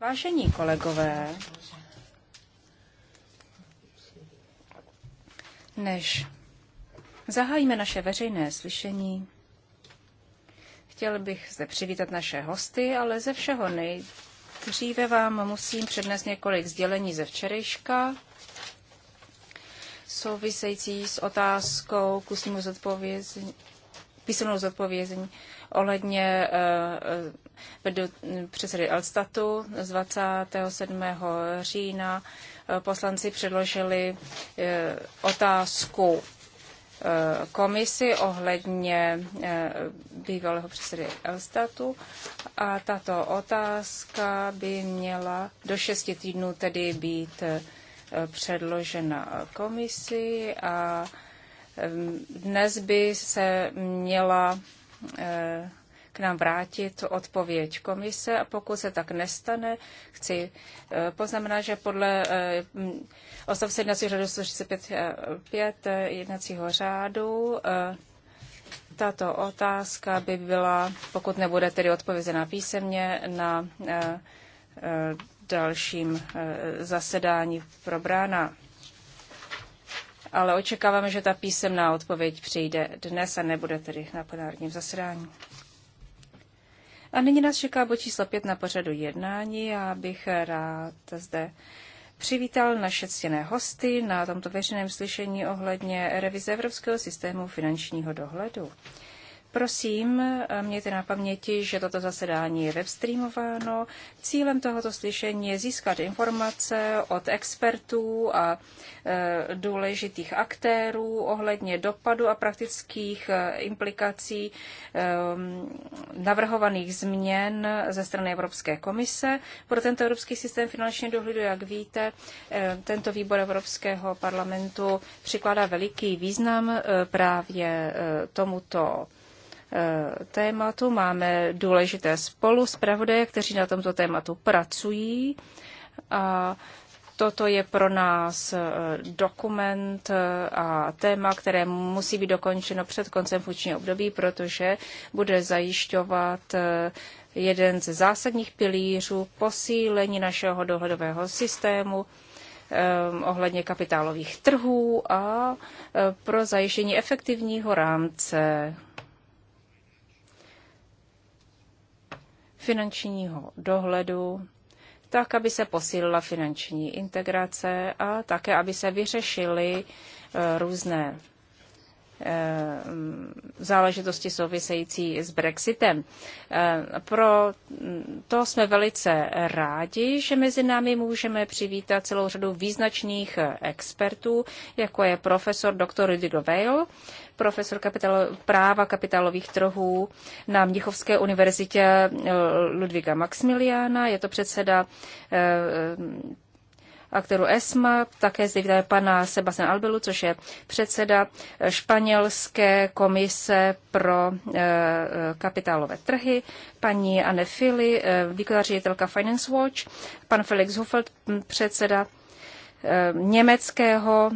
Vážení kolegové, než zahájíme naše veřejné slyšení, chtěl bych zde přivítat naše hosty, ale ze všeho nejdříve vám musím přednést několik sdělení ze včerejška, související s otázkou k ústnímu zodpovězení písemnou zodpovězení ohledně eh, eh, předsedy Elstatu z 27. října. Eh, poslanci předložili otázku komisi ohledně bývalého předsedy Elstatu a tato otázka by měla do šesti týdnů tedy být předložena komisi a dnes by se měla eh, k nám vrátit odpověď komise a pokud se tak nestane, chci eh, poznamenat, že podle eh, odstavce jednacího řádu 165 jednacího řádu tato otázka by byla, pokud nebude tedy odpovězena písemně, na dalším zasedání probrána ale očekáváme, že ta písemná odpověď přijde dnes a nebude tedy na plenárním zasedání. A nyní nás čeká bod číslo 5 na pořadu jednání a bych rád zde přivítal naše ctěné hosty na tomto veřejném slyšení ohledně revize Evropského systému finančního dohledu. Prosím, eh, mějte na paměti, že toto zasedání je webstreamováno. Cílem tohoto slyšení je získat informace od expertů a eh, důležitých aktérů ohledně dopadu a praktických eh, implikací ehm, navrhovaných změn ze strany Evropské komise. Pro tento Evropský systém finančního dohledu, jak víte, tento výbor Evropského parlamentu přikládá veliký význam právě tomuto Eh, tématu. Máme důležité spolu zpravodaje, kteří na tomto tématu pracují. A toto je pro nás eh, dokument eh, a téma, které musí být dokončeno před koncem funkčního období, protože bude zajišťovat jeden ze zásadních pilířů posílení našeho dohledového systému ohledně kapitálových trhů a pro zajištění efektivního rámce finančního dohledu, tak, aby se posílila finanční integrace a také, aby se vyřešily eh, různé Eh, záležitosti související s Brexitem. Eh, pro to jsme velice rádi, že mezi námi můžeme přivítat celou řadu význačných expertů, jako je profesor dr. Rudiger Weil, profesor kapitalo, práva kapitálových trhů na Mnichovské univerzitě eh, Ludvíka Maximiliana, je to předseda a kterou ESMA. Také zde vítáme pana Sebastian Albelu, což je předseda španělské komise pro eh, kapitálové trhy, paní Anne Fili, eh, výkonná ředitelka Finance Watch, pan Felix Hufeld, mm, předseda eh, německého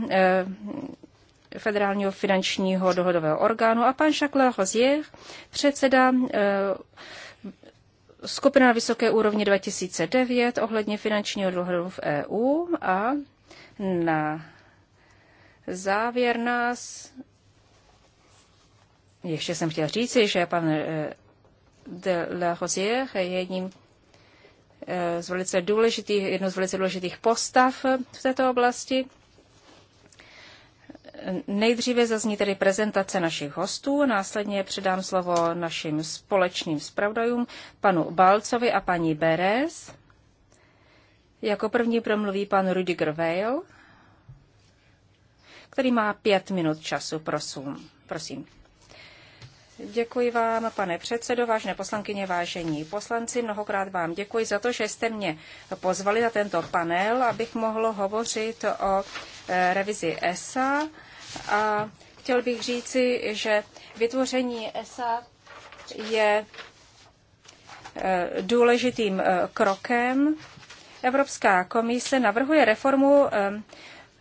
federálního finančního dohodového orgánu a pan Jacques Larosier, předseda skupina na vysoké úrovni 2009 ohledně finančního dohledu v EU a na závěr nás ještě jsem chtěl říci, že pan eh, de la Rosière je jedním eh, z velice důležitých, jednou z velice důležitých postav v této oblasti. Nejdříve zazní tedy prezentace našich hostů, následně předám slovo našim společným zpravodajům, panu Balcovi a paní Beres. Jako první promluví pan Rudiger Weil, který má pět minut času, prosím. prosím. Děkuji vám, pane předsedo, vážné poslankyně, vážení poslanci. Mnohokrát vám děkuji za to, že jste mě pozvali na tento panel, abych mohl hovořit o eh, revizi ESA a chtěl bych říci, že vytvoření ESA je e, důležitým e, krokem. Evropská komise navrhuje reformu e,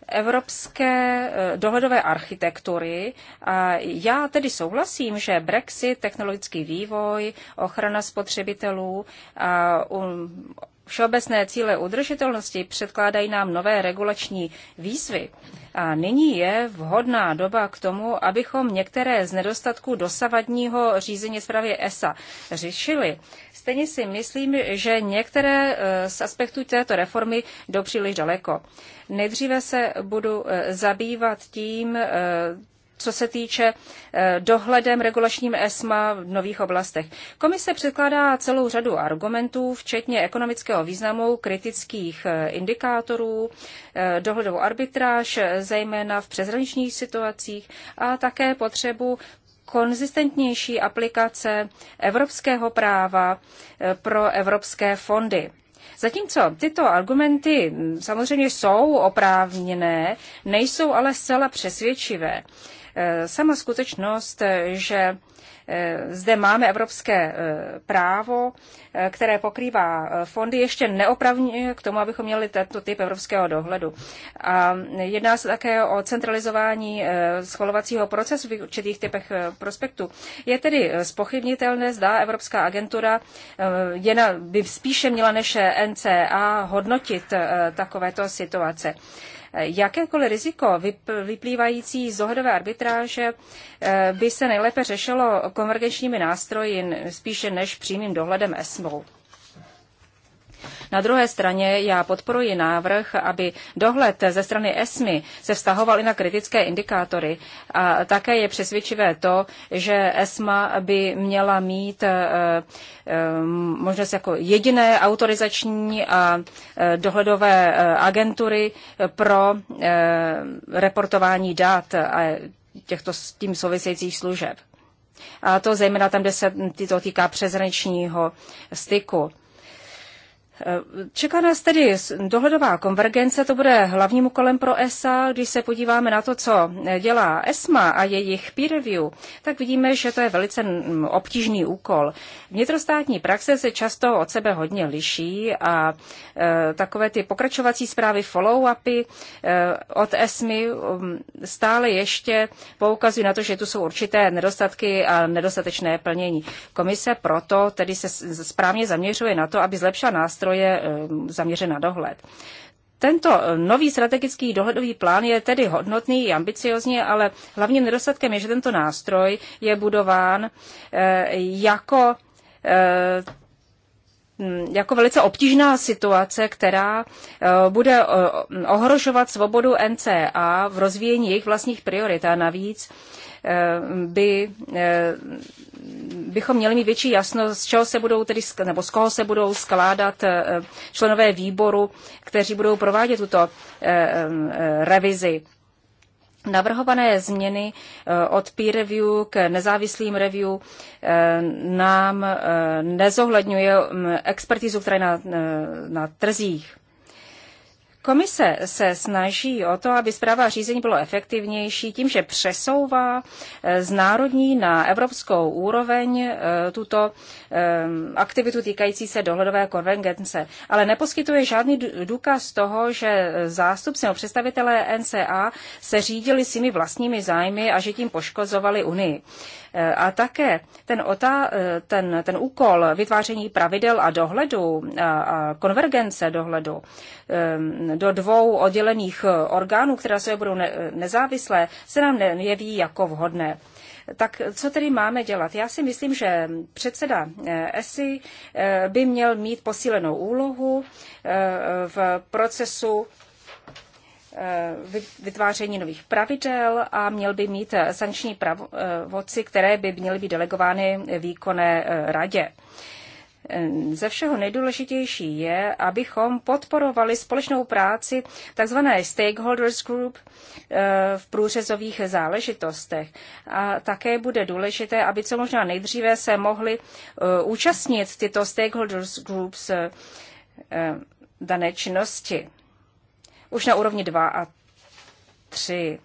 evropské dohledové architektury. A já tedy souhlasím, že Brexit, technologický vývoj, ochrana spotřebitelů a Všeobecné cíle udržitelnosti předkládají nám nové regulační výzvy a nyní je vhodná doba k tomu, abychom některé z nedostatků dosavadního řízení zprávy ESA řešili. Stejně si myslím, že některé eh, z aspektů této reformy jdou příliš daleko. Nejdříve se budu eh, zabývat tím, eh, co se týče eh, dohledem regulačním ESMA v nových oblastech. Komise předkládá celou řadu argumentů, včetně ekonomického významu, kritických eh, indikátorů, eh, dohledovou arbitráž, zejména v přeshraničních situacích a také potřebu konzistentnější aplikace evropského práva pro evropské fondy. Zatímco tyto argumenty hm, samozřejmě jsou oprávněné, nejsou ale zcela přesvědčivé. Sama skutečnost, že eh, zde máme evropské eh, právo, eh, které pokrývá fondy, ještě neopravní k tomu, abychom měli tento typ evropského dohledu. A jedná se také o centralizování schvalovacího procesu v určitých typech prospektu. Je tedy spochybnitelné, zda Evropská agentura je na, by spíše měla než NCA hodnotit takovéto situace. Jakékoliv riziko vyplývající z dohodové arbitráže eh, by se nejlépe řešilo konvergenčními nástroji spíše než přímým dohledem ESMO. Na druhé straně já podporuji návrh, aby dohled ze strany ESMI se vztahoval i na kritické indikátory. A také je přesvědčivé to, že ESMA by měla mít eh, eh, možnost jako jediné autorizační a eh, dohledové agentury pro reportování dat a těchto s tím souvisejících služeb. A to zejména tam, kde se to týká přezraničního styku. Eh, čeká nás tedy dohledová konvergence, to bude hlavním úkolem pro ESA. Když se podíváme na to, co dělá ESMA a jejich peer review, tak vidíme, že to je velice obtížný úkol. Vnitrostátní praxe se často od sebe hodně liší a e, takové ty pokračovací zprávy follow-upy eh, e, od ESMY um, stále ještě poukazují na to, že tu jsou určité nedostatky a nedostatečné plnění. Komise proto tedy se správně zaměřuje na to, aby zlepšila nástroj nástroje eh, zaměřen na dohled. Tento eh, nový strategický dohledový plán je tedy hodnotný i ambiciozní, ale hlavním nedostatkem je, že tento nástroj je budován eh, jako jako velice obtížná situace, která bude ohrožovat svobodu NCA v rozvíjení jejich vlastních priorit. A navíc Eh, by, eh, bychom měli mít větší jasnost, z čeho se budou tedy, nebo z koho se budou skládat eh, členové výboru, kteří budou provádět tuto revizi. Navrhované změny od peer review k nezávislým review nám nezohledňuje mm, expertizu, která je na, na trzích. Komise se snaží o to, aby zpráva řízení bylo efektivnější tím, že přesouvá eh, z národní na evropskou úroveň eh, tuto eh, aktivitu týkající se dohledové konvergence, ale neposkytuje žádný důkaz toho, že zástupci nebo představitelé NCA se řídili svými vlastními zájmy a že tím poškozovali Unii. A také ten, otá, ten, ten úkol vytváření pravidel a dohledu, a, a konvergence dohledu do dvou oddělených orgánů, které se budou nezávislé, se nám nejeví jako vhodné. Tak co tedy máme dělat? Já si myslím, že předseda eh, ESI eh, by měl mít posílenou úlohu eh, v procesu Eh, vytváření nových pravidel a měl by mít eh, sankční pravoci, které by měly být delegovány výkonné eh, radě. Ze všeho nejdůležitější je, abychom podporovali společnou práci tzv. stakeholders group v průřezových záležitostech. A také bude důležité, aby co možná nejdříve se mohli účastnit tyto stakeholders groups dané činnosti už na úrovni 2 a 3.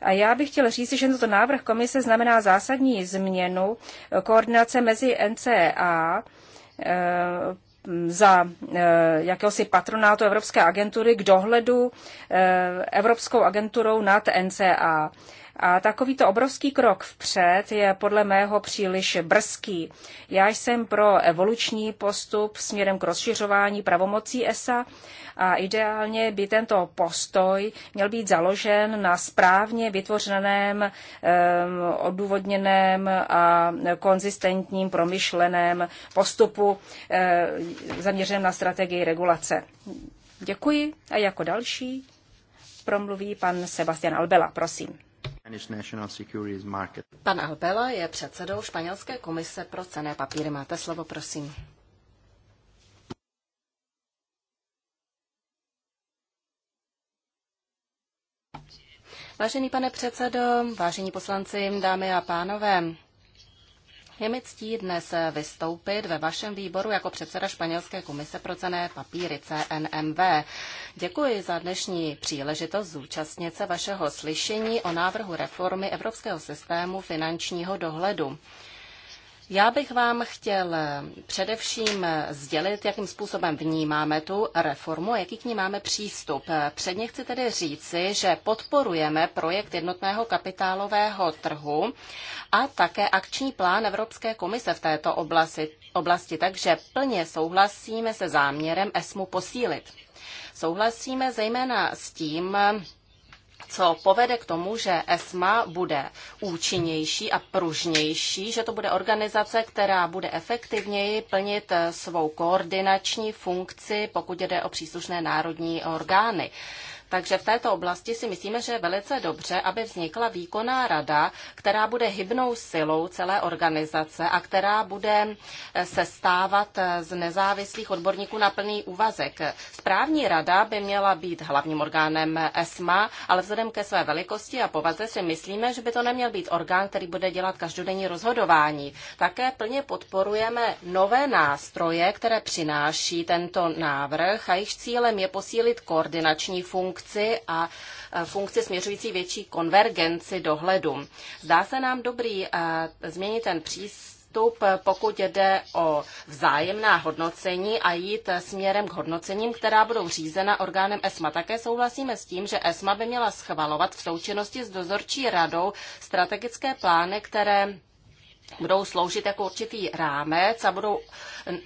A já bych chtěl říct, že tento návrh komise znamená zásadní změnu koordinace mezi NCA eh, za eh, jakéhosi patronátu Evropské agentury k dohledu eh, Evropskou agenturou nad NCA. A takovýto obrovský krok vpřed je podle mého příliš brzký. Já jsem pro evoluční postup směrem k rozšiřování pravomocí ESA a ideálně by tento postoj měl být založen na správně vytvořeném, eh, odůvodněném a konzistentním promyšleném postupu eh, zaměřeném na strategii regulace. Děkuji a jako další promluví pan Sebastian Albela. Prosím. Pan Albela je předsedou Španělské komise pro cené papíry. Máte slovo, prosím. Vážený pane předsedo, vážení poslanci, dámy a pánové, je mi ctí dnes vystoupit ve vašem výboru jako předseda Španělské komise pro cené papíry CNMV. Děkuji za dnešní příležitost zúčastnit se vašeho slyšení o návrhu reformy Evropského systému finančního dohledu. Já bych vám chtěl eh, především eh, sdělit, jakým způsobem vnímáme tu reformu, jaký k ní máme přístup. Eh, předně chci tedy říci, že podporujeme projekt jednotného kapitálového trhu a také akční plán Evropské komise v této oblasti, oblasti takže plně souhlasíme se záměrem ESMU posílit. Souhlasíme zejména s tím, co povede k tomu, že ESMA bude účinnější a pružnější, že to bude organizace, která bude efektivněji plnit eh, svou koordinační funkci, pokud jde o příslušné národní orgány. Takže v této oblasti si myslíme, že je velice dobře, aby vznikla výkonná rada, která bude hybnou silou celé organizace a která bude eh, se stávat eh, z nezávislých odborníků na plný úvazek. Správní rada by měla být hlavním orgánem ESMA, ale vzhledem ke své velikosti a povaze si myslíme, že by to neměl být orgán, který bude dělat každodenní rozhodování. Také plně podporujeme nové nástroje, které přináší tento návrh a jejich cílem je posílit koordinační funkci funkci a e, funkci směřující větší konvergenci dohledu. Zdá se nám dobrý e, změnit ten přístup pokud jde o vzájemná hodnocení a jít směrem k hodnocením, která budou řízena orgánem ESMA. Také souhlasíme s tím, že ESMA by měla schvalovat v součinnosti s dozorčí radou strategické plány, které budou sloužit jako určitý rámec a budou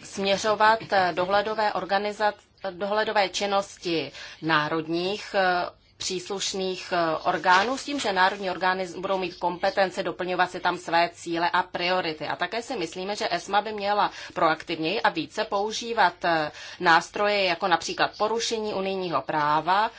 směřovat dohledové organizace dohledové činnosti národních eh, příslušných eh, orgánů s tím, že národní orgány budou mít kompetence doplňovat si tam své cíle a priority. A také si myslíme, že ESMA by měla proaktivněji a více používat eh, nástroje jako například porušení unijního práva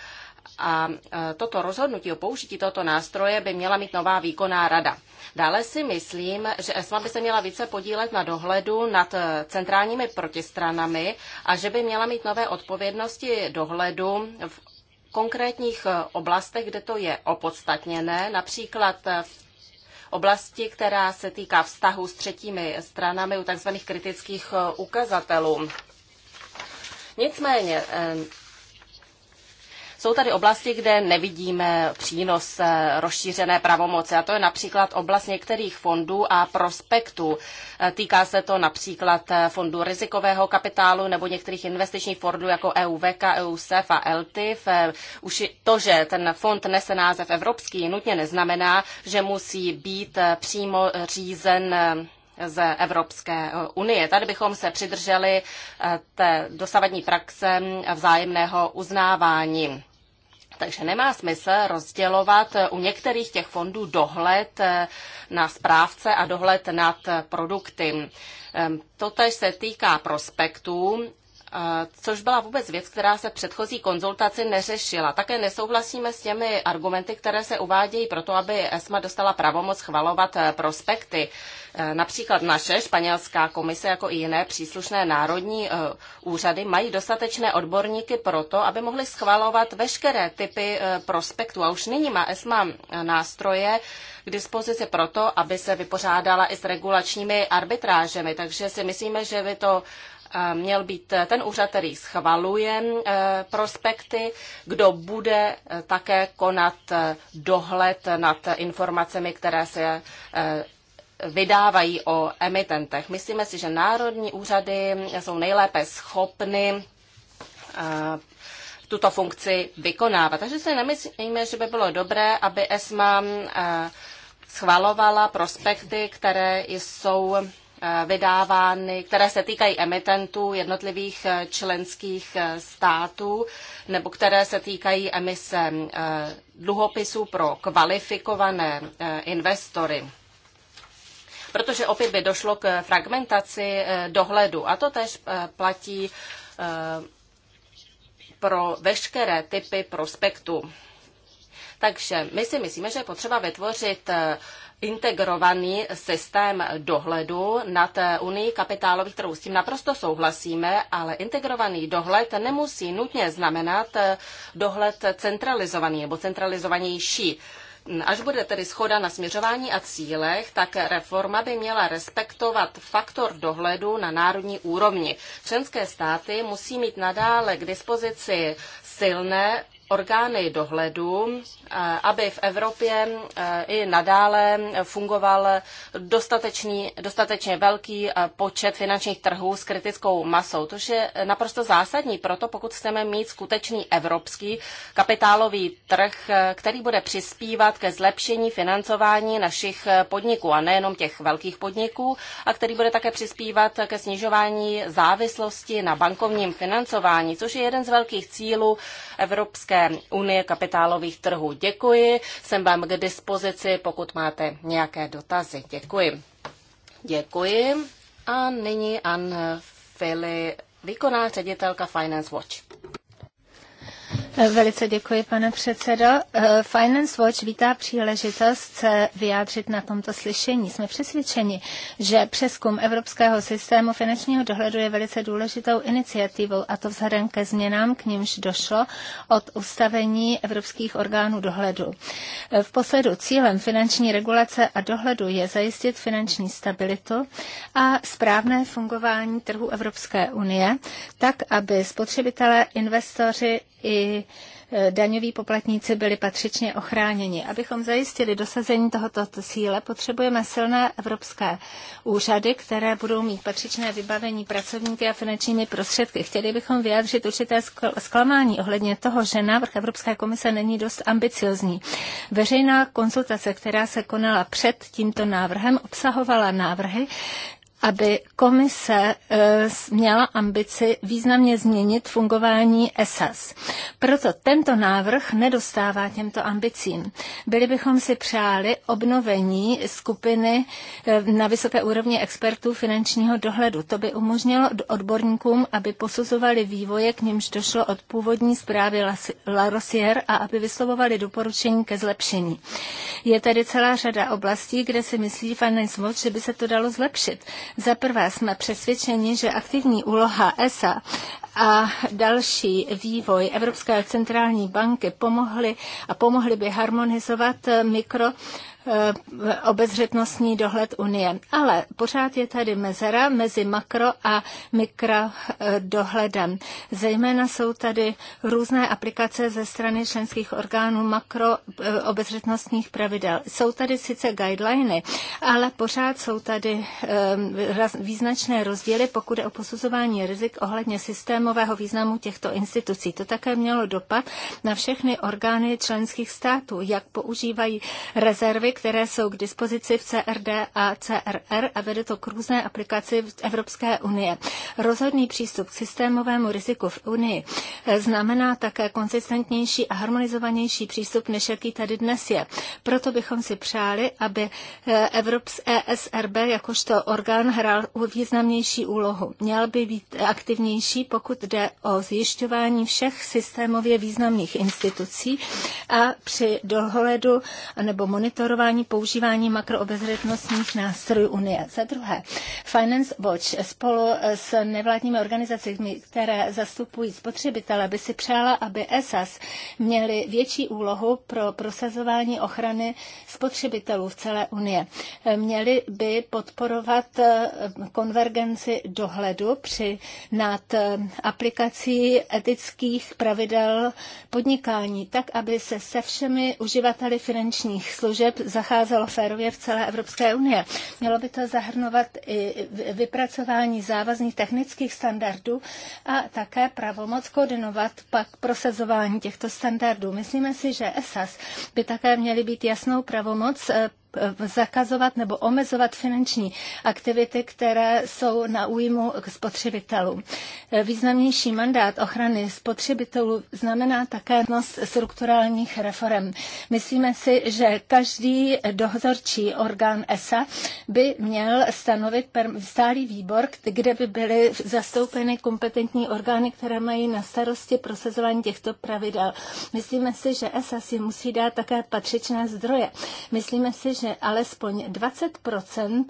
a e, toto rozhodnutí o použití tohoto nástroje by měla mít nová výkonná rada. Dále si myslím, že ESMA by se měla více podílet na dohledu nad e, centrálními protistranami a že by měla mít nové odpovědnosti dohledu v konkrétních e, oblastech, kde to je opodstatněné, například v oblasti, která se týká vztahu s třetími stranami u tzv. kritických ukazatelů. Nicméně jsou tady oblasti, kde nevidíme přínos eh, rozšířené pravomoci a to je například oblast některých fondů a prospektů. Eh, týká se to například eh, fondů rizikového kapitálu nebo některých investičních fondů jako EUVK, EUSEF a LTIF. Už to, že ten fond nese název Evropský, nutně neznamená, že musí být přímo řízen z Evropské unie. Tady bychom se přidrželi té dosavadní praxe vzájemného uznávání takže nemá smysl rozdělovat u některých těch fondů dohled eh, na správce a dohled nad produkty. Ehm, totež se týká prospektů což byla vůbec věc, která se předchozí konzultaci neřešila. Také nesouhlasíme s těmi argumenty, které se uvádějí pro to, aby ESMA dostala pravomoc chvalovat eh, prospekty. Eh, například naše španělská komise, jako i jiné příslušné národní eh, úřady, mají dostatečné odborníky pro to, aby mohly schvalovat veškeré typy prospektů. A už nyní má ESMA nástroje k dispozici to, aby se vypořádala i s regulačními arbitrážemi. Takže si myslíme, že by to měl být eh, ten úřad, který schvaluje eh, prospekty, kdo bude eh, také konat dohled nad informacemi, které se vydávají o emitentech. Myslíme si, že národní úřady jsou nejlépe schopny tuto funkci vykonávat. Takže si nemyslíme, že by bylo dobré, aby ESMA schvalovala prospekty, které jsou vydávány, které se týkají emitentů jednotlivých eh, členských eh, států nebo které se týkají emise eh, dluhopisů pro kvalifikované investory protože opět by došlo k fragmentaci dohledu. A to tež platí pro veškeré typy prospektu. Takže my si myslíme, že je potřeba vytvořit integrovaný systém dohledu nad eh, Unii kapitálových trhů. S tím naprosto souhlasíme, ale integrovaný dohled nemusí nutně znamenat eh, dohled centralizovaný nebo centralizovanější. Hm, až bude tedy schoda na směřování a cílech, tak reforma by měla respektovat faktor dohledu na národní úrovni. Členské státy musí mít nadále k dispozici silné orgány dohledu, eh, aby v Evropě eh, i nadále fungoval dostatečný, dostatečně velký eh, počet finančních trhů s kritickou masou. To je naprosto zásadní proto, pokud chceme mít skutečný evropský kapitálový trh, který bude přispívat ke zlepšení financování našich podniků a nejenom těch velkých podniků, a který bude také přispívat ke snižování závislosti na bankovním financování, což je jeden z velkých cílů Evropské unie kapitálových trhů. Děkuji, jsem vám k dispozici, pokud máte nějaké dotazy. Děkuji. Děkuji. A nyní Anne Fili, výkonná ředitelka Finance Watch. Velice děkuji, pane předsedo. Eh, Finance Watch vítá příležitost se vyjádřit na tomto slyšení. Jsme přesvědčeni, že přeskum evropského systému finančního dohledu je velice důležitou iniciativou, a to vzhledem ke změnám, k nímž došlo od ustavení evropských orgánů dohledu. Eh, v posledu cílem finanční regulace a dohledu je zajistit finanční stabilitu a správné fungování trhu Evropské unie, tak aby spotřebitelé, investoři, i e, daňoví poplatníci byli patřičně ochráněni. Abychom zajistili dosazení tohoto cíle, potřebujeme silné evropské úřady, které budou mít patřičné vybavení pracovníky a finančními prostředky. Chtěli bychom vyjádřit určité zklamání ohledně toho, že návrh Evropské komise není dost ambiciozní. Veřejná konzultace, která se konala před tímto návrhem, obsahovala návrhy, aby komise eh, měla ambici významně změnit fungování ESAS. Proto tento návrh nedostává těmto ambicím. Byli bychom si přáli obnovení skupiny eh, na vysoké úrovni expertů finančního dohledu. To by umožnilo odborníkům, aby posuzovali vývoje, k němž došlo od původní zprávy La a aby vyslovovali doporučení ke zlepšení. Je tady celá řada oblastí, kde si myslí Finance Watch, že by se to dalo zlepšit. Za prvé jsme přesvědčeni, že aktivní úloha ESA a další vývoj Evropské centrální banky pomohly a pomohly by harmonizovat mikro Eh, obezřetnostní dohled Unie. Ale pořád je tady mezera mezi makro a mikro eh, dohledem. Zejména jsou tady různé aplikace ze strany členských orgánů makro eh, obezřetnostních pravidel. Jsou tady sice guideliny, ale pořád jsou tady význačné rozdíly, pokud je o posuzování rizik ohledně systémového významu těchto institucí. To také mělo dopad na všechny orgány členských států, jak používají rezervy, které jsou k dispozici v CRD a CRR a vede to k různé aplikaci v Evropské unie. Rozhodný přístup k systémovému riziku v Unii eh, znamená také konsistentnější a harmonizovanější přístup, než jaký tady dnes je. Proto bychom si přáli, aby eh, Evrops ESRB jakožto orgán hrál významnější úlohu. Měl by být aktivnější, pokud jde o zjišťování všech systémově významných institucí a při dohledu nebo monitorování monitorování používání makroobezřetnostních nástrojů Unie. Za druhé, Finance Watch spolu s nevládními organizacemi, které zastupují spotřebitele, by si přála, aby ESAS měly větší úlohu pro prosazování ochrany spotřebitelů v celé Unie. Měly by podporovat eh, konvergenci dohledu při nad eh, aplikací etických pravidel podnikání, tak aby se se všemi uživateli finančních služeb zacházelo férově v celé Evropské unie. Mělo by to zahrnovat i vypracování závazných technických standardů a také pravomoc koordinovat pak prosazování těchto standardů. Myslíme si, že ESAS by také měly být jasnou pravomoc eh, Eh, zakazovat nebo omezovat finanční aktivity, které jsou na újmu k spotřebitelům. Eh, významnější mandát ochrany spotřebitelů znamená také nos strukturálních reform. Myslíme si, že každý dohozorčí orgán ESA by měl stanovit stálý výbor, kde by byly zastoupeny kompetentní orgány, které mají na starosti prosazování těchto pravidel. Myslíme si, že ESA si musí dát také patřičné zdroje. Myslíme si, skutečně alespoň 20 eh,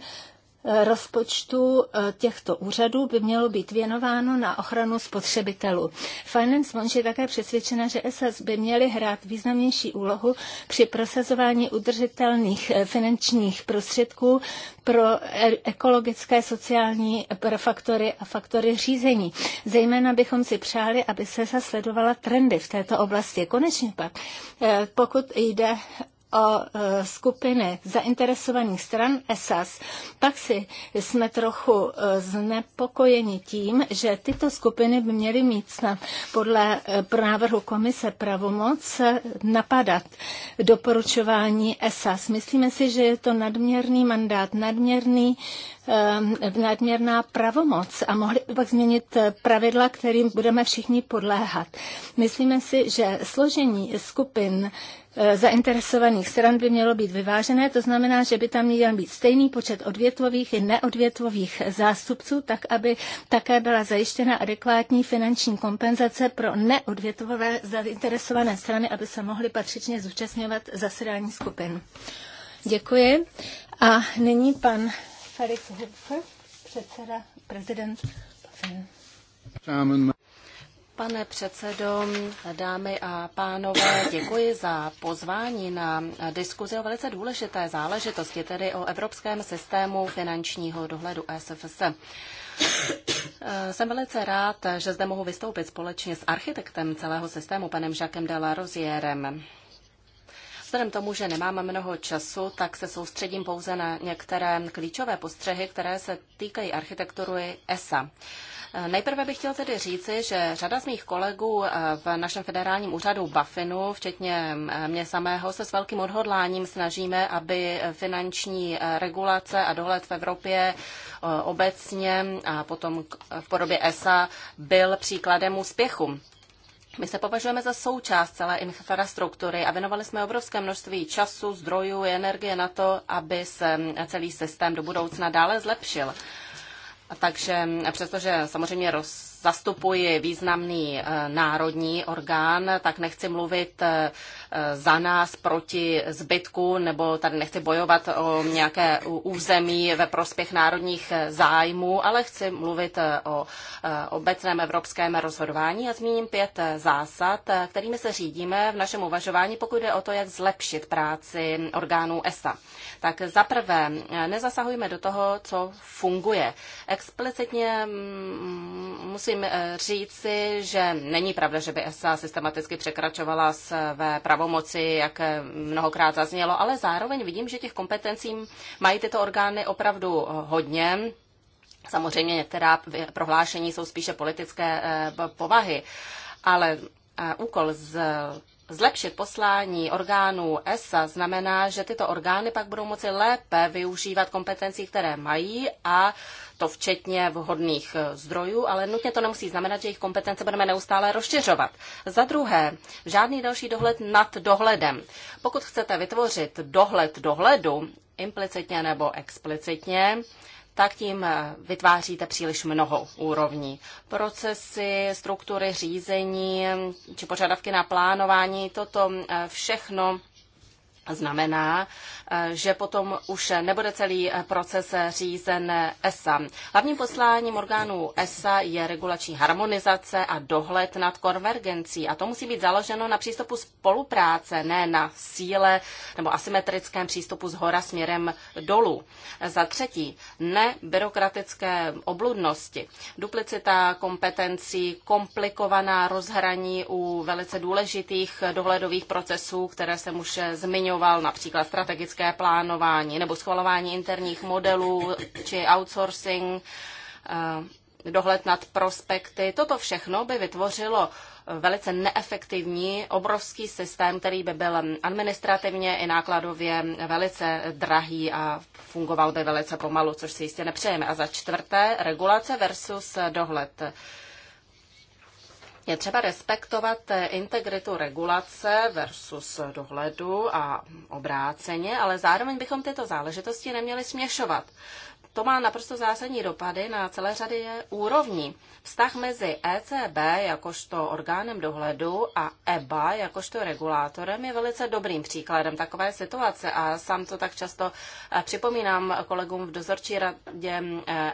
rozpočtu eh, těchto úřadů by mělo být věnováno na ochranu spotřebitelů. Finance Monge je také přesvědčena, že SS by měly hrát významnější úlohu při prosazování udržitelných eh, finančních prostředků pro e- ekologické, sociální pro faktory a faktory řízení. Zejména bychom si přáli, aby se sledovala trendy v této oblasti. Konečně pak, pokud jde o e, skupiny zainteresovaných stran ESAS pak si jsme trochu e, znepokojeni tím, že tyto skupiny by měly mít snad podle e, návrhu komise pravomoc napadat doporučování ESAS. Myslíme si, že je to nadměrný mandát, nadměrný Eh, nadměrná pravomoc a mohli by pak změnit eh, pravidla, kterým budeme všichni podléhat. Myslíme si, že složení skupin eh, zainteresovaných stran by mělo být vyvážené, to znamená, že by tam měl být stejný počet odvětvových i neodvětvových zástupců, tak aby také byla zajištěna adekvátní finanční kompenzace pro neodvětvové zainteresované strany, aby se mohly patřičně zúčastňovat zasedání skupin. Děkuji. A nyní pan Felix Hupfer, předseda, prezident. Pane předsedo, dámy a pánové, děkuji za pozvání na diskuzi o velice důležité záležitosti, tedy o Evropském systému finančního dohledu SFS. Jsem velice rád, že zde mohu vystoupit společně s architektem celého systému, panem Jacques de la Vzhledem tomu, že nemám mnoho času, tak se soustředím pouze na některé klíčové postřehy, které se týkají architektury ESA. Nejprve bych chtěl tedy říci, že řada z mých kolegů eh, v našem federálním úřadu Bafinu, včetně eh, mě samého, se s velkým odhodláním snažíme, aby finanční eh, regulace a dohled v Evropě obecně a potom v podobě ESA byl příkladem úspěchu. My se považujeme za součást celé infrastruktury a věnovali jsme obrovské množství času, zdrojů i energie na to, aby se celý systém do budoucna dále zlepšil. A takže přestože samozřejmě roz, zastupuji významný eh, národní orgán, tak nechci mluvit eh, eh, za nás proti zbytku, nebo tady nechci bojovat o nějaké území ve prospěch národních zájmů, ale chci mluvit o obecném evropském rozhodování a zmíním pět zásad, kterými se řídíme v našem uvažování, pokud jde o to, jak zlepšit práci orgánů ESA. Tak za prvé, nezasahujme do toho, co funguje. Explicitně mm, musí musím eh, říci, že není pravda, že by SA systematicky překračovala své pravomoci, jak eh, mnohokrát zaznělo, ale zároveň vidím, že těch kompetencí mají tyto orgány opravdu eh, hodně. Samozřejmě některá prohlášení jsou spíše politické povahy, ale úkol z Zlepšit poslání orgánů ESA znamená, že tyto orgány pak budou moci lépe využívat kompetencí, které mají a to včetně vhodných zdrojů, ale nutně to nemusí znamenat, že jejich kompetence budeme neustále rozšiřovat. Za druhé, žádný další dohled nad dohledem. Pokud chcete vytvořit dohled dohledu, implicitně nebo explicitně, tak tím eh, vytváříte příliš mnoho úrovní. Procesy, struktury řízení či požadavky na plánování, toto eh, všechno znamená, eh, že potom už nebude celý eh, proces eh, řízen ESA. Hlavním posláním orgánů ESA je regulační harmonizace a dohled nad konvergencí. A to musí být založeno na přístupu spolupráce, ne na síle nebo asymetrickém přístupu z hora směrem dolů. Za třetí, ne byrokratické obludnosti. Duplicita kompetencí, komplikovaná rozhraní u velice důležitých dohledových procesů, které jsem už zmiňoval podporoval například strategické plánování nebo schvalování interních modelů či outsourcing, eh, dohled nad prospekty. Toto všechno by vytvořilo velice neefektivní, obrovský systém, který by byl administrativně i nákladově velice drahý a fungoval by velice pomalu, což si jistě nepřejeme. A za čtvrté, regulace versus dohled. Je třeba respektovat eh, integritu regulace versus dohledu a obráceně, ale zároveň bychom tyto záležitosti neměli směšovat to má naprosto zásadní dopady na celé řady úrovní. Vztah mezi ECB jakožto orgánem dohledu a EBA jakožto regulátorem je velice dobrým příkladem takové situace a sám to tak často eh, připomínám kolegům v dozorčí radě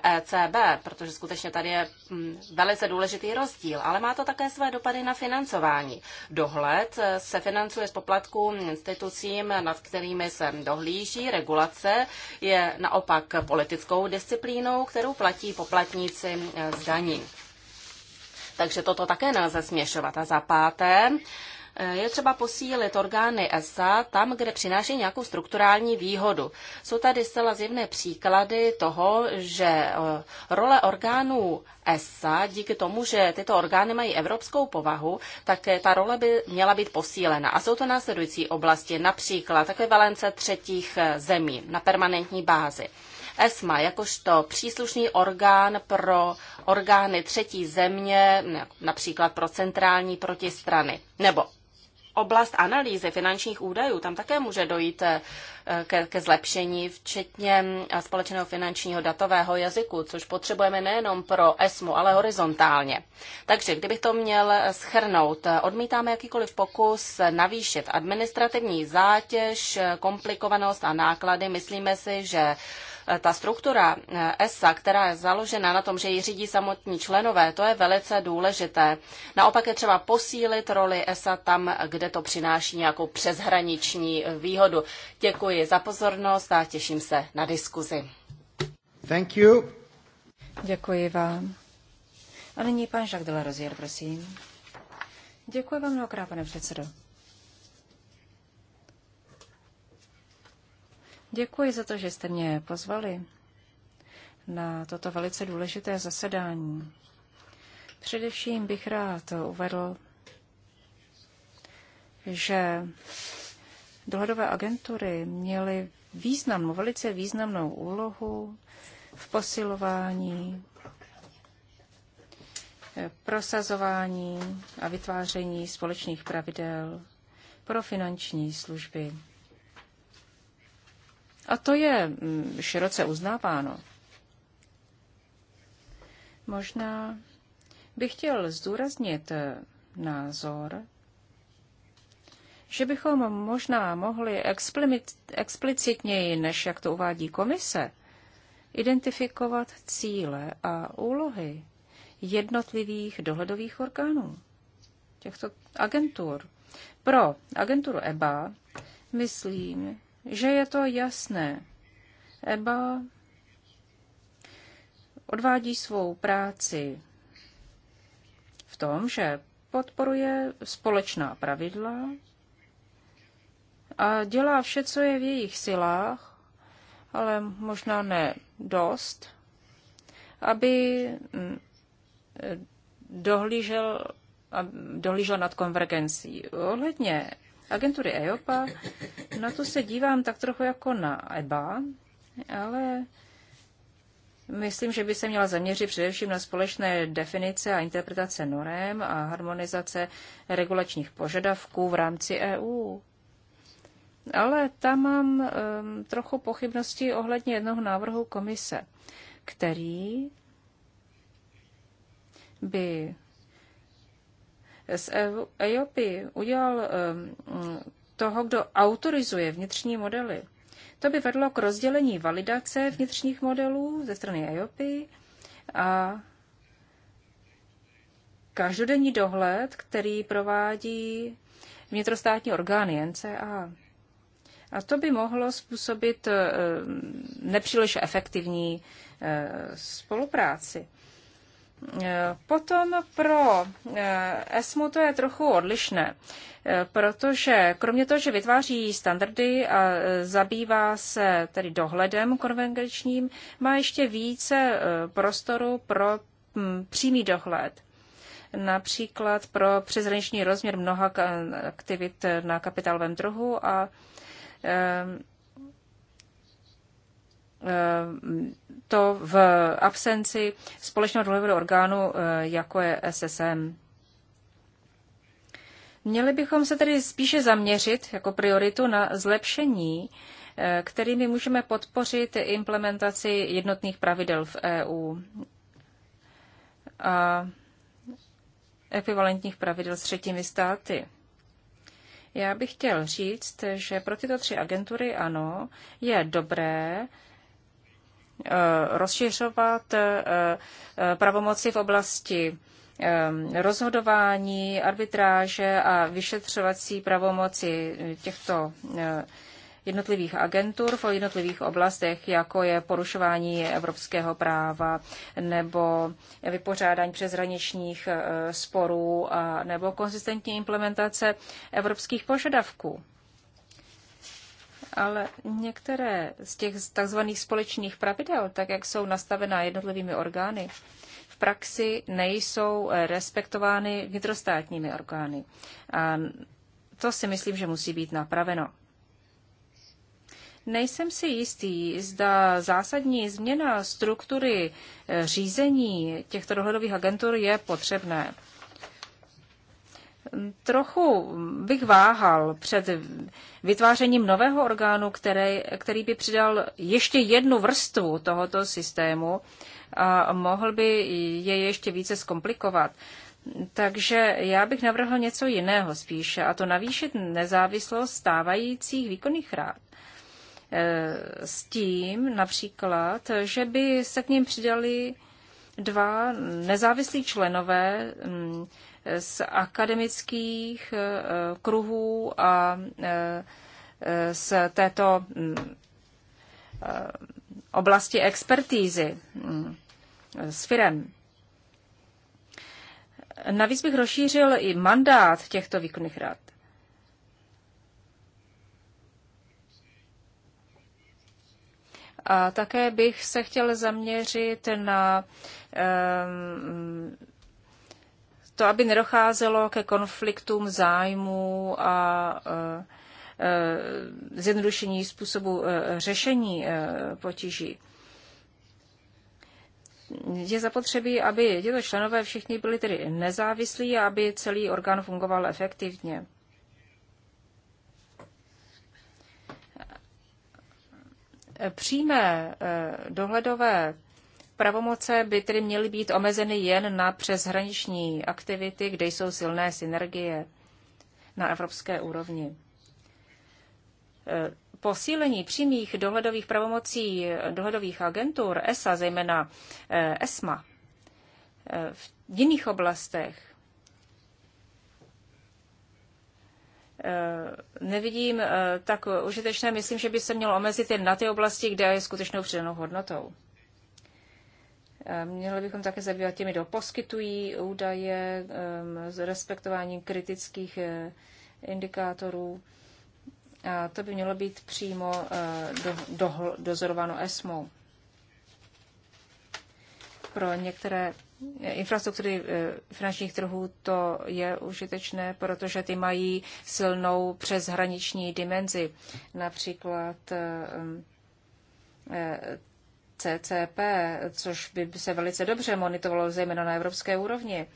ECB, eh, e protože skutečně tady je hm, velice důležitý rozdíl, ale má to také své dopady na financování. Dohled eh, se financuje z poplatků institucím, nad kterými se dohlíží, regulace je naopak politickou etickou disciplínou, kterou platí poplatníci eh, z daní. Takže toto také nelze směšovat. A za páté, eh, je třeba posílit orgány ESA tam, kde přináší nějakou strukturální výhodu. Jsou tady zcela zjevné příklady toho, že eh, role orgánů ESA, díky tomu, že tyto orgány mají evropskou povahu, tak ta role by měla být posílena. A jsou to následující oblasti, například takové valence třetích zemí na permanentní bázi. ESMA jakožto příslušný orgán pro orgány třetí země, například pro centrální protistrany, nebo oblast analýzy finančních údajů, tam také může dojít eh, ke, ke zlepšení, včetně eh, společného finančního datového jazyku, což potřebujeme nejenom pro ESMu, ale horizontálně. Takže kdybych to měl eh, schrnout, odmítáme jakýkoliv pokus navýšit administrativní zátěž, komplikovanost a náklady. Myslíme si, že Eh, ta struktura eh, ESA, která je založena na tom, že ji řídí samotní členové, to je velice důležité. Naopak je třeba posílit roli ESA tam, kde to přináší nějakou přeshraniční eh, výhodu. Děkuji za pozornost a těším se na diskuzi. Thank you. Děkuji vám. A nyní pan Jacques de la Rozier, prosím. Děkuji vám mnohokrát, pane předsedo. Děkuji za to, že jste mě pozvali na toto velice důležité zasedání. Především bych rád uvedl, že dohledové agentury měly významnou, velice významnou úlohu v posilování, prosazování a vytváření společných pravidel pro finanční služby. A to je mm, široce uznáváno. Možná bych chtěl zdůraznit eh, názor, že bychom možná mohli explicitněji, než jak to uvádí komise, identifikovat cíle a úlohy jednotlivých dohledových orgánů, těchto agentur. Pro agenturu EBA myslím, že je to jasné. EBA odvádí svou práci v tom, že podporuje společná pravidla a dělá vše, co je v jejich silách, ale možná ne dost, aby mm, eh, dohlížel, dohlížel nad konvergencí. Ohledně agentury EOPA, na to se dívám tak trochu jako na EBA, ale myslím, že by se měla zaměřit především na společné definice a interpretace norem a harmonizace regulačních požadavků v rámci EU. Ale tam mám um, trochu pochybnosti ohledně jednoho návrhu komise, který by z EIOPy e udělal toho, kdo autorizuje vnitřní modely. To by vedlo k rozdělení validace vnitřních modelů ze strany EIOPy a každodenní dohled, který provádí vnitrostátní orgány NCA. A to by mohlo způsobit nepříliš efektivní eh, spolupráci. Eh, potom pro eh, ESMU to je trochu odlišné, eh, protože kromě toho, že vytváří standardy a zabývá se tedy dohledem konvenčním, má ještě více prostoru pro hm, přímý dohled. Například pro přezraniční rozměr mnoha aktivit na kapitálovém trhu a Eh, to v absenci společného dohledového orgánu, eh, jako je SSM. Měli bychom se tedy spíše zaměřit jako prioritu na zlepšení, eh, kterými můžeme podpořit implementaci jednotných pravidel v EU a ekvivalentních pravidel s třetími státy. Já bych chtěl říct, že pro tyto tři agentury ano, je dobré, Eh, rozšiřovat eh, eh, pravomoci v oblasti rozhodování, arbitráže a vyšetřovací pravomoci těchto jednotlivých agentur v jednotlivých oblastech, jako je porušování evropského práva nebo vypořádání přeshraničních sporů a nebo konzistentní implementace evropských požadavků ale některé z těch tzv. společných pravidel, tak jak jsou nastavená jednotlivými orgány, v praxi nejsou eh, respektovány vnitrostátními orgány. A to si myslím, že musí být napraveno. Nejsem si jistý, zda zásadní změna struktury eh, řízení těchto dohledových agentur je potřebné. Trochu bych váhal před vytvářením nového orgánu, který, který by přidal ještě jednu vrstvu tohoto systému a mohl by je ještě více zkomplikovat. Takže já bych navrhl něco jiného spíše, a to navýšit nezávislost stávajících výkonných rád. E, s tím například, že by se k ním přidali dva nezávislí členové mm, z akademických eh, kruhů a eh, eh, z této mm, oblasti expertízy mm, s firem. Navíc bych rozšířil i mandát těchto výkonných rad. A také bych se chtěl zaměřit na um, to, aby nedocházelo ke konfliktům zájmů a e, e, zjednodušení způsobu e, řešení potíží. Je zapotřebí, aby tyto členové všichni byli tedy nezávislí a aby celý orgán fungoval efektivně. Přímé dohledové Pravomoce by tedy měly být omezeny jen na přeshraniční aktivity, kde jsou silné synergie na evropské úrovni. E, posílení přímých dohledových pravomocí dohledových agentur ESA, zejména e, ESMA, e, v jiných oblastech nevidím tak užitečné. Myslím, že by se mělo omezit jen na ty oblasti, kde je skutečnou přidanou hodnotou. Ehm, měli bychom také zabývat těmi, kdo poskytují údaje, ehm, s respektováním kritických eh, indikátorů. A to by mělo být přímo eh, do, do, dozorováno ESMO. Pro některé eh, infrastruktury finančních trhů to je užitečné, protože ty mají silnou přeshraniční dimenzi. Například ehm, CCP, což by se velice dobře monitorovalo, zejména na evropské úrovni.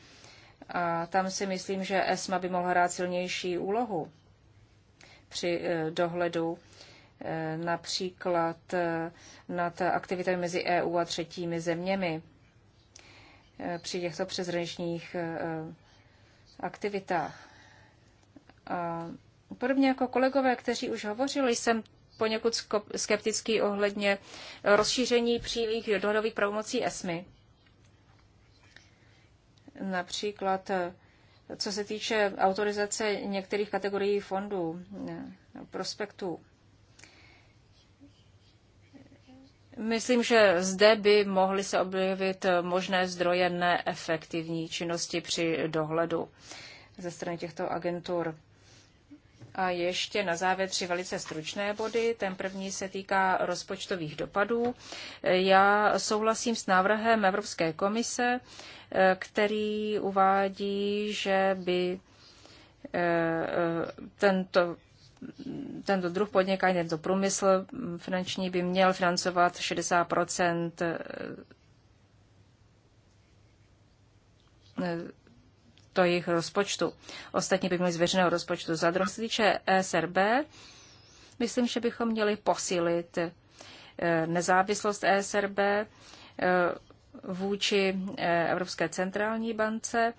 A tam si myslím, že ESMA by mohla hrát silnější úlohu při eh, dohledu eh, například eh, nad aktivitami mezi EU a třetími zeměmi při těchto přezraničních aktivitách. A podobně jako kolegové, kteří už hovořili, jsem poněkud skeptický ohledně rozšíření přílých dohodových pravomocí ESMY. Například eh, co se týče autorizace některých kategorií fondů, eh, prospektů. Myslím, že zde by mohly se objevit eh, možné zdroje neefektivní činnosti při dohledu ze strany těchto agentur. A ještě na závěr tři velice stručné body. Ten první se týká rozpočtových dopadů. Já souhlasím s návrhem Evropské komise, eh, který uvádí, že by eh, tento tento druh podnikání, tento průmysl finanční by měl financovat 60 to jejich rozpočtu. Ostatně by měli z veřejného rozpočtu. Za druhé se týče SRB, myslím, že bychom měli posílit eh, nezávislost ESRB eh, vůči eh, Evropské centrální bance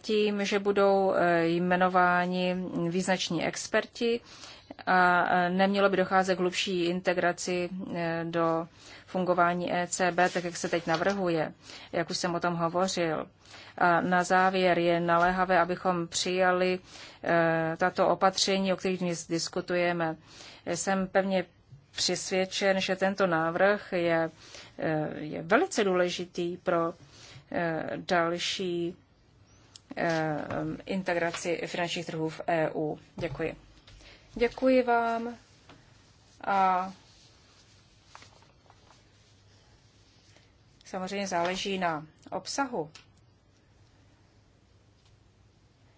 tím, že budou jmenováni význační experti, a nemělo by docházet k hlubší integraci e, do fungování ECB, tak jak se teď navrhuje, jak už jsem o tom hovořil. A na závěr je naléhavé, abychom přijali e, tato opatření, o kterých dnes diskutujeme. Jsem pevně přesvědčen, že tento návrh je, e, je velice důležitý pro další integraci finančních trhů v EU. Děkuji. Děkuji vám a samozřejmě záleží na obsahu,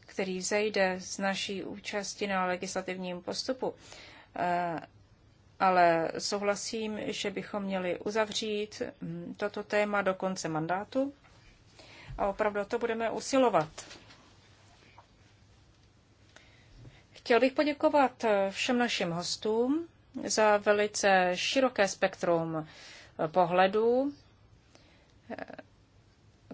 který vzejde z naší účasti na legislativním postupu. Eh, ale souhlasím, že bychom měli uzavřít mm, toto téma do konce mandátu a opravdu to budeme usilovat. Chtěl bych poděkovat eh, všem našim hostům za velice široké spektrum eh, pohledů, eh,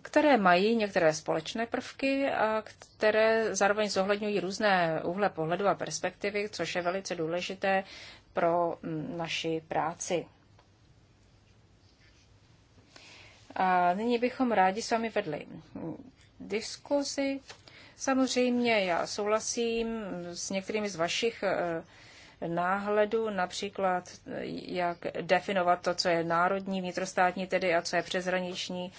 které mají některé společné prvky a které zároveň zohledňují různé úhle pohledu a perspektivy, což je velice důležité pro mm, naši práci. A nyní bychom rádi s vámi vedli mm, diskuzi Samozřejmě já souhlasím s některými z vašich eh, náhledu, například eh, jak definovat to, co je národní, vnitrostátní tedy a co je přeshraniční.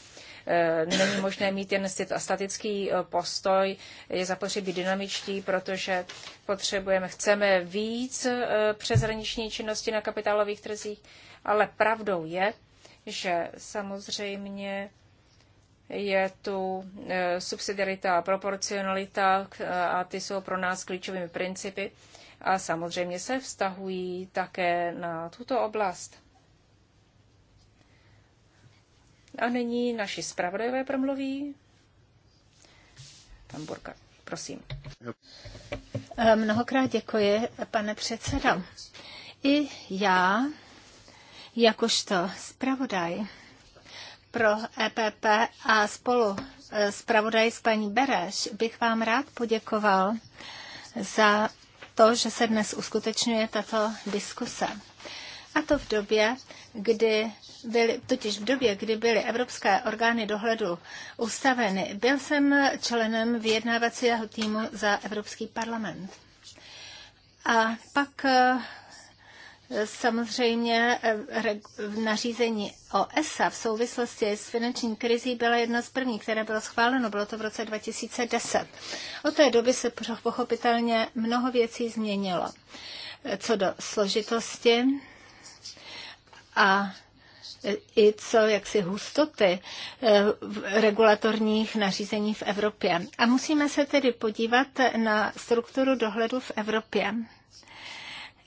Eh, není možné mít jen statický postoj, je zapotřebí dynamičtí, protože potřebujeme, chceme víc přeshraniční činnosti na kapitálových trzích, ale pravdou je, že samozřejmě je tu e, subsidiarita a proporcionalita e, a ty jsou pro nás klíčovými principy a samozřejmě se vztahují také na tuto oblast. A nyní naši zpravodajové promluví. Pan Burka, prosím. E, mnohokrát děkuji, pane předsedo. I já, jakožto zpravodaj, pro EPP a spolu eh, pravodají s paní Bereš bych vám rád poděkoval za to, že se dnes uskutečňuje tato diskuse. A to v době, kdy byly, totiž v době, kdy byly evropské orgány dohledu ustaveny, byl jsem členem vyjednávacího týmu za Evropský parlament. A pak eh, Samozřejmě eh, v nařízení o ESA v souvislosti s finanční krizí byla jedna z prvních, které bylo schváleno, bylo to v roce 2010. Od té doby se pochopitelně mnoho věcí změnilo. Eh, co do složitosti a eh, i co jaksi hustoty regulatorních nařízení v Evropě. A musíme se tedy podívat na strukturu dohledu v Evropě.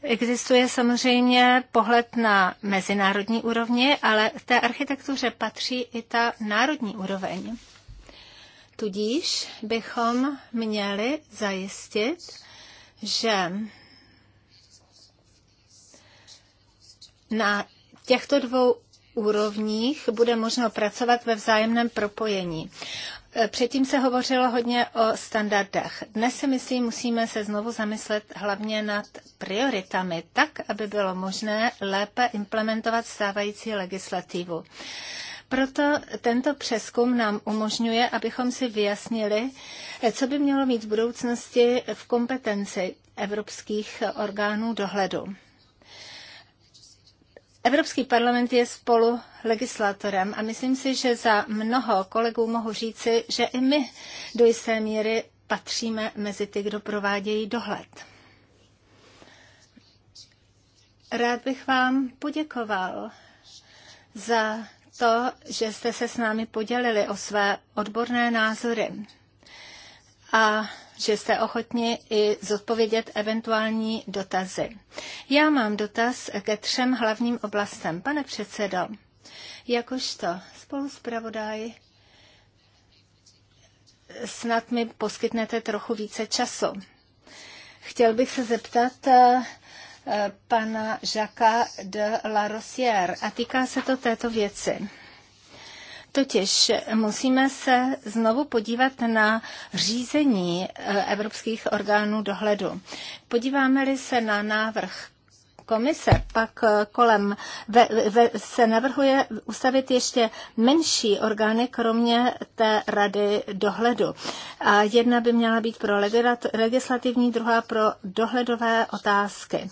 Existuje samozřejmě pohled na mezinárodní úrovni, ale v té architektuře patří i ta národní úroveň. Tudíž bychom měli zajistit, že na těchto dvou úrovních bude možno pracovat ve vzájemném propojení. Předtím se hovořilo hodně o standardech. Dnes si myslím, musíme se znovu zamyslet hlavně nad prioritami, tak, aby bylo možné lépe implementovat stávající legislativu. Proto tento přeskum nám umožňuje, abychom si vyjasnili, co by mělo mít v budoucnosti v kompetenci evropských orgánů dohledu. Evropský parlament je spolu legislátorem a myslím si, že za mnoho kolegů mohu říci, že i my do jisté míry patříme mezi ty, kdo provádějí dohled. Rád bych vám poděkoval za to, že jste se s námi podělili o své odborné názory. A že jste ochotni i zodpovědět eventuální dotazy. Já mám dotaz ke třem hlavním oblastem. Pane předsedo, jakožto spoluzpravodaj snad mi poskytnete trochu více času. Chtěl bych se zeptat eh, pana Žaka de la Rosière a týká se to této věci. Totiž musíme se znovu podívat na řízení eh, evropských orgánů dohledu. Podíváme-li se na návrh komise, pak eh, kolem ve, ve, se navrhuje ustavit ještě menší orgány, kromě té rady dohledu. A jedna by měla být pro legislativní, druhá pro dohledové otázky. Uh,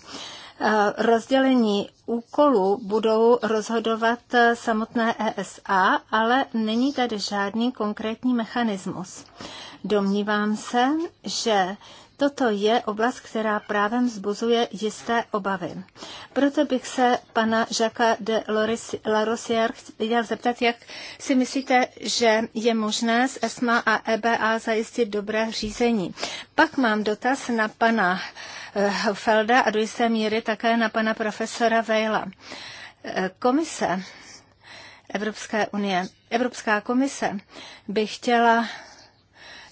Eh, rozdělení úkolů budou rozhodovat eh, samotné ESA, ale není tady žádný konkrétní mechanismus. Domnívám se, že Toto je oblast, která právě vzbuzuje jisté obavy. Proto bych se pana Žaka de Larosier chtěl zeptat, jak si myslíte, že je možné z ESMA a EBA e zajistit dobré řízení. Pak mám dotaz na pana Felda a do jisté míry také na pana profesora Vejla. Komise Evropské unie, Evropská komise by chtěla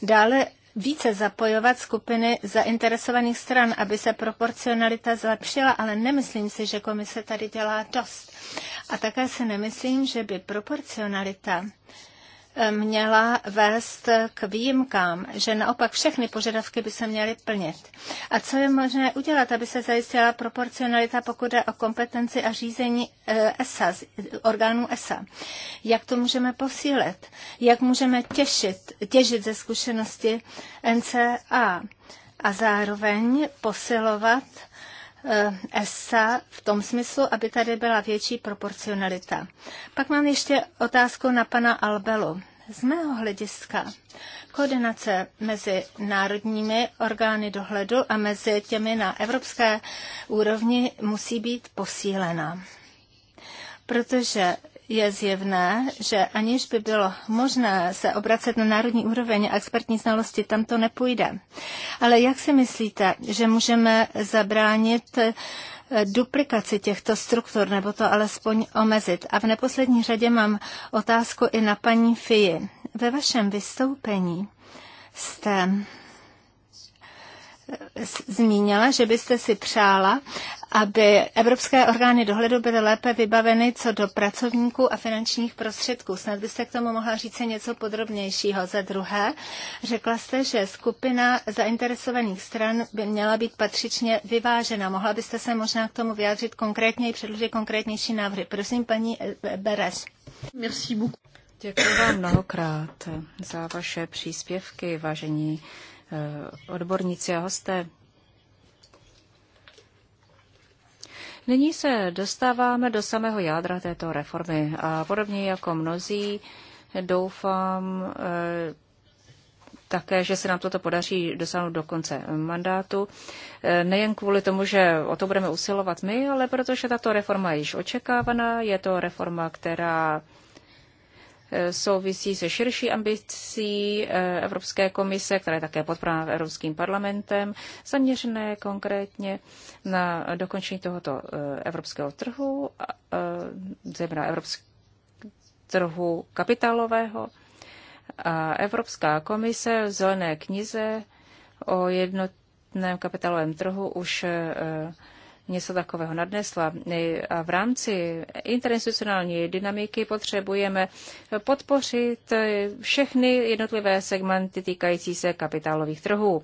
dále více zapojovat skupiny zainteresovaných stran, aby se proporcionalita zlepšila, ale nemyslím si, že komise tady dělá dost. A také si nemyslím, že by proporcionalita měla vést k výjimkám, že naopak všechny požadavky by se měly plnit. A co je možné udělat, aby se zajistila proporcionalita, pokud jde o kompetenci a řízení eh, ESA, orgánů ESA? Jak to můžeme posílit? Jak můžeme těšit, těžit ze zkušenosti NCA? A zároveň posilovat Eh, ESA v tom smyslu, aby tady byla větší proporcionalita. Pak mám ještě otázku na pana Albelu. Z mého hlediska koordinace mezi národními orgány dohledu a mezi těmi na evropské úrovni musí být posílena. Protože je zjevné, že aniž by bylo možné se obracet na národní úroveň a expertní znalosti, tam to nepůjde. Ale jak si myslíte, že můžeme zabránit eh, duplikaci těchto struktur, nebo to alespoň omezit. A v neposlední řadě mám otázku i na paní Fii. Ve vašem vystoupení jste zmínila, že byste si přála, aby evropské orgány dohledu byly lépe vybaveny co do pracovníků a finančních prostředků. Snad byste k tomu mohla říct něco podrobnějšího. Za druhé, řekla jste, že skupina zainteresovaných stran by měla být patřičně vyvážena. Mohla byste se možná k tomu vyjádřit konkrétněji, předložit konkrétnější návrhy. Prosím, paní Beres. Děkuji vám mnohokrát za vaše příspěvky, vážení Eh, odborníci a hosté. Nyní se dostáváme do samého jádra této reformy a podobně jako mnozí doufám eh, také, že se nám toto podaří dosáhnout do konce mandátu. Eh, nejen kvůli tomu, že o to budeme usilovat my, ale protože tato reforma je již očekávaná, je to reforma, která souvisí se širší ambicí eh, Evropské komise, která je také podporována Evropským parlamentem, zaměřené konkrétně na dokončení tohoto eh, evropského trhu, eh, zejména evropského trhu kapitálového. A Evropská komise v zelené knize o jednotném kapitálovém trhu už něco takového nadnesla. A v rámci interinstitucionální dynamiky potřebujeme podpořit e, všechny jednotlivé segmenty týkající se kapitálových trhů.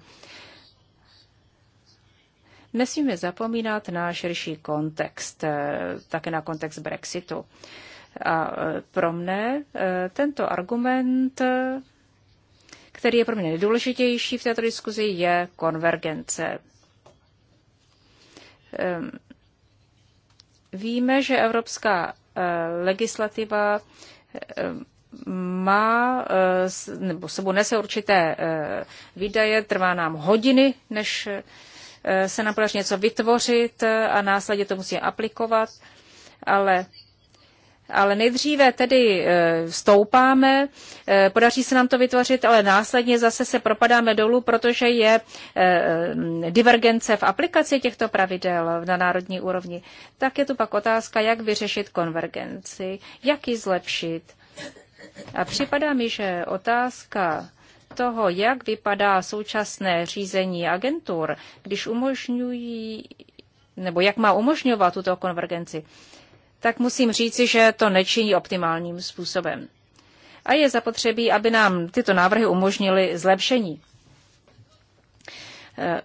Nesmíme zapomínat na širší kontext, e, také na kontext Brexitu. A e, pro mne tento argument, který je pro mě nejdůležitější v této diskuzi, je konvergence. Ehm, víme, že evropská eh, legislativa ehm, má eh, nebo sebou nese určité eh, výdaje, trvá nám hodiny, než se nám podaří něco vytvořit a následně to musí aplikovat, ale ale nejdříve tedy e, stoupáme, e, podaří se nám to vytvořit, ale následně zase se propadáme dolů, protože je e, divergence v aplikaci těchto pravidel na národní úrovni. Tak je tu pak otázka, jak vyřešit konvergenci, jak ji zlepšit. A připadá mi, že otázka toho, jak vypadá současné řízení agentur, když umožňují, nebo jak má umožňovat tuto konvergenci, tak musím říci, že to nečiní optimálním způsobem. A je zapotřebí, aby nám tyto návrhy umožnily zlepšení. Eh,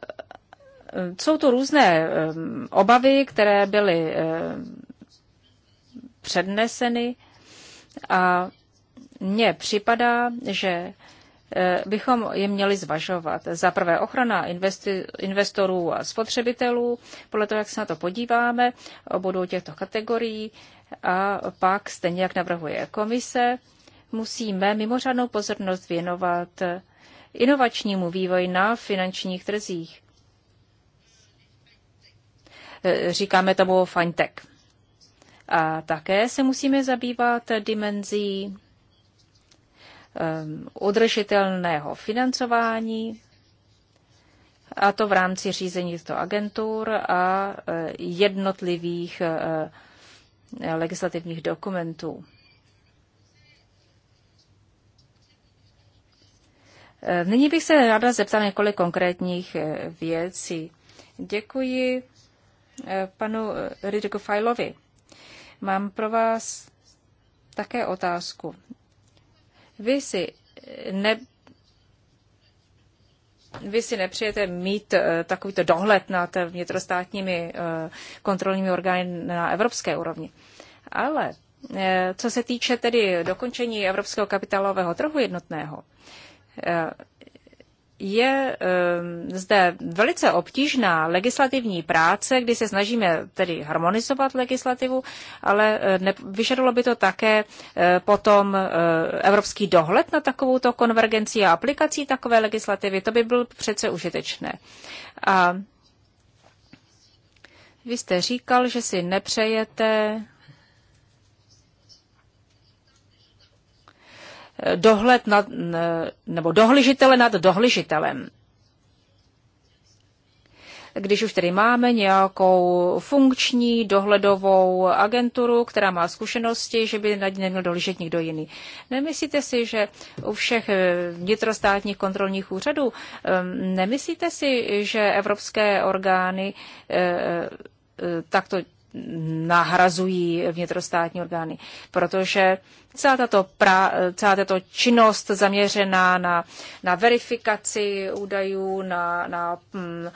jsou to různé eh, obavy, které byly eh, předneseny a mně připadá, že Eh, bychom je měli zvažovat. Za prvé ochrana investorů a spotřebitelů, podle toho, jak se na to podíváme, obou těchto kategorií, a pak, stejně jak navrhuje komise, musíme mimořádnou pozornost věnovat inovačnímu vývoji na finančních trzích. Eh, říkáme tomu fintech. A také se musíme zabývat dimenzí Um, udržitelného financování, a to v rámci řízení těchto agentur a eh, jednotlivých eh, legislativních dokumentů. Eh, nyní bych se ráda zeptala několik konkrétních věcí. Děkuji panu Ridiku Fajlovi. Mám pro vás také otázku. Vy si eh, ne, vy si nepřijete mít eh, takovýto dohled nad vnitrostátními eh, kontrolními orgány na evropské úrovni. Ale co se týče tedy dokončení evropského kapitálového trhu jednotného, je ehm, zde velice obtížná legislativní práce, kdy se snažíme tedy harmonizovat legislativu, ale eh, vyžadalo by to také eh, potom eh, evropský dohled na takovouto konvergenci a aplikací takové legislativy. To by bylo přece užitečné. A vy jste říkal, že si nepřejete dohled nad, nebo dohlížitele nad dohlížitelem. Když už tedy máme nějakou funkční dohledovou agenturu, která má zkušenosti, že by nad ní neměl dohlížet nikdo jiný. Nemyslíte si, že u všech eh, vnitrostátních kontrolních úřadů, ehm, nemyslíte si, že evropské orgány eh, eh, takto nahrazují vnitrostátní orgány, protože celá tato, pra, celá tato činnost zaměřená na, na verifikaci údajů, na, na hm,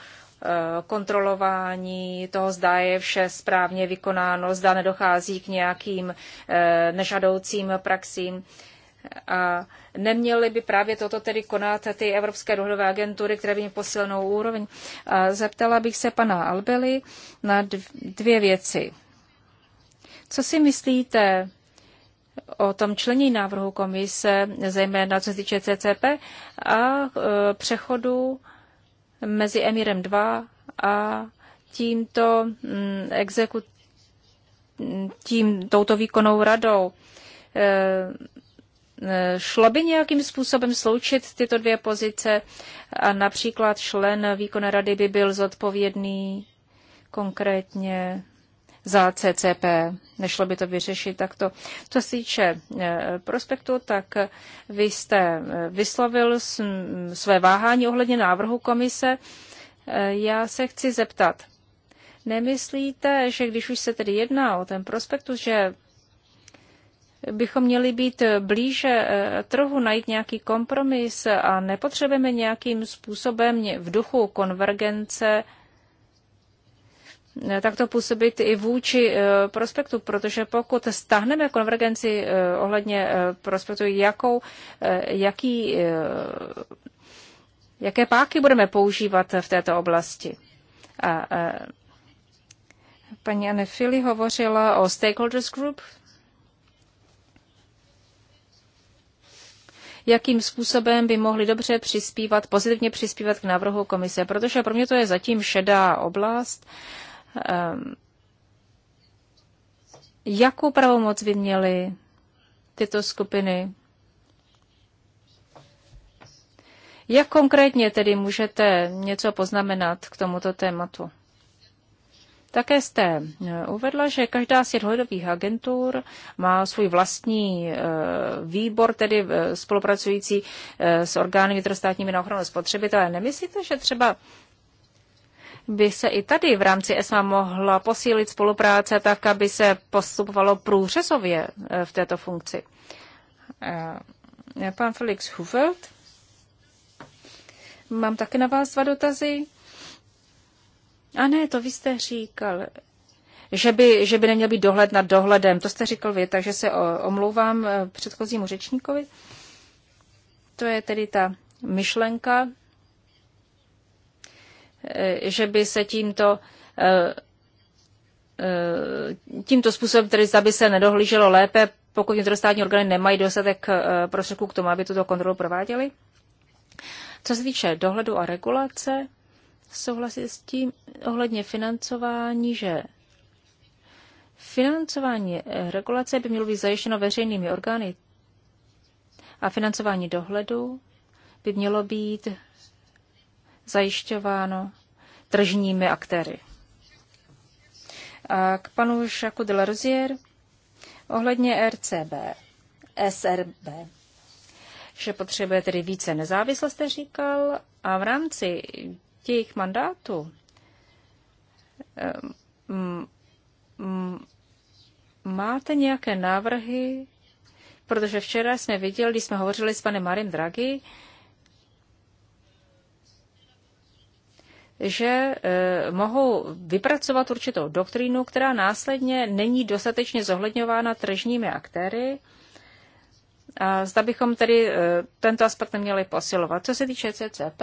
kontrolování toho, zda je vše správně vykonáno, zda nedochází k nějakým eh, nežadoucím praxím, a neměly by právě toto tedy konat ty evropské dohodové agentury, které by měly posilnou úroveň. A zeptala bych se pana Albely na dvě věci. Co si myslíte o tom člení návrhu komise, zejména co se týče CCP a e, přechodu mezi Emirem 2 a tímto mm, exekut, mm, tím, touto výkonnou radou. E, Eh, šlo by nějakým způsobem sloučit tyto dvě pozice a například člen výkonné rady by byl zodpovědný konkrétně za CCP. Nešlo by to vyřešit takto. Co se týče eh, prospektu, tak vy jste eh, vyslovil své váhání ohledně návrhu komise. Já se chci zeptat, nemyslíte, že když už se tedy jedná o ten prospektu, že bychom měli být blíže eh, trhu, najít nějaký kompromis a nepotřebujeme nějakým způsobem v duchu konvergence eh, takto působit i vůči eh, prospektu, protože pokud stáhneme konvergenci ohledně prospektu, jakou, jaký, jaké páky budeme používat v této oblasti. A, a paní Anne Fili hovořila o stakeholders group, jakým způsobem by mohli dobře přispívat, pozitivně přispívat k návrhu komise, protože pro mě to je zatím šedá oblast. Ehm, jakou pravomoc by měly tyto skupiny? Jak konkrétně tedy můžete něco poznamenat k tomuto tématu? Také jste eh, uvedla, že každá z těch agentur má svůj vlastní eh, výbor, tedy eh, spolupracující s orgány vnitrostátními na ochranu spotřebitele. Nemyslíte, že třeba by se i tady v rámci ESMA mohla posílit spolupráce tak, aby se postupovalo průřezově v této funkci? Pan Felix Hufeld. Mám také na vás dva dotazy. A ne, to vy jste říkal, že by, že by neměl být dohled nad dohledem. To jste říkal vy, takže se omlouvám eh, předchozímu řečníkovi. To je tedy ta myšlenka, eh, že by se tímto eh, tímto způsobem, tedy aby se nedohlíželo lépe, pokud vnitrostátní orgány nemají dostatek prostředků k tomu, aby tuto kontrolu prováděli. Co se týče dohledu a regulace, souhlasit s tím ohledně financování, že financování regulace by mělo být zajištěno veřejnými orgány a financování dohledu by mělo být zajišťováno tržními aktéry. A k panu Jacques de la Rozier ohledně RCB, SRB, že potřebuje tedy více nezávislosti, říkal, a v rámci jejich mandátu ehm, máte nějaké návrhy? Protože včera jsme viděli, když jsme hovořili s panem Marim Draghi, že e, mohou vypracovat určitou doktrínu, která následně není dostatečně zohledňována tržními aktéry. A zda bychom tedy e, tento aspekt neměli posilovat. Co se týče CCP,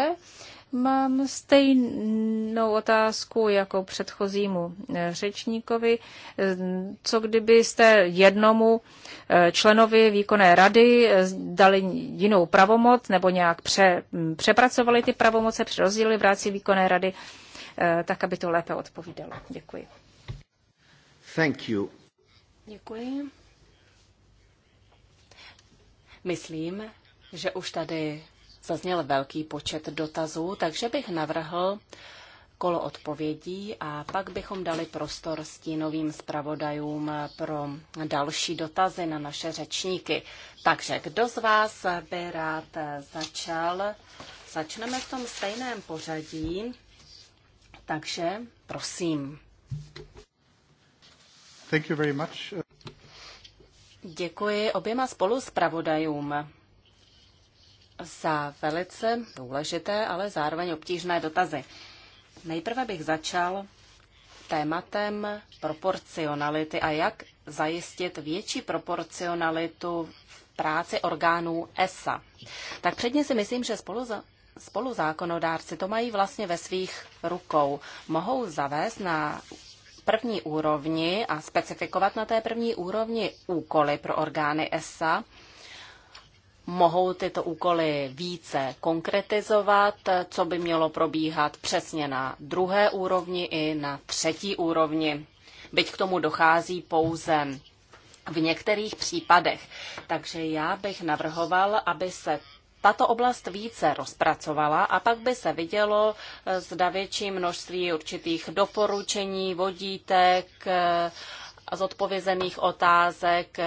Mám stejnou otázku jako předchozímu eh, řečníkovi. Eh, co kdybyste jednomu eh, členovi výkonné rady dali jinou pravomoc nebo nějak pře, mm, přepracovali ty pravomoce, přerozdělili v rámci výkonné rady, tak aby to lépe odpovídalo. Děkuji. Thank you. Děkuji. Myslím, že už tady zazněl velký počet dotazů, takže bych navrhl kolo odpovědí a pak bychom dali prostor stínovým zpravodajům pro další dotazy na naše řečníky. Takže kdo z vás by rád začal? Začneme v tom stejném pořadí, takže prosím. Thank you very much. Děkuji oběma spolu zpravodajům za velice důležité, ale zároveň obtížné dotazy. Nejprve bych začal tématem proporcionality a jak zajistit větší proporcionalitu v práci orgánů ESA. Tak předně si myslím, že spolu za spoluzákonodárci to mají vlastně ve svých rukou. Mohou zavést na první úrovni a specifikovat na té první úrovni úkoly pro orgány ESA mohou tyto úkoly více konkretizovat, co by mělo probíhat přesně na druhé úrovni i na třetí úrovni, byť k tomu dochází pouze v některých případech. Takže já bych navrhoval, aby se tato oblast více rozpracovala a pak by se vidělo, zda větší množství určitých doporučení, vodítek, zodpovězených otázek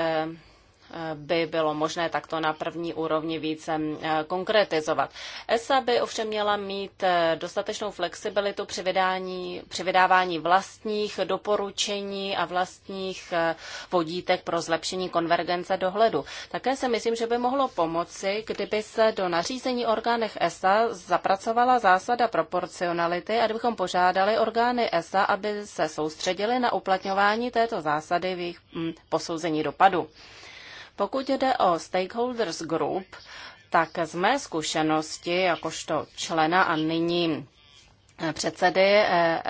by bylo možné takto na první úrovni více eh, konkretizovat. ESA by ovšem měla mít eh, dostatečnou flexibilitu při, vydání, při vydávání vlastních doporučení a vlastních eh, vodítek pro zlepšení konvergence dohledu. Také si myslím, že by mohlo pomoci, kdyby se do nařízení orgánech ESA zapracovala zásada proporcionality a kdybychom požádali orgány ESA, aby se soustředili na uplatňování této zásady v jejich mm, posouzení dopadu. Pokud jde o Stakeholders Group, tak z mé zkušenosti jakožto člena a nyní předsedy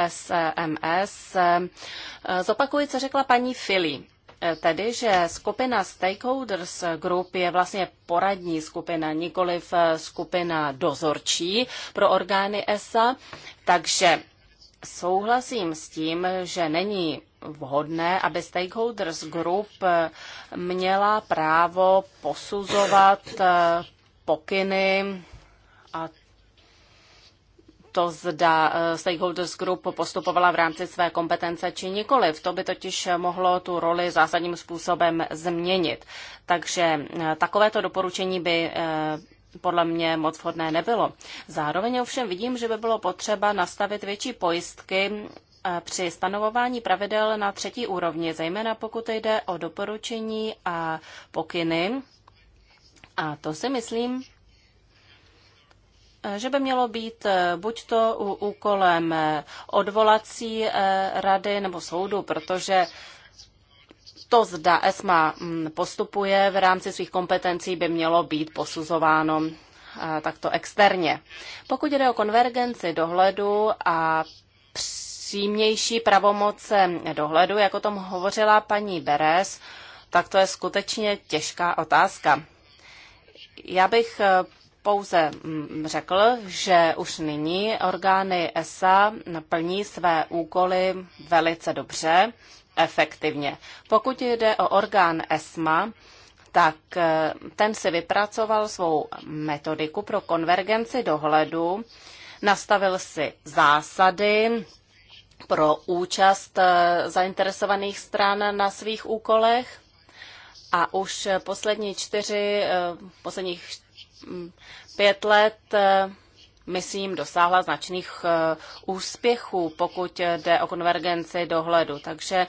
SMS eh, eh, zopakuji, co řekla paní Fili. Eh, tedy, že skupina Stakeholders Group je vlastně poradní skupina, nikoliv skupina dozorčí pro orgány ESA, takže souhlasím s tím, že není vhodné, aby stakeholders group eh, měla právo posuzovat eh, pokyny a to zda eh, stakeholders group postupovala v rámci své kompetence či nikoli. To by totiž mohlo tu roli zásadním způsobem změnit. Takže takovéto doporučení by podle mě moc vhodné nebylo. Zároveň ovšem vidím, že by bylo potřeba nastavit větší pojistky při stanovování pravidel na třetí úrovni, zejména pokud jde o doporučení a pokyny. A to si myslím, že by mělo být eh, buď to úkolem eh, odvolací eh, rady nebo soudu, protože to, zda ESMA mm, postupuje v rámci svých kompetencí, by mělo být posuzováno takto externě. Pokud jde o konvergenci dohledu a přímější pravomoce dohledu, jak o tom hovořila paní Beres, tak to je skutečně těžká otázka. Já bych eh, pouze mm, řekl, že už nyní orgány ESA plní své úkoly velice dobře, efektivně. Pokud jde o orgán ESMA, tak eh, ten si vypracoval svou metodiku pro konvergenci dohledu, nastavil si zásady, pro účast eh, zainteresovaných stran na svých úkolech. A už poslední čtyři, eh, posledních hm, pět let eh, myslím, dosáhla značných eh, úspěchů, pokud jde o konvergenci dohledu. Takže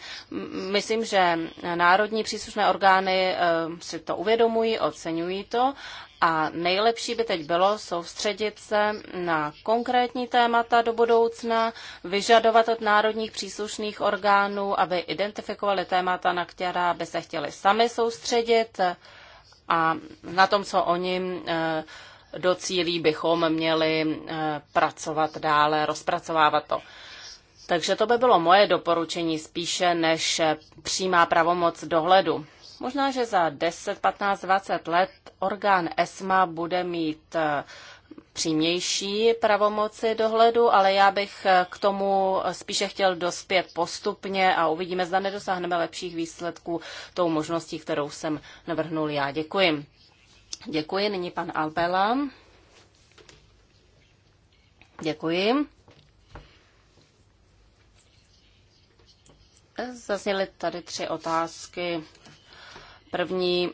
myslím, že národní příslušné orgány eh, si to uvědomují, oceňují to a nejlepší by teď bylo soustředit se na konkrétní témata do budoucna, vyžadovat od národních příslušných orgánů, aby identifikovali témata, na která by se chtěli sami soustředit a na tom, co o oni eh, docílí, bychom měli eh, pracovat dále, rozpracovávat to. Takže to by bylo moje doporučení spíše než eh, přímá pravomoc dohledu. Možná, že za 10, 15, 20 let orgán ESMA bude mít eh, přímější pravomoci dohledu, ale já bych k tomu spíše chtěl dospět postupně a uvidíme, zda nedosáhneme lepších výsledků tou možností, kterou jsem navrhnul já. Děkuji. Děkuji. Nyní pan Albela. Děkuji. Zazněly tady tři otázky. První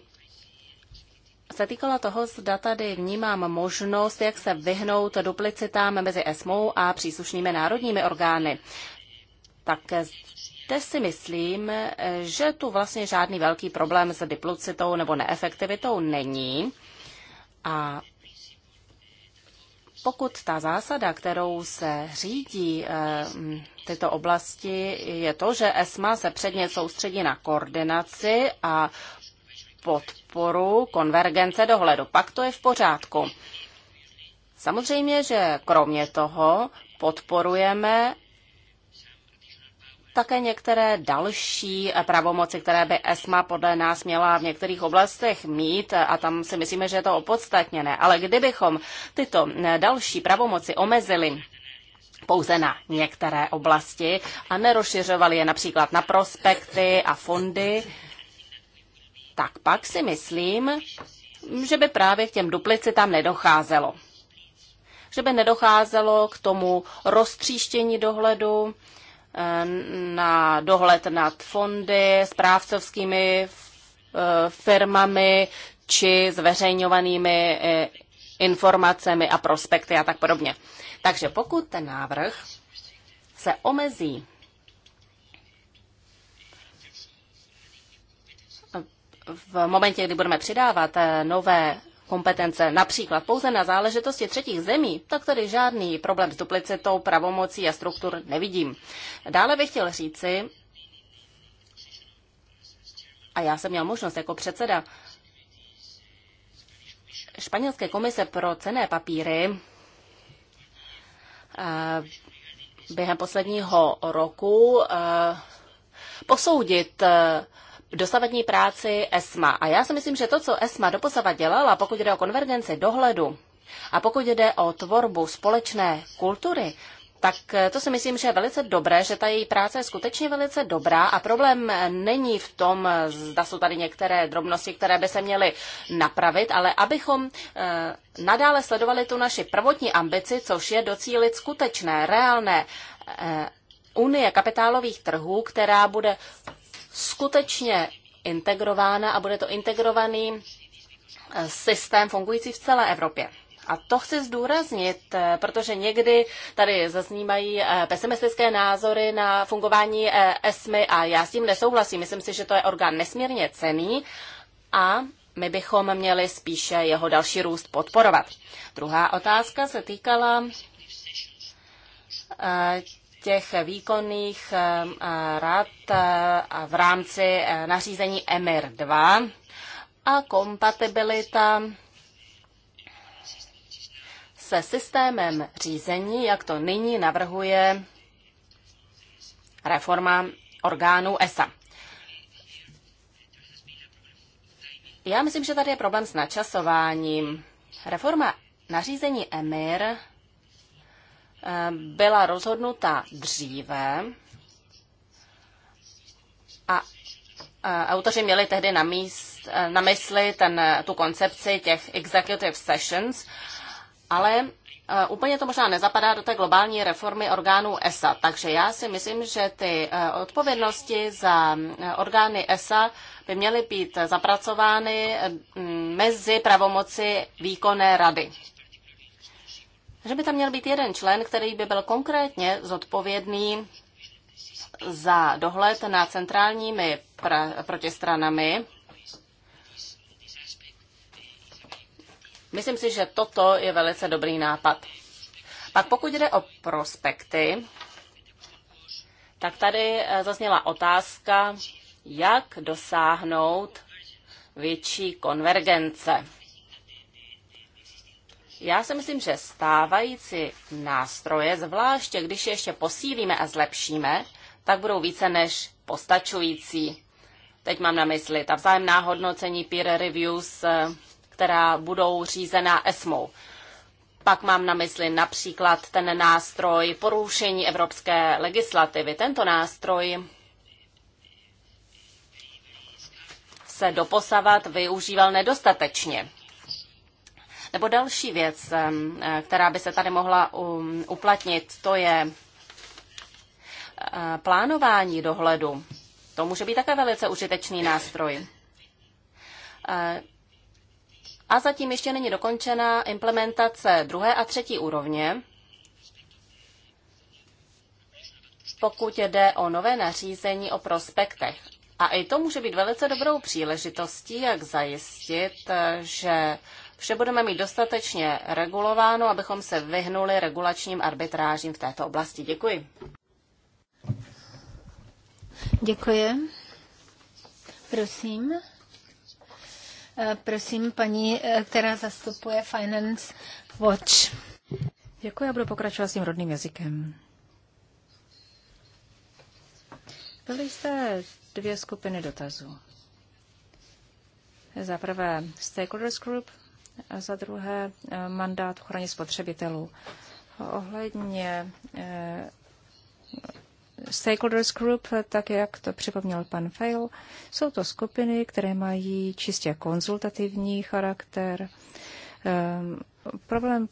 se týkala toho, zda tady vnímám možnost, jak se vyhnout duplicitám mezi ESMou a příslušnými národními orgány. Tak Teď si myslím, že tu vlastně žádný velký problém s diplocitou nebo neefektivitou není. A pokud ta zásada, kterou se řídí eh, tyto oblasti, je to, že ESMA se předně soustředí na koordinaci a podporu konvergence dohledu, pak to je v pořádku. Samozřejmě, že kromě toho podporujeme také některé další eh, pravomoci, které by ESMA podle nás měla v některých oblastech mít eh, a tam si myslíme, že je to opodstatněné. Ale kdybychom tyto eh, další pravomoci omezili pouze na některé oblasti a nerozšiřovali je například na prospekty a fondy, tak pak si myslím, že by právě k těm duplicitám nedocházelo. Že by nedocházelo k tomu roztříštění dohledu, Eh, na dohled nad fondy, správcovskými eh, firmami či zveřejňovanými eh, informacemi a prospekty a tak podobně. Takže pokud ten návrh se omezí v momentě, kdy budeme přidávat nové kompetence, například pouze na záležitosti třetích zemí, tak tady žádný problém s duplicitou, pravomocí a struktur nevidím. Dále bych chtěl říci, a já jsem měl možnost jako předseda Španělské komise pro cené papíry eh, během posledního roku eh, posoudit eh, dosavadní práci ESMA. A já si myslím, že to, co ESMA doposavat dělala, pokud jde o konvergenci dohledu a pokud jde o tvorbu společné kultury, tak eh, to si myslím, že je velice dobré, že ta její práce je skutečně velice dobrá a problém není v tom, eh, zda jsou tady některé drobnosti, které by se měly napravit, ale abychom eh, nadále sledovali tu naši prvotní ambici, což je docílit skutečné, reálné unie kapitálových trhů, která bude skutečně integrována a bude to integrovaný eh, systém fungující v celé Evropě. A to chci zdůraznit, eh, protože někdy tady zaznímají eh, pesimistické názory na fungování ESMY a já s tím nesouhlasím. Myslím si, že to je orgán nesmírně cený a my bychom měli spíše jeho další růst podporovat. Druhá otázka se týkala těch výkonných eh, eh, rad eh, v rámci nařízení mr 2 a kompatibilita se systémem řízení, jak to nyní navrhuje reforma orgánů ESA. Já myslím, že tady je problém s načasováním. Reforma nařízení EMIR byla rozhodnuta dříve a autoři měli tehdy na, míst, na mysli ten, tu koncepci těch executive sessions, ale e, Úplně to možná nezapadá do té globální reformy orgánů ESA, takže já si myslím, že ty e, odpovědnosti za e, orgány ESA by měly být zapracovány mezi pravomoci výkonné rady že by tam měl být jeden člen, který by byl konkrétně zodpovědný za dohled na centrálními protistranami. Myslím si, že toto je velice dobrý nápad. Pak pokud jde o prospekty, tak tady eh, zazněla otázka, jak dosáhnout větší konvergence. Já si myslím, že stávající nástroje, zvláště když je ještě posílíme a zlepšíme, tak budou více než postačující. Teď mám na mysli ta vzájemná hodnocení peer reviews, eh, která budou řízená ESMO. Pak mám na mysli například ten nástroj porušení evropské legislativy. Tento nástroj se doposavat využíval nedostatečně. Nebo další věc, eh, která by se tady mohla um, uplatnit, to je eh, plánování dohledu. To může být také velice užitečný nástroj. Eh, a zatím ještě není dokončena implementace druhé a třetí úrovně, pokud jde o nové nařízení o prospektech. A i to může být velice dobrou příležitostí, jak zajistit, že vše budeme mít dostatečně regulováno, abychom se vyhnuli regulačním arbitrážím v této oblasti. Děkuji. Děkuji. Prosím. Eh, prosím, paní, eh, která zastupuje Finance Watch. Děkuji, já budu pokračovat s tím rodným jazykem. Byly jste dvě skupiny dotazů. Za prvé stakeholders group za druhé eh, mandát ochrany ochraně spotřebitelů. Ohledně eh, Stakeholders Group, tak jak to připomněl pan Fail, jsou to skupiny, které mají čistě konzultativní charakter. Ehm, problém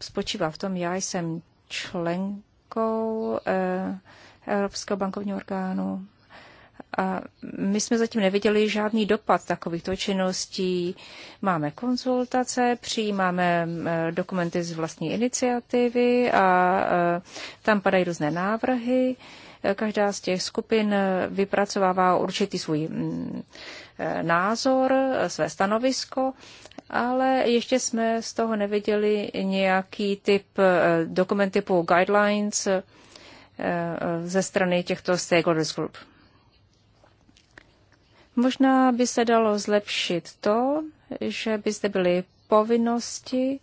spočívá v tom, já jsem členkou eh, Evropského bankovního orgánu a my jsme zatím neviděli žádný dopad takovýchto činností. Máme konzultace, přijímáme eh, dokumenty z vlastní iniciativy a eh, tam padají různé návrhy. Eh, každá z těch skupin vypracovává určitý svůj mm, názor, své stanovisko, ale ještě jsme z toho neviděli nějaký typ dokument typu guidelines ze strany těchto stakeholders group. Možná by se dalo zlepšit to, že by zde byly povinnosti,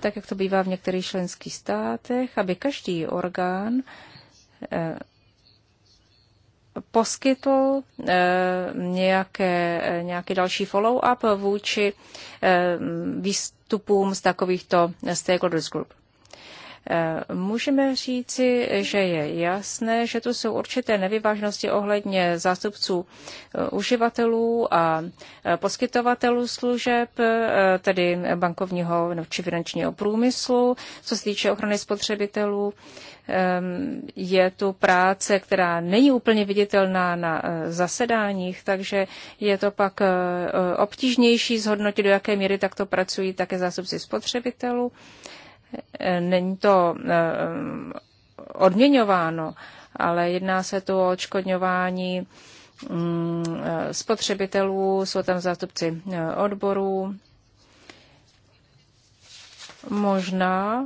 tak jak to bývá v některých členských státech, aby každý orgán eh, poskytl eh, nějaké, eh, nějaký další follow-up vůči výstupům z takovýchto stakeholders group. Můžeme říci, že je jasné, že tu jsou určité nevyvážnosti ohledně zástupců eh, uživatelů a eh, poskytovatelů služeb, eh, tedy bankovního či finančního průmyslu. Co se týče ochrany spotřebitelů, je tu práce, která není úplně viditelná na zasedáních, takže je to pak obtížnější zhodnotit, do jaké míry takto pracují také zástupci spotřebitelů. Není to eh, odměňováno, ale jedná se tu o odškodňování mm, eh, spotřebitelů, jsou tam zástupci eh, odborů. Možná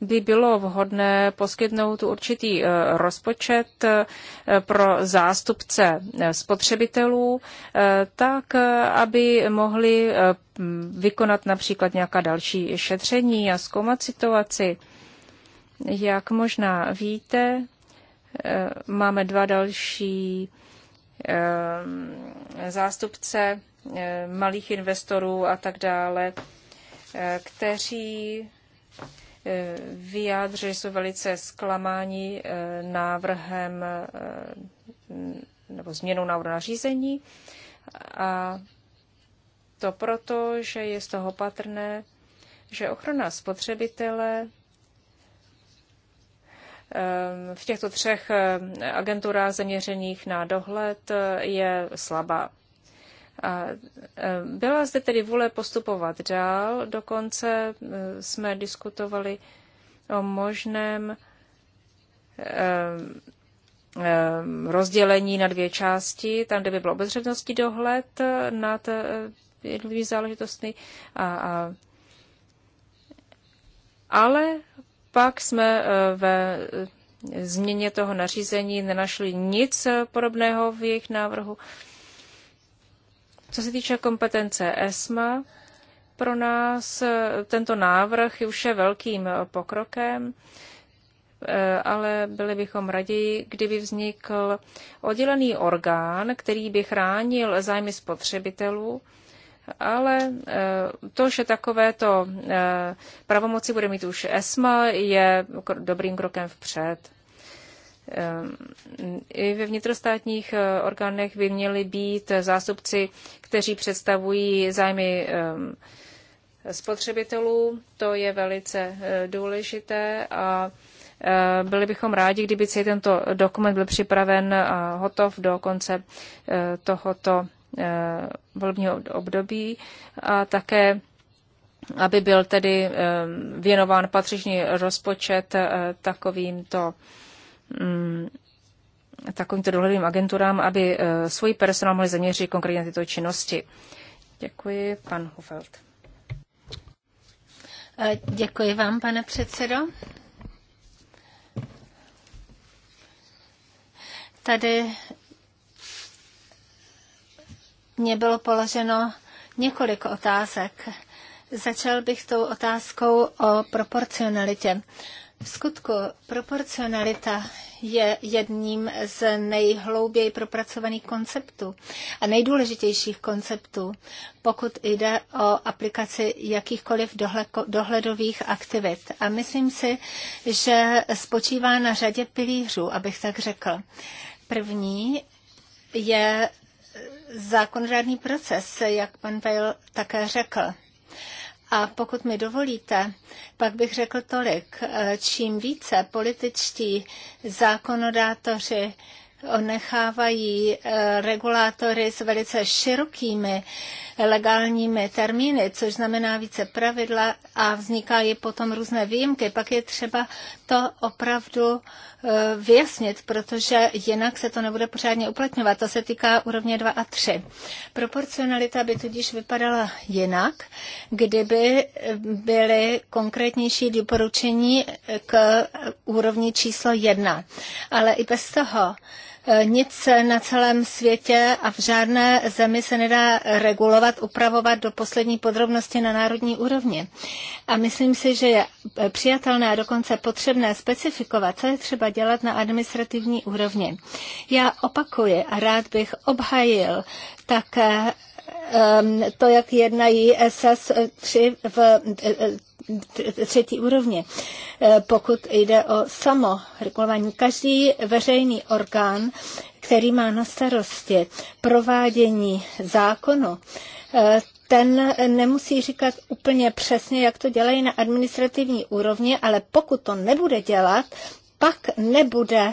by bylo vhodné poskytnout určitý eh, rozpočet eh, pro zástupce eh, spotřebitelů, tak aby mohli vykonat například nějaká další šetření a zkoumat situaci. Jak možná víte, máme dva další zástupce malých investorů a tak dále, kteří Eh, vyjádřili, jsou velice zklamáni eh, návrhem eh, nebo změnou návrhu na řízení. A to proto, že je z toho patrné, že ochrana spotřebitele v těchto třech agenturách zaměřených na dohled je slabá. A e, byla zde tedy vůle postupovat dál, dokonce e, jsme diskutovali o možném e, rozdělení na dvě části, tam, kde by bylo obezřetností dohled nad jednotlivými záležitostmi. A, a, ale pak jsme ve změně toho nařízení nenašli nic podobného v jejich návrhu. Co se týče kompetence ESMA, pro nás eh, tento návrh už je velkým eh, pokrokem, eh, ale byli bychom raději, kdyby vznikl oddělený orgán, který by chránil zájmy spotřebitelů, ale to, že takovéto pravomoci bude mít už ESMA, je dobrým krokem vpřed. Ehm, I ve vnitrostátních eh, orgánech by měli být zástupci, kteří představují zájmy ehm, spotřebitelů. To je velice eh, důležité a eh, byli bychom rádi, kdyby celý tento dokument byl připraven a hotov do konce tohoto volebního období a také aby byl tedy ehm, věnován patřičný rozpočet takovýmto Mm, takovýmto dohledovým agenturám, aby eh, svůj personál mohli zaměřit konkrétně tyto činnosti. Děkuji, pan Hufeld. Eh, děkuji vám, pane předsedo. Tady mě bylo položeno několik otázek. Začal bych tou otázkou o proporcionalitě. V skutku proporcionalita je jedním z nejhlouběji propracovaných konceptů a nejdůležitějších konceptů, pokud jde o aplikaci jakýchkoliv dohledových aktivit. A myslím si, že spočívá na řadě pilířů, abych tak řekl. První je zákonodárný proces, jak pan Vejl také řekl. A pokud mi dovolíte, pak bych řekl tolik. Eh, Čím více političtí zákonodátoři nechávají eh, regulátory s velice širokými legálními termíny, což znamená více pravidla a vznikají potom různé výjimky. Pak je třeba to opravdu eh, vyjasnit, protože jinak se to nebude pořádně uplatňovat. To se týká úrovně 2 a 3. Proporcionalita by tudíž vypadala jinak, kdyby eh, byly konkrétnější doporučení k úrovni číslo 1. Ale i bez toho E, nic na celém světě a v žádné zemi se nedá regulovat, upravovat do poslední podrobnosti na národní úrovni. A myslím si, že je e, přijatelné a dokonce potřebné specifikovat, co je třeba dělat na administrativní úrovni. Já opakuji a rád bych obhajil také e, to, jak jednají SS3 v třetí úrovně. E, pokud jde o samoregulování, každý veřejný orgán, který má na starosti provádění zákonu, e, ten nemusí říkat úplně přesně, jak to dělají na administrativní úrovni, ale pokud to nebude dělat, pak nebude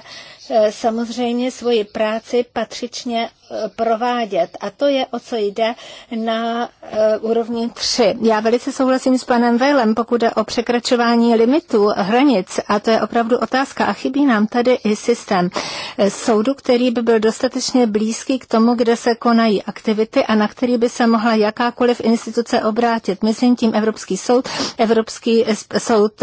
E, samozřejmě svoji práci patřičně e, provádět. A to je, o co jde na e, úrovni 3. Já velice souhlasím s panem Vejlem, pokud jde o překračování limitů, hranic, a to je opravdu otázka. A chybí nám tady i systém soudu, který by byl dostatečně blízký k tomu, kde se konají aktivity a na který by se mohla jakákoliv instituce obrátit. Myslím tím Evropský soud. Evropský soud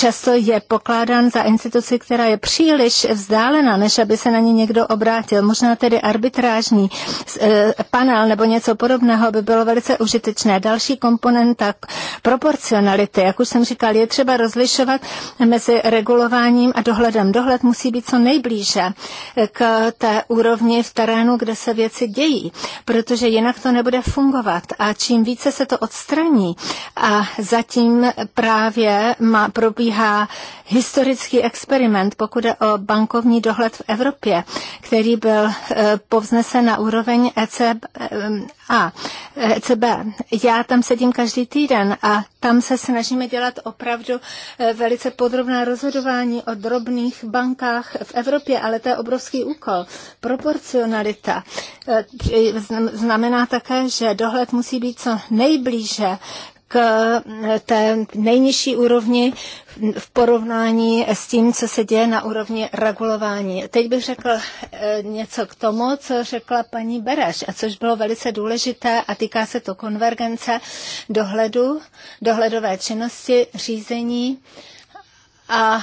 často je pokládán za instituci, která je příliš vzdálená schválena, než aby se na ně někdo obrátil. Možná tedy arbitrážní e, panel nebo něco podobného by bylo velice užitečné. Další komponenta proporcionality, jak už jsem říkal, je třeba rozlišovat mezi regulováním a dohledem. Dohled musí být co nejblíže e, k té úrovni v terénu, kde se věci dějí, protože jinak to nebude fungovat. A čím více se to odstraní a zatím právě má, probíhá historický experiment, pokud je o bankovní dohled v Evropě, který byl eh, povznesen na úroveň ECB. Eh, a, ECB. Já tam sedím každý týden a tam se snažíme dělat opravdu eh, velice podrobná rozhodování o drobných bankách v Evropě, ale to je obrovský úkol. Proporcionalita znamená také, že dohled musí být co nejblíže k té nejnižší úrovni v porovnání s tím, co se děje na úrovni regulování. Teď bych řekl eh, něco k tomu, co řekla paní Bereš, a což bylo velice důležité a týká se to konvergence dohledu, dohledové činnosti, řízení a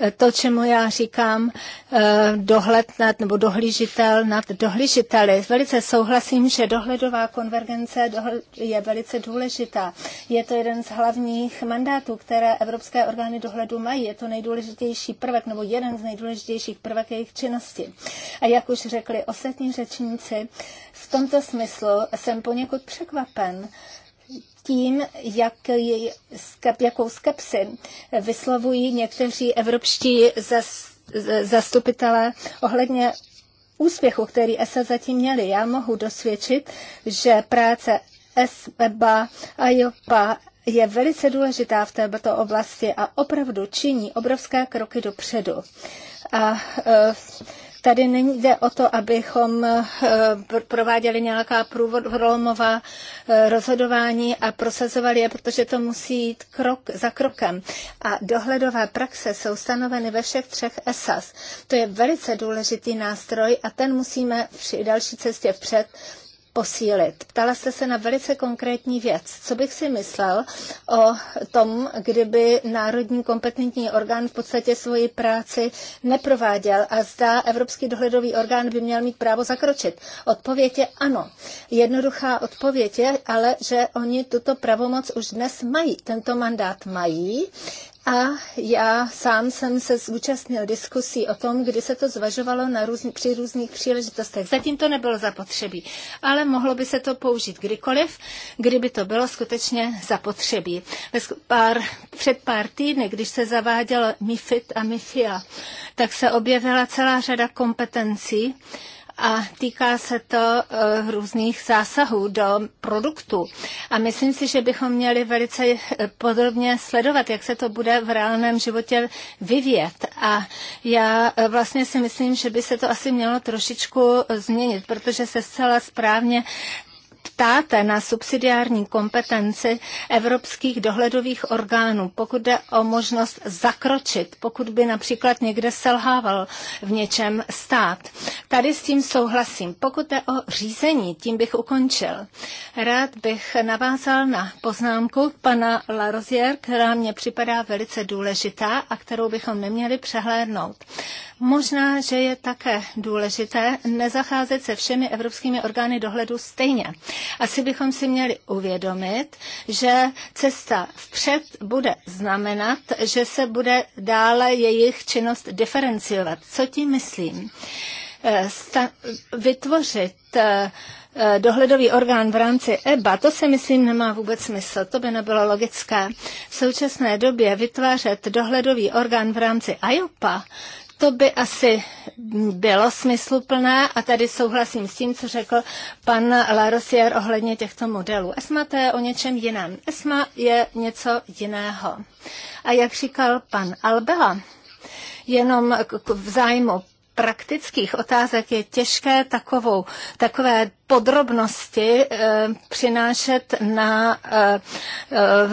Eh, to, čemu já říkám eh, dohled nad, nebo dohlížitel nad dohlížiteli. Velice souhlasím, že dohledová konvergence je velice důležitá. Je to jeden z hlavních mandátů, které evropské orgány dohledu mají. Je to nejdůležitější prvek nebo jeden z nejdůležitějších prvek jejich činnosti. A jak už řekli ostatní řečníci, v tomto smyslu jsem poněkud překvapen, tím, jak, jakou skepsi vyslovují někteří evropští zas, zastupitelé ohledně úspěchu, který ESA zatím měli. Já mohu dosvědčit, že práce SBA e a JOPA je velice důležitá v této oblasti a opravdu činí obrovské kroky dopředu. A e, Tady není jde o to, abychom eh, prováděli nějaká průvodlomová eh, rozhodování a prosazovali je, protože to musí jít krok za krokem. A dohledové praxe jsou stanoveny ve všech třech ESAS. To je velice důležitý nástroj a ten musíme při další cestě vpřed posílit. Ptala jste se na velice konkrétní věc. Co bych si myslel o tom, kdyby národní kompetentní orgán v podstatě svoji práci neprováděl a zda Evropský dohledový orgán by měl mít právo zakročit? Odpověď je ano. Jednoduchá odpověď je ale, že oni tuto pravomoc už dnes mají. Tento mandát mají a já sám jsem se zúčastnil diskusí o tom, kdy se to zvažovalo na různ- při různých příležitostech. Zatím to nebylo zapotřebí, ale mohlo by se to použít kdykoliv, kdyby to bylo skutečně zapotřebí. Pár, před pár týdny, když se zavádělo MIFID a MIFIA, tak se objevila celá řada kompetencí, a týká se to eh, různých zásahů do produktů. A myslím si, že bychom měli velice eh, podrobně sledovat, jak se to bude v reálném životě vyvíjet. A já eh, vlastně si myslím, že by se to asi mělo trošičku změnit, protože se zcela správně ptáte na subsidiární kompetenci evropských dohledových orgánů, pokud jde o možnost zakročit, pokud by například někde selhával v něčem stát. Tady s tím souhlasím. Pokud jde o řízení, tím bych ukončil. Rád bych navázal na poznámku pana Larozier, která mě připadá velice důležitá a kterou bychom neměli přehlédnout. Možná, že je také důležité nezacházet se všemi evropskými orgány dohledu stejně. Asi bychom si měli uvědomit, že cesta vpřed bude znamenat, že se bude dále jejich činnost diferenciovat. Co tím myslím? Eh, vytvořit eh, eh, dohledový orgán v rámci EBA, to si myslím nemá vůbec smysl, to by nebylo logické. V současné době vytvářet dohledový orgán v rámci IOPA, to by asi bylo smysluplné a tady souhlasím s tím, co řekl pan Larosier ohledně těchto modelů. ESMA to je o něčem jiném. ESMA je něco jiného. A jak říkal pan Albela, jenom v zájmu praktických otázek je těžké takovou, takové podrobnosti eh, přinášet na eh,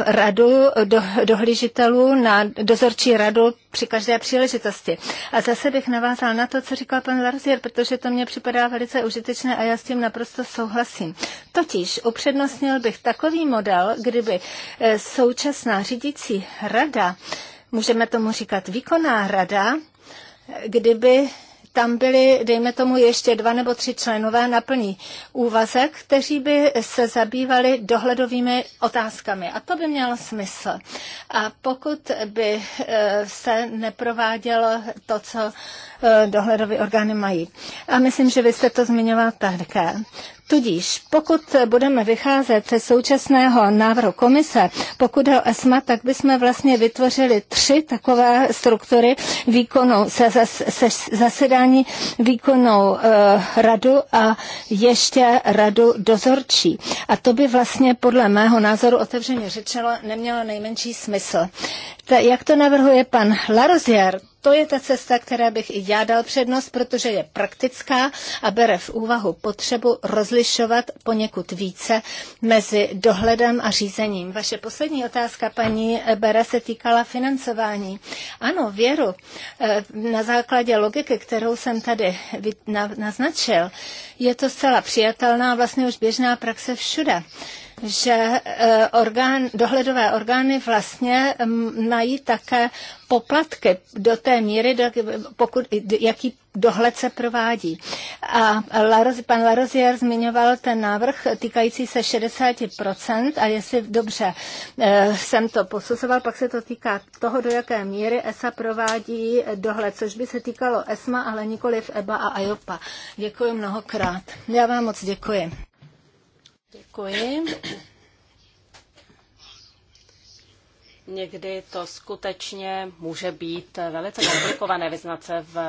radu do, dohlížitelů, na dozorčí radu při každé příležitosti. A zase bych navázal na to, co říkal pan Larzier, protože to mně připadá velice užitečné a já s tím naprosto souhlasím. Totiž upřednostnil bych takový model, kdyby eh, současná řídící rada, můžeme tomu říkat výkonná rada, kdyby tam byli, dejme tomu, ještě dva nebo tři členové na plný úvazek, kteří by se zabývali dohledovými otázkami. A to by mělo smysl. A pokud by e, se neprovádělo to, co e, dohledové orgány mají. A myslím, že vy jste to zmiňoval také. Tudíž, pokud budeme vycházet ze současného návrhu komise, pokud je o ESMA, tak bychom vlastně vytvořili tři takové struktury výkonu, se, se, se, zasedání výkonnou e, eh, radu a ještě radu dozorčí. A to by vlastně podle mého názoru otevřeně řečeno nemělo nejmenší smysl. Ta, jak to navrhuje pan Larozier, to je ta cesta, která bych i já dal přednost, protože je praktická a bere v úvahu potřebu rozlišovat poněkud více mezi dohledem a řízením. Vaše poslední otázka, paní Bera, se týkala financování. Ano, věru e, na základě logiky, kterou jsem tady naznačil, je to zcela přijatelná, vlastně už běžná praxe všude že eh, orgán, dohledové orgány vlastně mm, mají také poplatky do té míry, pokud, jaký dohled se provádí. A Laroz, pan Larozier zmiňoval ten návrh týkající se 60% a jestli dobře eh, jsem to posuzoval, pak se to týká toho, do jaké míry ESA provádí dohled, což by se týkalo ESMA, ale nikoli v EBA a IOPA. Děkuji mnohokrát. Já vám moc děkuji. Děkuji. Někdy to skutečně může být velice komplikované vyznat se v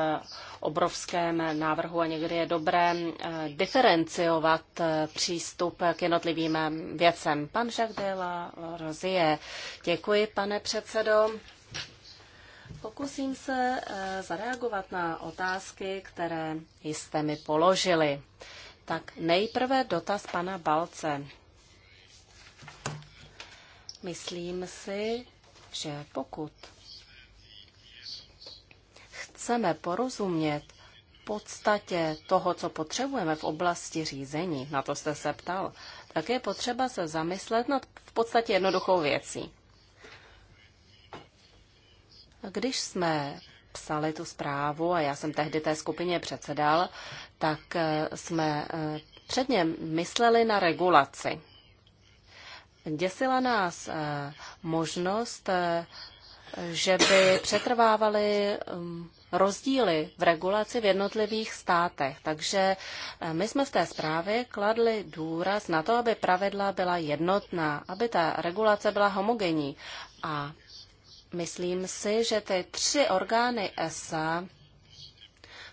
obrovském návrhu a někdy je dobré eh, diferenciovat eh, přístup k jednotlivým eh, věcem. Pan Jacques de la Rozie. Děkuji, pane předsedo. Pokusím se zareagovat na otázky, které jste mi položili. Tak nejprve dotaz pana Balce. Myslím si, že pokud chceme porozumět podstatě toho, co potřebujeme v oblasti řízení, na to jste se ptal, tak je potřeba se zamyslet nad v podstatě jednoduchou věcí. Když jsme psali tu zprávu a já jsem tehdy té skupině předsedal, tak eh, jsme eh, předně mysleli na regulaci. Děsila nás eh, možnost, že by přetrvávaly hm, rozdíly v regulaci v jednotlivých státech. Takže my jsme v té zprávě kladli důraz na to, aby pravidla byla jednotná, aby ta regulace byla homogenní. A Myslím si, že ty tři orgány ESA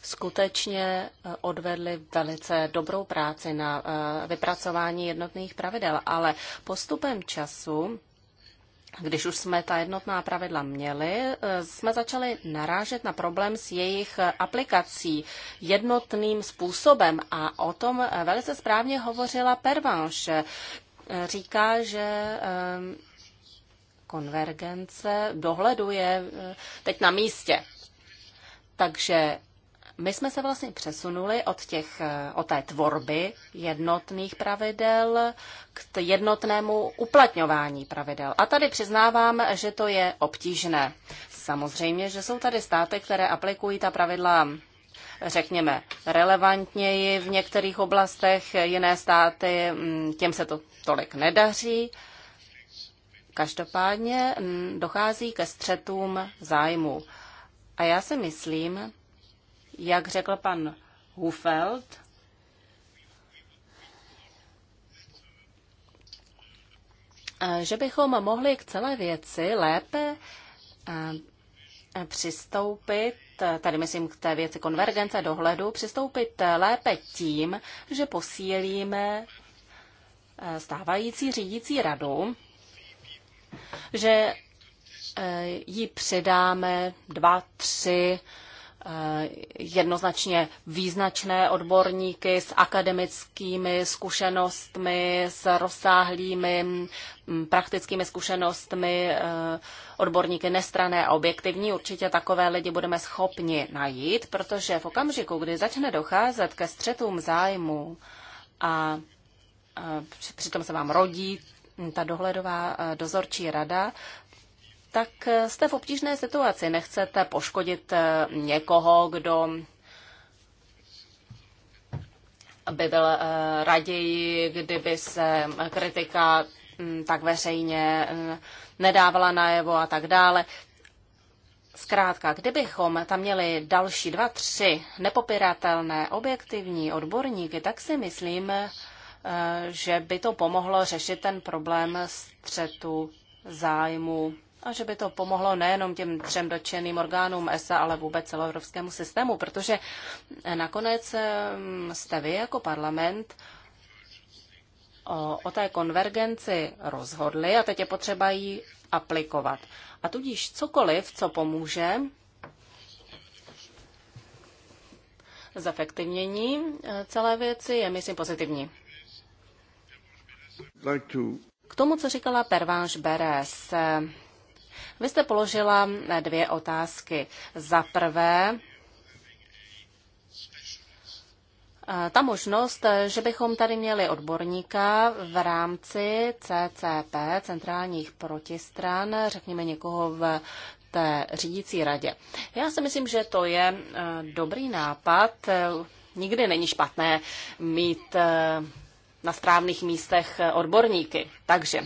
skutečně eh, odvedli velice dobrou práci na eh, vypracování jednotných pravidel, ale postupem času, když už jsme ta jednotná pravidla měli, eh, jsme začali narážet na problém s jejich aplikací jednotným způsobem a o tom velice správně hovořila Pervanche. Říká, že konvergence dohledu je eh, teď na místě. Takže my jsme se vlastně přesunuli od, těch, eh, od té tvorby jednotných pravidel k jednotnému uplatňování pravidel. A tady přiznávám, že to je obtížné. Samozřejmě, že jsou tady státy, které aplikují ta pravidla řekněme, relevantněji v některých oblastech, jiné státy, mm, těm se to tolik nedaří. Každopádně mm, dochází ke střetům zájmu. A já si myslím, jak řekl pan Hufeld, že bychom mohli k celé věci lépe eh, přistoupit, tady myslím k té věci konvergence dohledu, přistoupit lépe tím, že posílíme eh, stávající řídící radu, že eh, ji přidáme dva, tři eh, jednoznačně význačné odborníky s akademickými zkušenostmi, s rozsáhlými mm, praktickými zkušenostmi, eh, odborníky nestrané a objektivní. Určitě takové lidi budeme schopni najít, protože v okamžiku, kdy začne docházet ke střetům zájmu a přitom se vám rodí ta dohledová eh, dozorčí rada, tak eh, jste v obtížné situaci. Nechcete poškodit eh, někoho, kdo by byl raději, kdyby se kritika hm, tak veřejně nedávala najevo a tak dále. Zkrátka, kdybychom tam měli další dva, tři nepopiratelné objektivní odborníky, tak si myslím, že by to pomohlo řešit ten problém střetu zájmu a že by to pomohlo nejenom těm třem dočeným orgánům ESA, ale vůbec celoevropskému systému, protože nakonec mm, jste vy jako parlament o, o té konvergenci rozhodli a teď je potřeba ji aplikovat. A tudíž cokoliv, co pomůže zefektivnění e, celé věci, je myslím pozitivní. K tomu, co říkala Pervanš Beres, vy jste položila dvě otázky. Za prvé, eh, ta možnost, že bychom tady měli odborníka v rámci CCP, centrálních protistran, řekněme někoho v té řídící radě. Já si myslím, že to je eh, dobrý nápad. Eh, nikdy není špatné mít na správných místech eh, odborníky. Takže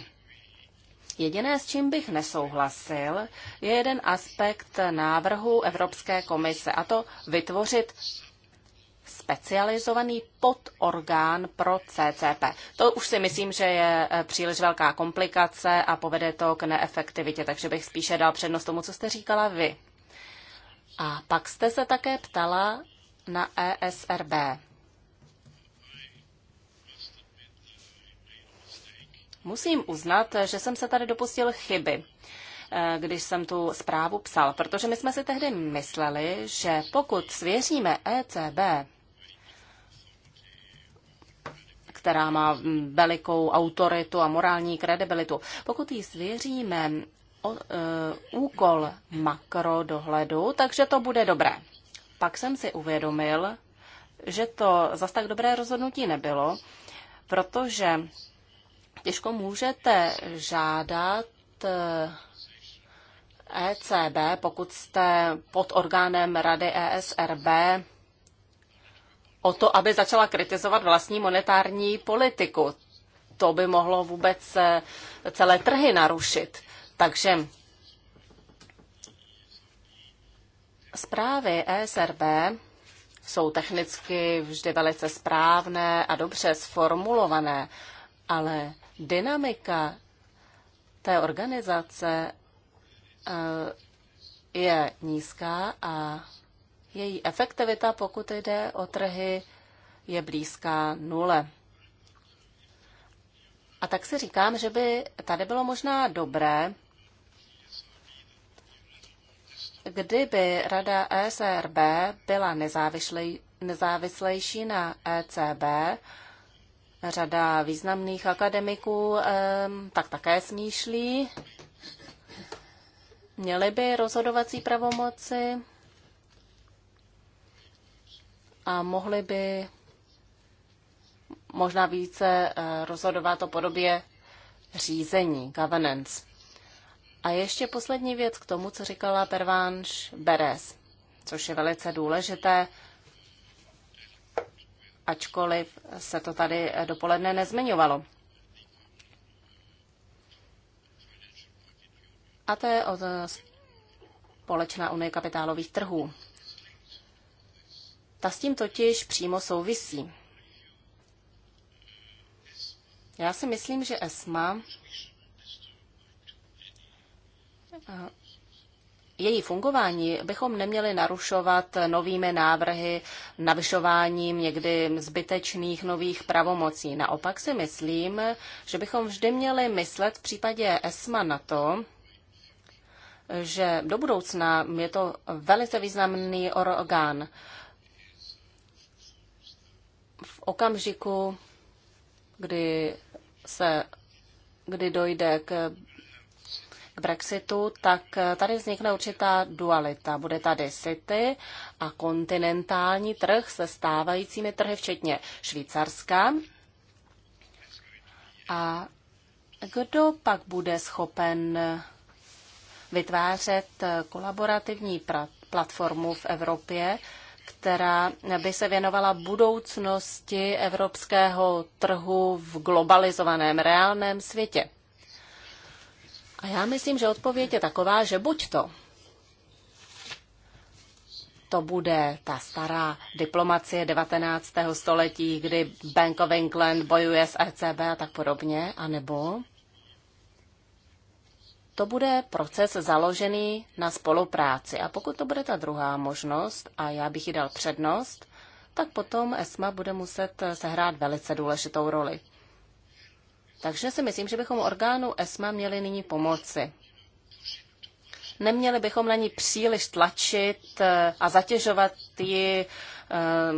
Jediné, s čím bych nesouhlasil, je jeden aspekt návrhu Evropské komise, a to vytvořit specializovaný podorgán pro CCP. To už si myslím, že je eh, příliš velká komplikace a povede to k neefektivitě, takže bych spíše dal přednost tomu, co jste říkala vy. A pak jste se také ptala na ESRB. Musím uznat, že jsem se tady dopustil chyby eh, když jsem tu zprávu psal, protože my jsme si tehdy mysleli, že pokud svěříme ECB, která má mm, velikou autoritu a morální kredibilitu, pokud ji svěříme o, e, úkol makrodohledu, takže to bude dobré. Pak jsem si uvědomil, že to zas tak dobré rozhodnutí nebylo, protože těžko můžete žádat ECB, eh, e pokud jste pod orgánem Rady ESRB, o to, aby začala kritizovat vlastní monetární politiku. To by mohlo vůbec eh, celé trhy narušit. Takže zprávy ESRB jsou technicky vždy velice správné a dobře sformulované, ale dynamika té organizace eh, je nízká a její efektivita, pokud jde o trhy, je blízká nule. A tak si říkám, že by tady bylo možná dobré, kdyby rada ESRB byla nezávislej, nezávislejší na ECB Řada významných akademiků tak také smýšlí. Měli by rozhodovací pravomoci a mohli by možná více eh, rozhodovat o podobě řízení, governance. A ještě poslední věc k tomu, co říkala Pervánš Beres, což je velice důležité ačkoliv se to tady dopoledne nezmiňovalo. A to je od společná unie kapitálových trhů. Ta s tím totiž přímo souvisí. Já si myslím, že ESMA její fungování bychom neměli narušovat novými návrhy, navyšováním někdy zbytečných nových pravomocí. Naopak si myslím, že bychom vždy měli myslet v případě ESMA na to, že do budoucna je to velice významný orgán. V okamžiku, kdy se kdy dojde k k Brexitu, tak eh, tady vznikne určitá dualita. Bude tady city a kontinentální trh se stávajícími trhy, včetně Švýcarska. A kdo pak bude schopen vytvářet eh, kolaborativní platformu v Evropě, která by se věnovala budoucnosti evropského trhu v globalizovaném reálném světě. A já myslím, že odpověď je taková, že buď to to bude ta stará diplomacie 19. století, kdy Bank of England bojuje s ECB a tak podobně, anebo to bude proces založený na spolupráci. A pokud to bude ta druhá možnost, a já bych ji dal přednost, tak potom ESMA bude muset sehrát velice důležitou roli. Takže si myslím, že bychom orgánu ESMA měli nyní pomoci. Neměli bychom na ní příliš tlačit eh, a zatěžovat ji eh,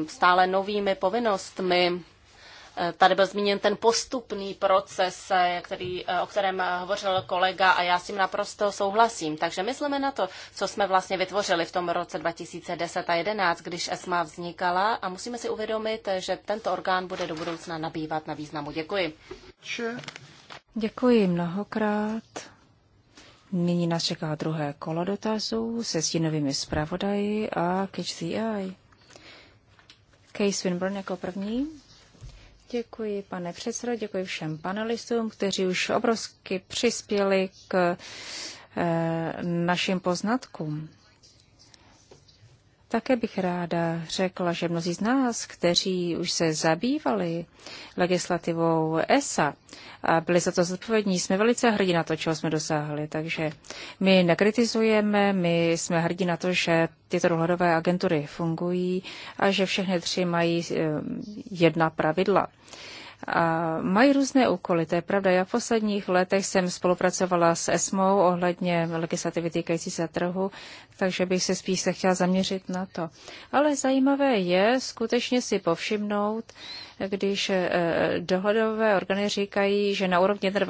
stále novými povinnostmi, Eh, tady byl zmíněn ten postupný proces, eh, který, eh, o kterém hovořil kolega a já s tím naprosto souhlasím. Takže myslíme na to, co jsme vlastně vytvořili v tom roce 2010 a 2011, když ESMA vznikala a musíme si uvědomit, že tento orgán bude do budoucna nabývat na významu. Děkuji. Děkuji mnohokrát. Nyní nás čeká druhé kolo dotazů se stínovými zpravodaji a KCI. Kay Swinburne, Case Winburn jako první. Děkuji, pane předsedo, děkuji všem panelistům, kteří už obrovsky přispěli k eh, našim poznatkům. Také bych ráda řekla, že mnozí z nás, kteří už se zabývali legislativou ESA a byli za to zodpovědní, jsme velice hrdí na to, čeho jsme dosáhli. Takže my nekritizujeme, my jsme hrdí na to, že tyto dohledové agentury fungují a že všechny tři mají eh, jedna pravidla a mají různé úkoly. To je pravda. Já v posledních letech jsem spolupracovala s ESMO ohledně legislativy týkající se trhu, takže bych se spíš se chtěla zaměřit na to. Ale zajímavé je skutečně si povšimnout, když eh, dohodové organy říkají, že na úrovni 1,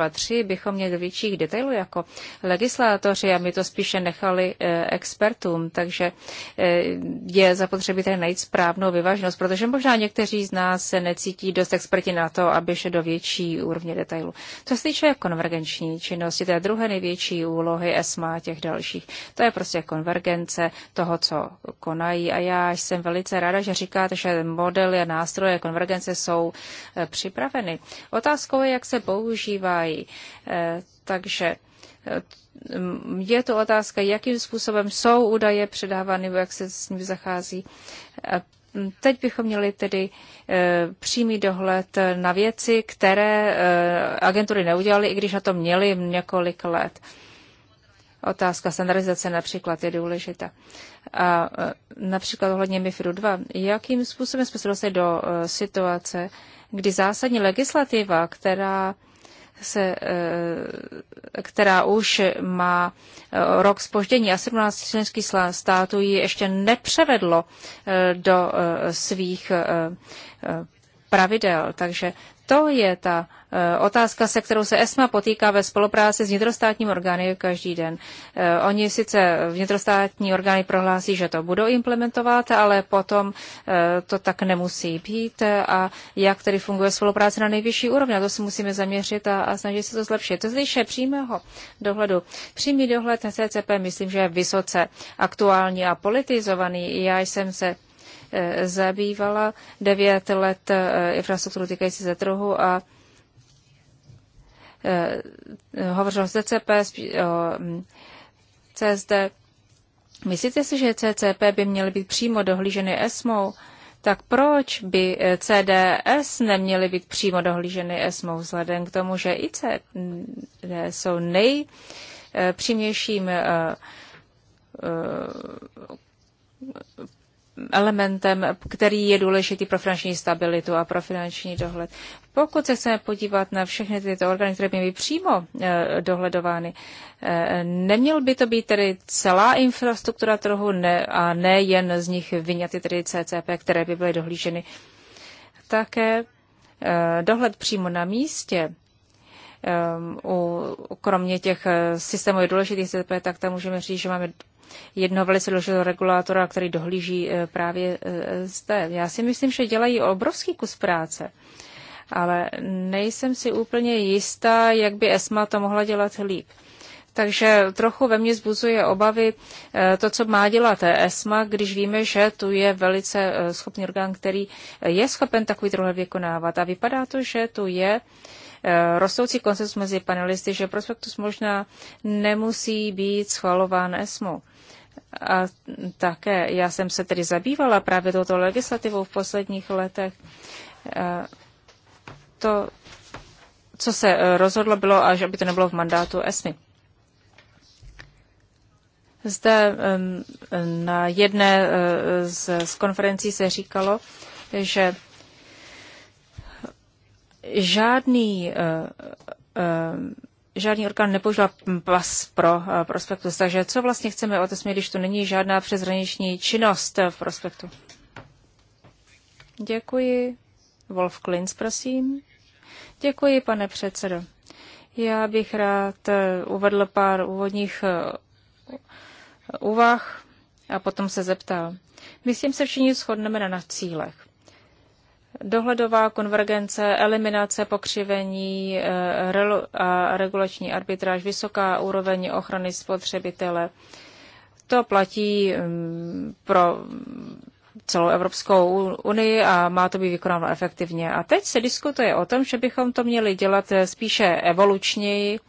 bychom měli do větších detailů jako legislátoři a my to spíše nechali eh, expertům, takže eh, je zapotřebí tady najít správnou vyvážnost, protože možná někteří z nás se necítí dost experti na to, aby šli do větší úrovně detailů. Co se týče konvergenční činnosti, to je druhé největší úlohy ESMA a těch dalších. To je prostě konvergence toho, co konají a já jsem velice ráda, že říkáte, že modely a nástroje konvergence jsou eh, připraveny. Otázkou je, jak se používají. Eh, takže eh, je to otázka, jakým způsobem jsou údaje předávány, jak se s nimi zachází. Hm, teď bychom měli tedy přímý dohled na věci, které agentury neudělaly, i když na to měli několik let. Otázka standardizace například je důležitá. A e, například ohledně MIFIDu 2. Jakým způsobem jsme se dostali do e, situace, kdy zásadní legislativa, která se, e, která už má rok spoždění a 17 členských států ji ještě nepřevedlo do svých pravidel. Takže to je ta eh, otázka, se kterou se ESMA potýká ve spolupráci s vnitrostátními orgány každý den. Eh, oni sice vnitrostátní orgány prohlásí, že to budou implementovat, ale potom eh, to tak nemusí být. A jak tedy funguje spolupráce na nejvyšší úrovni, a to se musíme zaměřit a, a snažit se to zlepšit. To zde přímého dohledu. Přímý dohled CCP myslím, že je vysoce aktuální a politizovaný. Já jsem se Eh, zabývala devět let eh, infrastrukturu týkající se trhu a eh, hovořila s DCP, o mm, CSD. Myslíte si, že CCP by měly být přímo dohlíženy ESMO, tak proč by CDS neměly být přímo dohlíženy ESMO? vzhledem k tomu, že i CDS jsou nejpřímějším elementem, který je důležitý pro finanční stabilitu a pro finanční dohled. Pokud se chceme podívat na všechny tyto orgány, které by byly přímo e, dohledovány, e, neměl by to být tedy celá infrastruktura trhu ne, a ne jen z nich vyňaty tedy CCP, které by byly dohlíženy. Také e, dohled přímo na místě, u, kromě těch systémů je důležitých CCP, tak tam můžeme říct, že máme Jedno velice důležitého regulátora, který dohlíží e, právě e, zde. Já si myslím, že dělají obrovský kus práce, ale nejsem si úplně jistá, jak by ESMA to mohla dělat líp. Takže trochu ve mně zbuzuje obavy e, to, co má dělat ESMA, když víme, že tu je velice schopný orgán, který je schopen takový druhý vykonávat. A vypadá to, že tu je rostoucí konsensus mezi panelisty, že prospektus možná nemusí být schvalován ESMO. A také já jsem se tedy zabývala právě touto legislativou v posledních letech. To, co se e, rozhodlo, bylo až, aby to nebylo v mandátu ESMI. Zde na jedné e, z konferencí se říkalo, že žádný e, žádný orgán nepoužívá pas pro eh, prospektus. Takže co vlastně chceme od ESMI, když tu není žádná přeshraniční činnost eh, v prospektu? Děkuji. Wolf Klins, prosím. Děkuji, pane předsedo. Já bych rád eh, uvedl pár úvodních úvah a potom se zeptal. Myslím se všichni shodneme na cílech. Dohledová konvergence, eliminace pokřivení eh, a regulační arbitráž, vysoká úroveň ochrany spotřebitele. To platí mm, pro celou Evropskou unii a má to být vykonáno efektivně. A teď se diskutuje o tom, že bychom to měli dělat eh, spíše evolučněji,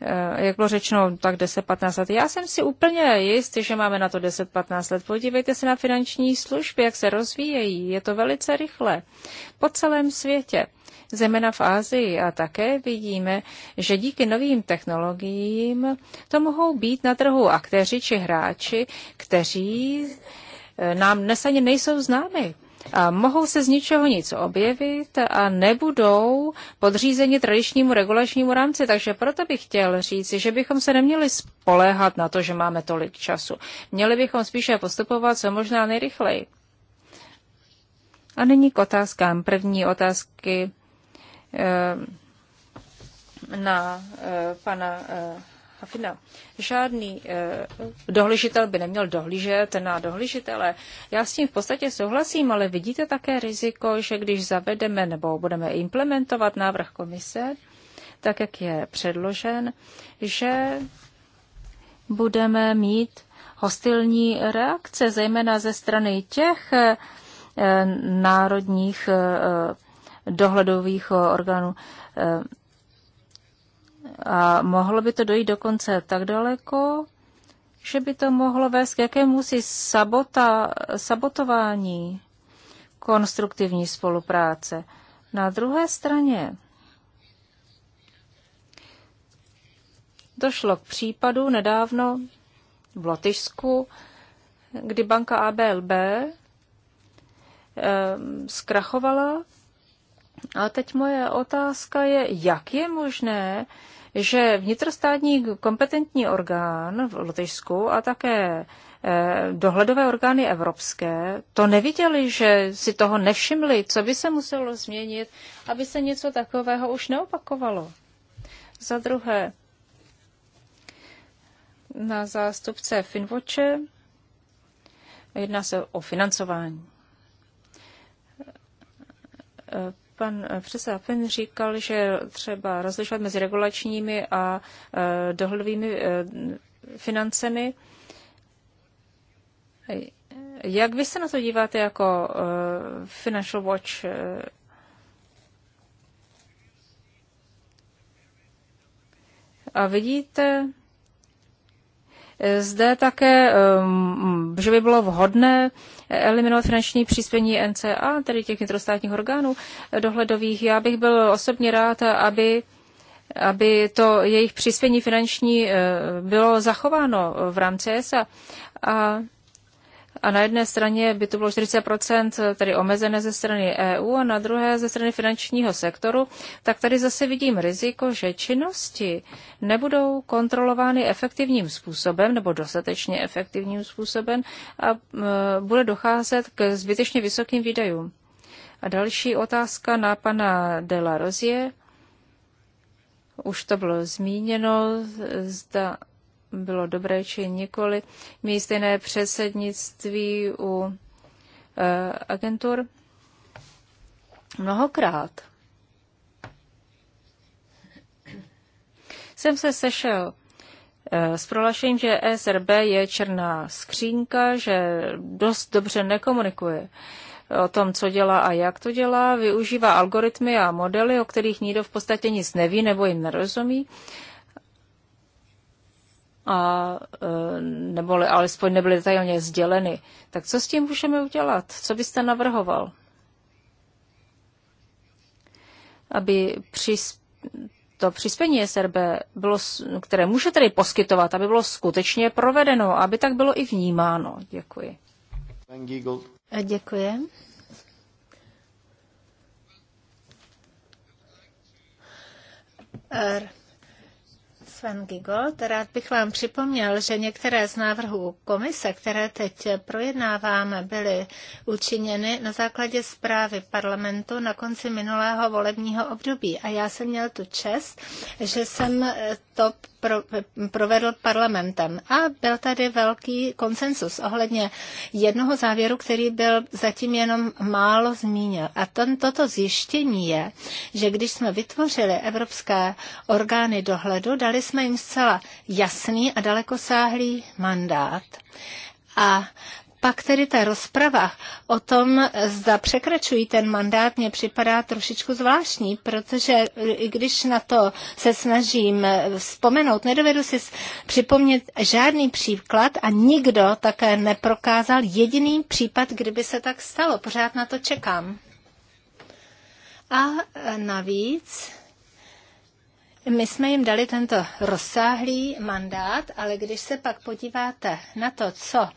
Eh, jak bylo řečeno, tak 10-15 let. Já jsem si úplně jist, že máme na to 10-15 let. Podívejte se na finanční služby, jak se rozvíjejí. Je to velice rychle. Po celém světě zejména v Ázii a také vidíme, že díky novým technologiím to mohou být na trhu aktéři či hráči, kteří eh, nám dnes ani nejsou známy. A mohou se z ničeho nic objevit a nebudou podřízeni tradičnímu regulačnímu rámci. Takže proto bych chtěl říci, že bychom se neměli spoléhat na to, že máme tolik času. Měli bychom spíše postupovat co možná nejrychleji. A nyní k otázkám. První otázky eh, na eh, pana eh, Hafina, žádný eh, dohlížitel by neměl dohlížet na dohlížitele. Já s tím v podstatě souhlasím, ale vidíte také riziko, že když zavedeme nebo budeme implementovat návrh komise, tak jak je předložen, že budeme mít hostilní reakce, zejména ze strany těch eh, národních eh, dohledových orgánů. Eh, a mohlo by to dojít dokonce tak daleko, že by to mohlo vést k jakému si sabota, sabotování konstruktivní spolupráce. Na druhé straně došlo k případu nedávno v Lotyšsku, kdy banka ABLB eh, zkrachovala. A teď moje otázka je, jak je možné, že vnitrostátní kompetentní orgán v Lotyšsku a také eh, dohledové orgány evropské to neviděli, že si toho nevšimli, co by se muselo změnit, aby se něco takového už neopakovalo. Za druhé, na zástupce Finvoče jedná se o financování Pan eh, předseda Finn říkal, že třeba rozlišovat mezi regulačními a eh, dohledovými eh, financemi. Jak vy se na to díváte jako Financial Watch? A vidíte zde také, že by bylo vhodné eliminovat finanční příspění NCA, tedy těch vnitrostátních orgánů dohledových. Já bych byl osobně rád, aby aby to jejich přispění finanční eh, bylo zachováno v rámci ESA. A a na jedné straně by to bylo 40%, tedy omezené ze strany EU, a na druhé ze strany finančního sektoru, tak tady zase vidím riziko, že činnosti nebudou kontrolovány efektivním způsobem nebo dostatečně efektivním způsobem a e, bude docházet k zbytečně vysokým výdajům. A další otázka na pana la Rozie. Už to bylo zmíněno, zda bylo dobré či nikoli. Mějí stejné předsednictví u eh, agentur mnohokrát. Jsem se sešel eh, s prohlášením, že SRB je černá skřínka, že dost dobře nekomunikuje o tom, co dělá a jak to dělá, využívá algoritmy a modely, o kterých nikdo v podstatě nic neví nebo jim nerozumí a, e, nebo alespoň nebyly detailně sděleny. Tak co s tím můžeme udělat? Co byste navrhoval? Aby při to přispění SRB, bylo, které může tady poskytovat, aby bylo skutečně provedeno, aby tak bylo i vnímáno. Děkuji. Děkuji. R Sven Gigold. Rád bych vám připomněl, že některé z návrhů komise, které teď projednáváme, byly učiněny na základě zprávy parlamentu na konci minulého volebního období. A já jsem měl tu čest, že jsem to pro, provedl parlamentem. A byl tady velký konsensus ohledně jednoho závěru, který byl zatím jenom málo zmínil. A ten, toto zjištění je, že když jsme vytvořili evropské orgány dohledu, dali jsme jim zcela jasný a dalekosáhlý mandát. A pak tedy ta rozprava o tom, zda překračují ten mandát, mě připadá trošičku zvláštní, protože i když na to se snažím vzpomenout, nedovedu si připomnět žádný příklad a nikdo také neprokázal jediný případ, kdyby se tak stalo. Pořád na to čekám. A navíc my jsme jim dali tento rozsáhlý mandát, ale když se pak podíváte na to, co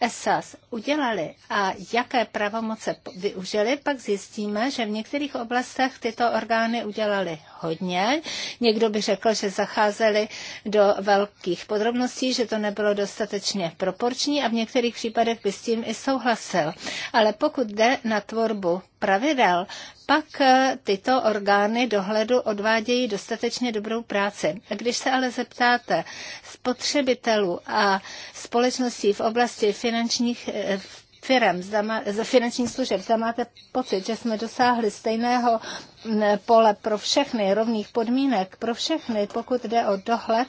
ESAS udělali a jaké pravomoce využili, pak zjistíme, že v některých oblastech tyto orgány udělali hodně. Někdo by řekl, že zacházeli do velkých podrobností, že to nebylo dostatečně proporční a v některých případech by s tím i souhlasil. Ale pokud jde na tvorbu pravidel, pak eh, tyto orgány dohledu odvádějí dostatečně dobrou práci. Když se ale zeptáte spotřebitelů a společností v oblasti finančních eh, firm, zda má, finančních služeb, zda máte pocit, že jsme dosáhli stejného pole pro všechny, rovných podmínek pro všechny, pokud jde o dohled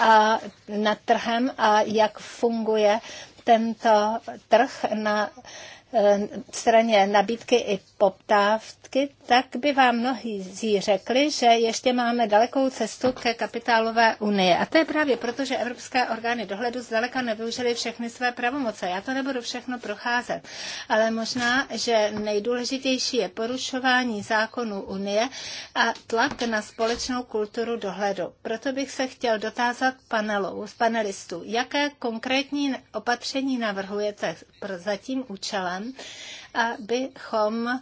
a nad trhem a jak funguje tento trh na Eh, straně nabídky i poptávky, tak by vám mnozí řekli, že ještě máme dalekou cestu ke kapitálové unii. A to je právě proto, že evropské orgány dohledu zdaleka nevyužily všechny své pravomoce. Já to nebudu všechno procházet, ale možná, že nejdůležitější je porušování zákonů unie a tlak na společnou kulturu dohledu. Proto bych se chtěl dotázat panelů, panelistů, jaké konkrétní opatření navrhujete pro zatím účelem, abychom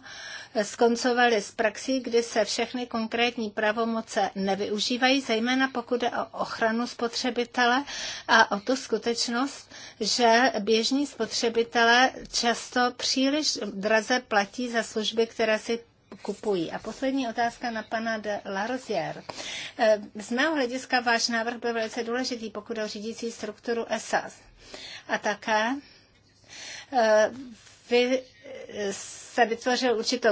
skoncovali s praxí, kdy se všechny konkrétní pravomoce nevyužívají, zejména pokud je o ochranu spotřebitele a o tu skutečnost, že běžní spotřebitele často příliš draze platí za služby, které si kupují. A poslední otázka na pana de Larosière. Eh, z mého hlediska váš návrh byl velice důležitý, pokud o řídící strukturu ESAS. A také eh, vy se vytvořil určitou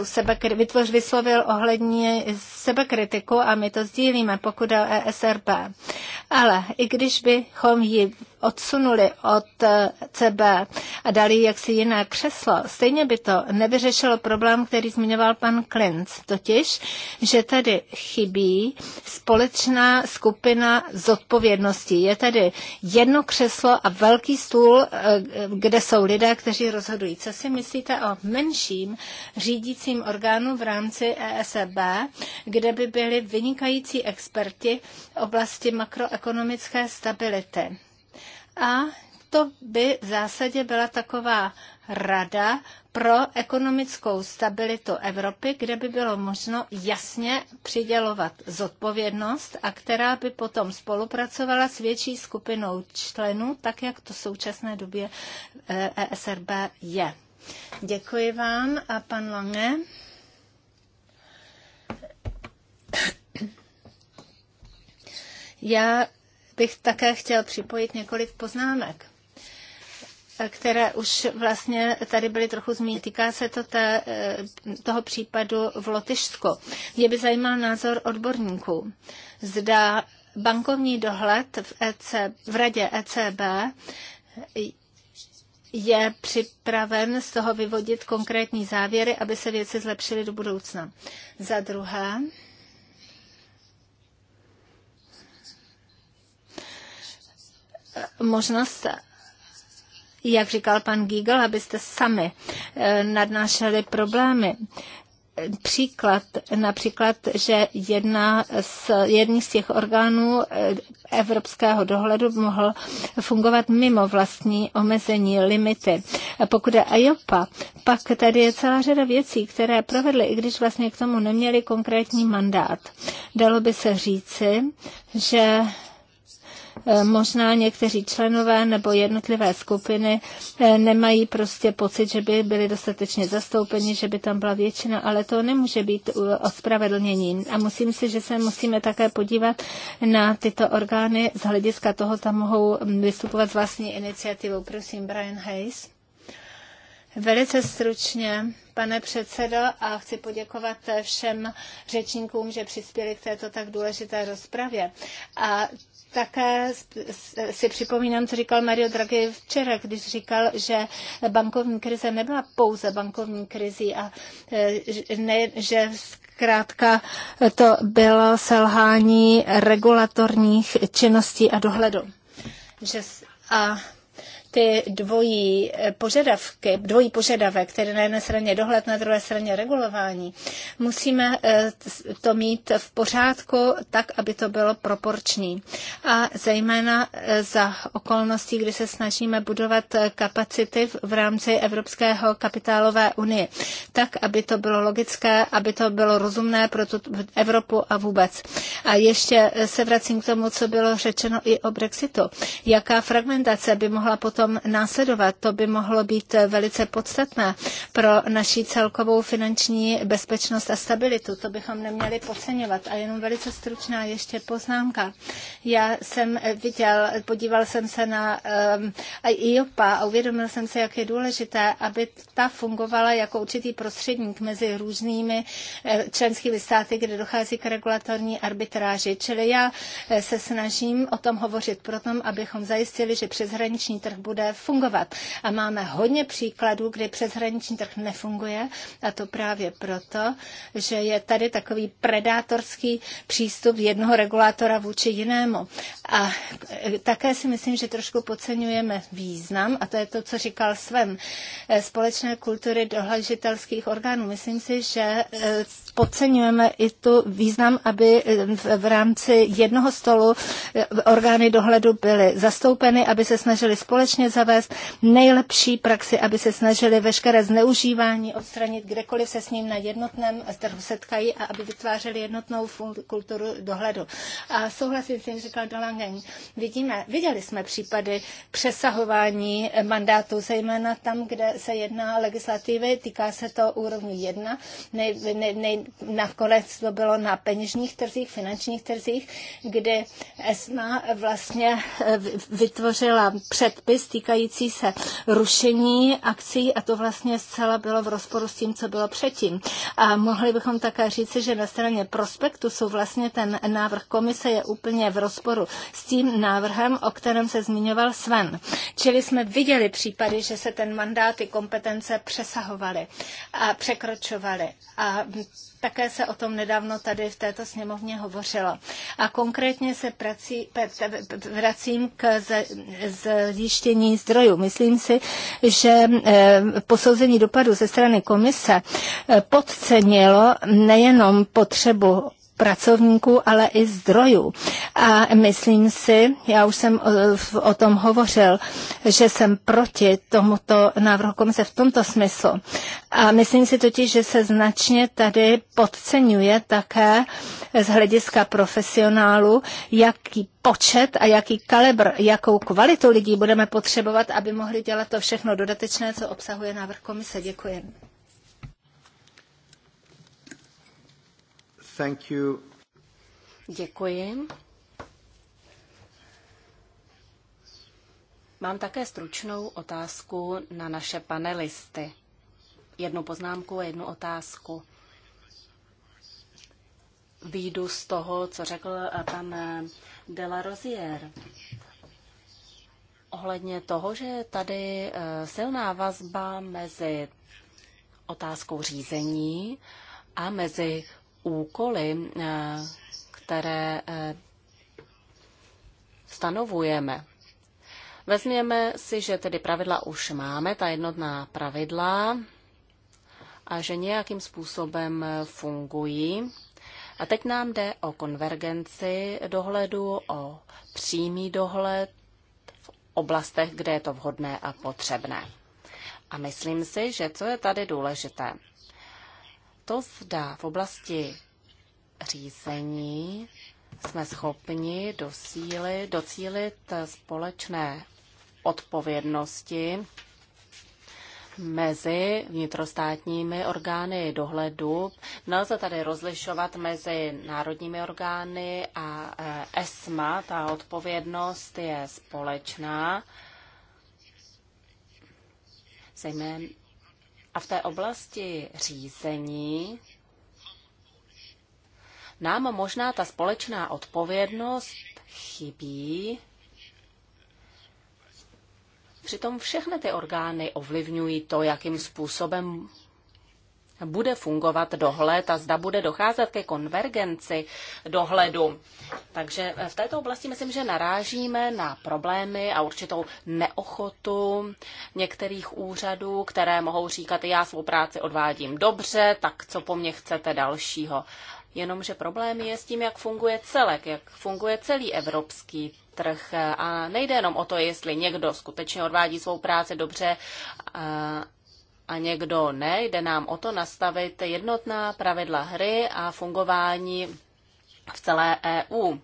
vytvoř, vyslovil ohledně sebekritiku a my to sdílíme, pokud je o ESRB. Ale i když bychom ji odsunuli od eh, CB a dali jaksi jiné křeslo, stejně by to nevyřešilo problém, který zmiňoval pan Klinc, totiž, že tady chybí společná skupina zodpovědnosti. Je tady jedno křeslo a velký stůl, eh, kde jsou lidé, kteří rozhodují. Co si myslíte o menším řídícím orgánu v rámci ESB, kde by byli vynikající experti v oblasti makroekonomické stability. A to by v zásadě byla taková rada pro ekonomickou stabilitu Evropy, kde by bylo možno jasně přidělovat zodpovědnost a která by potom spolupracovala s větší skupinou členů, tak jak to v současné době ESRB eh, e je. Děkuji vám a pan Lange. Já bych také chtěl připojit několik poznámek které už vlastně tady byly trochu zmíněny. Týká se to té, toho případu v Lotyšsku. Mě by zajímal názor odborníků. Zda bankovní dohled v, EC, v radě ECB je připraven z toho vyvodit konkrétní závěry, aby se věci zlepšily do budoucna. Za druhé, možnost, jak říkal pan Giegel, abyste sami eh, nadnášeli problémy příklad, například, že jedna z, jedný z těch orgánů eh, evropského dohledu mohl fungovat mimo vlastní omezení, limity. Pokud je IOPA, pak tady je celá řada věcí, které provedly, i když vlastně k tomu neměli konkrétní mandát. Dalo by se říci, že Eh, možná někteří členové nebo jednotlivé skupiny eh, nemají prostě pocit, že by byli dostatečně zastoupeni, že by tam byla většina, ale to nemůže být eh, ospravedlnění. A musím si, že se musíme také podívat na tyto orgány z hlediska toho, tam mohou mm, vystupovat s vlastní iniciativou. Prosím, Brian Hayes. Velice stručně, pane předsedo, a chci poděkovat všem řečníkům, že přispěli k této tak důležité rozpravě. A také si připomínám, co říkal Mario Draghi včera, když říkal, že bankovní krize nebyla pouze bankovní krizí a e, ne, že zkrátka to bylo selhání regulatorních činností a dohledu. Že, a ty dvojí eh, požadavky, dvojí požadavek, které na jedné straně dohled, na druhé straně regulování, musíme eh, to mít v pořádku tak, aby to bylo proporční. A zejména eh, za okolností, kdy se snažíme budovat kapacity v rámci Evropského kapitálové unie, tak, aby to bylo logické, aby to bylo rozumné pro tu Evropu a vůbec. A ještě se vracím k tomu, co bylo řečeno i o Brexitu. Jaká fragmentace by mohla potom potom následovat. To by mohlo být velice podstatné pro naši celkovou finanční bezpečnost a stabilitu. To bychom neměli podceňovat. A jenom velice stručná ještě poznámka. Já jsem viděl, podíval jsem se na um, IOPA a uvědomil jsem se, jak je důležité, aby ta fungovala jako určitý prostředník mezi různými eh, členskými státy, kde dochází k regulatorní arbitráži. Čili já eh, se snažím o tom hovořit tom, abychom zajistili, že přeshraniční trh bude bude fungovat. A máme hodně příkladů, kdy přeshraniční trh nefunguje a to právě proto, že je tady takový predátorský přístup jednoho regulátora vůči jinému. A e, také si myslím, že trošku podceňujeme význam, a to je to, co říkal Sven, e, společné kultury dohlažitelských orgánů. Myslím si, že e, podceňujeme i tu význam, aby eh, v rámci jednoho stolu eh, orgány dohledu byly zastoupeny, aby se snažili společně zavést nejlepší praxi, aby se snažili veškeré zneužívání odstranit, kdekoliv se s ním na jednotném trhu setkají a aby vytvářeli jednotnou kulturu dohledu. A souhlasím s tím, říkal Dolangen. Vidíme, viděli jsme případy přesahování mandátu, zejména tam, kde se jedná legislativy, týká se to úrovni jedna, nej, nej, nej, nakonec to bylo na peněžních trzích, finančních trzích, kdy ESMA vlastně eh, vytvořila předpis týkající se rušení akcí a to vlastně zcela bylo v rozporu s tím, co bylo předtím. A mohli bychom také říci, že na straně prospektu jsou vlastně ten návrh komise je úplně v rozporu s tím návrhem, o kterém se zmiňoval Sven. Čili jsme viděli případy, že se ten mandát i kompetence přesahovaly a překročovaly. A také se o tom nedávno tady v této sněmovně hovořilo. A konkrétně se prací, vracím k zjištění zdrojů. Myslím si, že e, posouzení dopadu ze strany komise e, podcenilo nejenom potřebu pracovníků, ale i zdrojů. A myslím si, já už jsem o, eh, o tom hovořil, že jsem proti tomuto návrhu komise v tomto smyslu. A myslím si totiž, že se značně tady podceňuje také z hlediska profesionálu, jaký počet a jaký kalibr, jakou kvalitu lidí budeme potřebovat, aby mohli dělat to všechno dodatečné, co obsahuje návrh komise. Děkuji. Thank you. Děkuji. Mám také stručnou otázku na naše panelisty. Jednu poznámku a jednu otázku. Výjdu z toho, co řekl pan de la Rosière. Ohledně toho, že je tady eh, silná vazba mezi otázkou řízení a mezi úkoly, eh, které eh, stanovujeme. Vezměme si, že tedy pravidla už máme, ta jednotná pravidla, a že nějakým způsobem eh, fungují. A teď nám jde o konvergenci dohledu, o přímý dohled v oblastech, kde je to vhodné a potřebné. A myslím si, že co je tady důležité, to, zda v oblasti řízení jsme schopni dosíli, docílit společné odpovědnosti mezi vnitrostátními orgány dohledu. Nelze tady rozlišovat mezi národními orgány a e, ESMA. Ta odpovědnost je společná. Zejména a v té oblasti řízení nám možná ta společná odpovědnost chybí. Přitom všechny ty orgány ovlivňují to, jakým způsobem bude fungovat dohled a zda bude docházet ke konvergenci dohledu. Takže v této oblasti myslím, že narážíme na problémy a určitou neochotu některých úřadů, které mohou říkat, já svou práci odvádím dobře, tak co po mně chcete dalšího. Jenomže problém je s tím, jak funguje celek, jak funguje celý evropský trh. A nejde jenom o to, jestli někdo skutečně odvádí svou práci dobře a někdo ne. Jde nám o to nastavit jednotná pravidla hry a fungování v celé EU.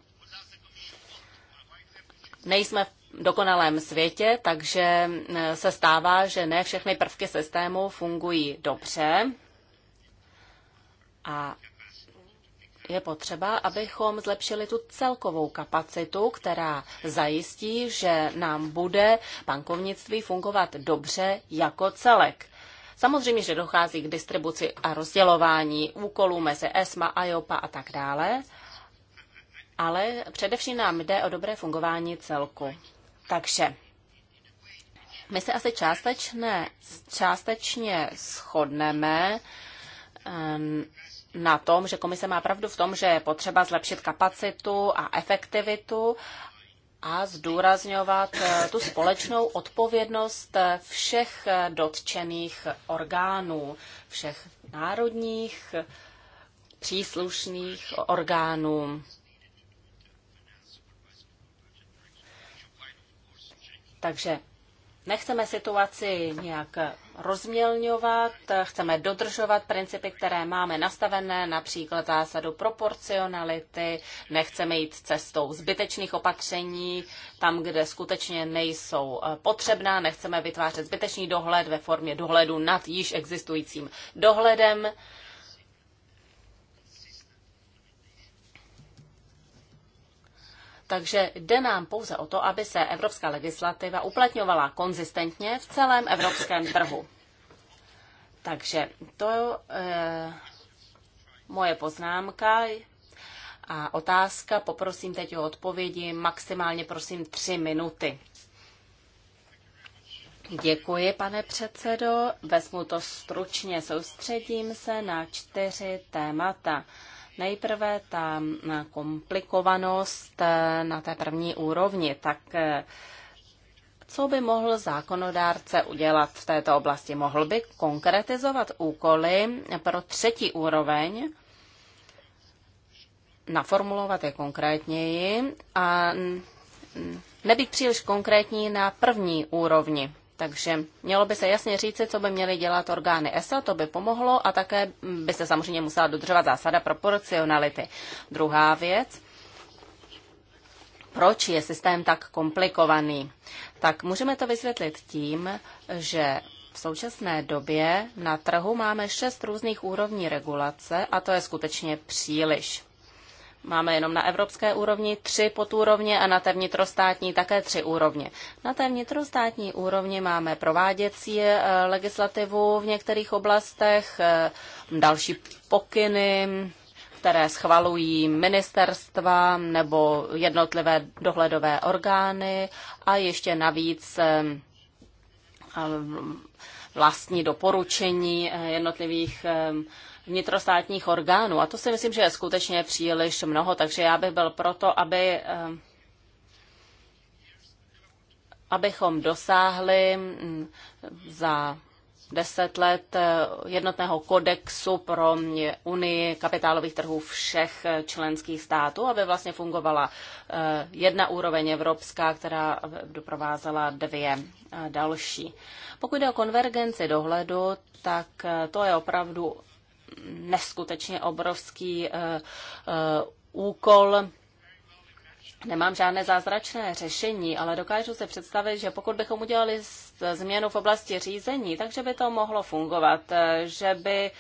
Nejsme v dokonalém světě, takže e, se stává, že ne všechny prvky systému fungují dobře a je potřeba, abychom zlepšili tu celkovou kapacitu, která zajistí, že nám bude bankovnictví fungovat dobře jako celek. Samozřejmě, že dochází k distribuci a rozdělování úkolů mezi ESMA, IOPA a tak dále, ale především nám jde o dobré fungování celku. Takže my se asi částečně, částečně shodneme ehm, na tom, že komise má pravdu v tom, že je potřeba zlepšit kapacitu a efektivitu, a zdůrazňovat eh, tu společnou odpovědnost eh, všech eh, dotčených orgánů, všech národních příslušných orgánů. Takže nechceme situaci nějak rozmělňovat, chceme dodržovat principy, které máme nastavené, například zásadu proporcionality, nechceme jít cestou zbytečných opatření tam, kde skutečně nejsou eh, potřebná, nechceme vytvářet zbytečný dohled ve formě dohledu nad již existujícím dohledem. Takže jde nám pouze o to, aby se evropská legislativa uplatňovala konzistentně v celém evropském trhu. Takže to je eh, moje poznámka a otázka. Poprosím teď o odpovědi maximálně, prosím, tři minuty. Děkuji, pane předsedo. Vezmu to stručně. Soustředím se na čtyři témata. Nejprve ta eh, komplikovanost eh, na té první úrovni, tak eh, co by mohl zákonodárce udělat v této oblasti? Mohl by konkretizovat úkoly pro třetí úroveň, naformulovat je konkrétněji a nebýt příliš konkrétní na první úrovni. Takže mělo by se jasně říci, co by měly dělat orgány ESA, to by pomohlo a také by se samozřejmě musela dodržovat zásada proporcionality. Druhá věc, proč je systém tak komplikovaný? Tak můžeme to vysvětlit tím, že v současné době na trhu máme šest různých úrovní regulace a to je skutečně příliš. Máme jenom na evropské úrovni tři podúrovně a na té vnitrostátní také tři úrovně. Na té vnitrostátní úrovni máme prováděcí eh, legislativu v některých oblastech, eh, další pokyny, které schvalují ministerstva nebo jednotlivé dohledové orgány a ještě navíc eh, vlastní doporučení jednotlivých vnitrostátních orgánů. A to si myslím, že je skutečně příliš mnoho, takže já bych byl proto, aby eh, abychom dosáhli mm, za deset let eh, jednotného kodexu pro Unii kapitálových trhů všech eh, členských států, aby vlastně fungovala jedna úroveň evropská, která doprovázela dvě další. Pokud jde o konvergenci dohledu, tak to je opravdu neskutečně obrovský eh, eh, úkol Nemám žádné zázračné řešení, ale dokážu si představit, že pokud bychom udělali změnu v oblasti řízení, takže by to mohlo fungovat, eh, že by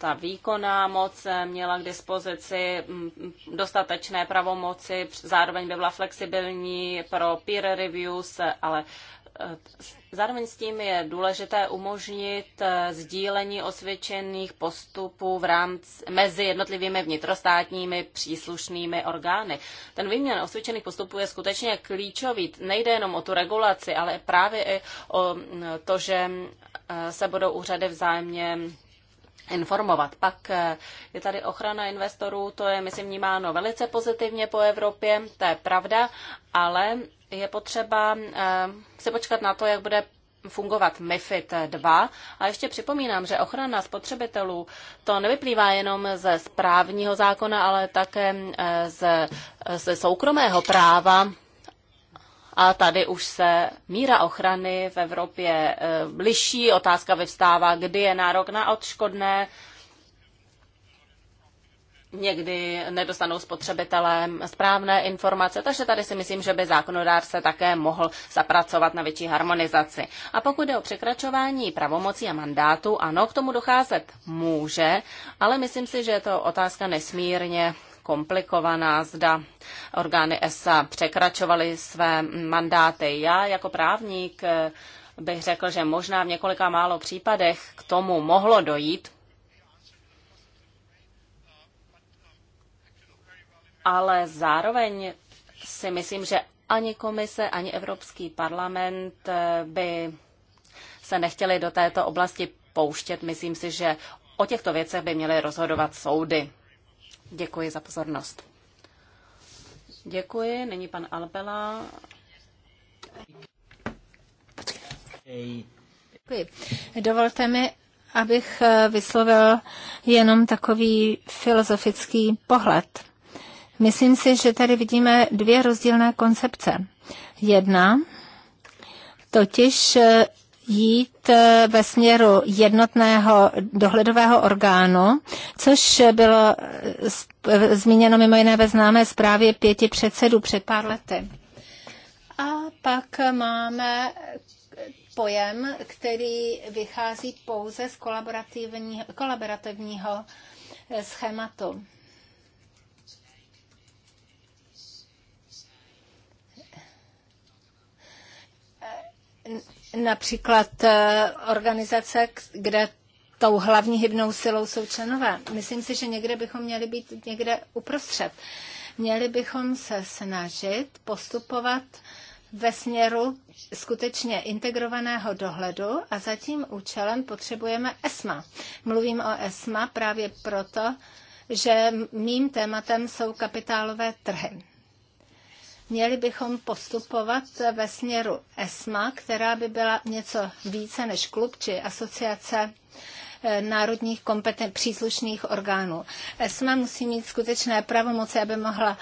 ta výkonná moc měla k dispozici mm, mm, dostatečné pravomoci, zároveň by byla flexibilní pro peer reviews, ale Zároveň s tím je důležité umožnit eh, sdílení osvědčených postupů v rámci, mezi jednotlivými vnitrostátními příslušnými orgány. Ten výměn osvědčených postupů je skutečně klíčový. Nejde jenom o tu regulaci, ale právě i o to, že eh, se budou úřady vzájemně informovat. Pak eh, je tady ochrana investorů, to je, myslím, vnímáno velice pozitivně po Evropě, to je pravda, ale je potřeba eh, se počkat na to, jak bude fungovat MIFID 2. A ještě připomínám, že ochrana spotřebitelů to nevyplývá jenom ze správního zákona, ale také eh, ze, ze soukromého práva. A tady už se míra ochrany v Evropě eh, liší. Otázka vyvstává, kdy je nárok na odškodné, Někdy nedostanou spotřebitelé správné informace, takže tady si myslím, že by zákonodárce také mohl zapracovat na větší harmonizaci. A pokud jde o překračování pravomocí a mandátu, ano, k tomu docházet může, ale myslím si, že je to otázka nesmírně komplikovaná, zda orgány ESA překračovaly své mandáty. Já jako právník bych řekl, že možná v několika málo případech k tomu mohlo dojít, ale zároveň si myslím, že ani komise, ani Evropský parlament eh, by se nechtěli do této oblasti pouštět. Myslím si, že o těchto věcech by měly rozhodovat soudy. Děkuji za pozornost. Děkuji. Není pan Albela. Děkuji. Dovolte mi, abych eh, vyslovil jenom takový filozofický pohled. Myslím si, že tady vidíme dvě rozdílné koncepce. Jedna, totiž eh, jít eh, ve směru jednotného dohledového orgánu, což bylo eh, zmíněno mimo jiné ve známé zprávě pěti předsedů před pár lety. A pak máme pojem, který vychází pouze z kolaborativní, kolaborativního schématu. například eh, organizace, kde tou hlavní hybnou silou jsou členové. Myslím si, že někde bychom měli být někde uprostřed. Měli bychom se snažit postupovat ve směru skutečně integrovaného dohledu a za tím účelem potřebujeme ESMA. Mluvím o ESMA právě proto, že mým tématem jsou kapitálové trhy. Měli bychom postupovat ve směru ESMA, která by byla něco více než klub či asociace eh, národních kompeten- příslušných orgánů. ESMA musí mít skutečné pravomoci, aby mohla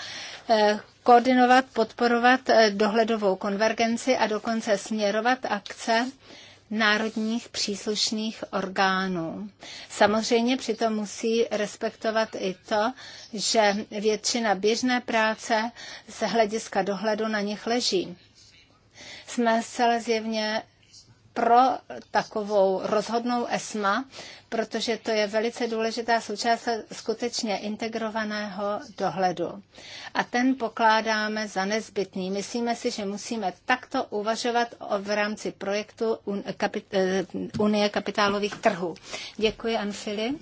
eh, koordinovat, podporovat eh, dohledovou konvergenci a dokonce směrovat akce národních příslušných orgánů. Samozřejmě přitom musí respektovat i to, že většina běžné práce se hlediska dohledu na nich leží. Jsme zcela zjevně pro takovou rozhodnou ESMA, protože to je velice důležitá součást skutečně integrovaného dohledu. A ten pokládáme za nezbytný. Myslíme si, že musíme takto uvažovat o, v rámci projektu eh, Unie kapitálových trhů. Děkuji, Anfili.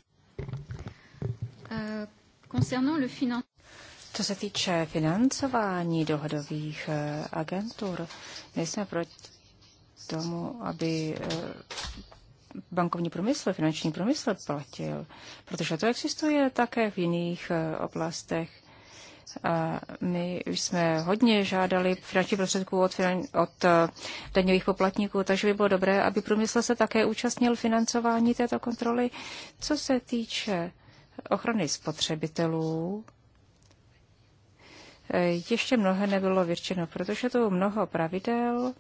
Eh, Co se týče financování dohodových eh, agentur, my jsme proti tomu, aby eh, bankovní průmysl, finanční průmysl platil, protože to existuje také v jiných eh, oblastech. A my jsme hodně žádali finanční prostředků od, finan- od eh, daňových poplatníků, takže by bylo dobré, aby průmysl se také účastnil financování této kontroly. Co se týče ochrany spotřebitelů, Eh, ještě mnohé nebylo vyřečeno, protože to mnoho pravidel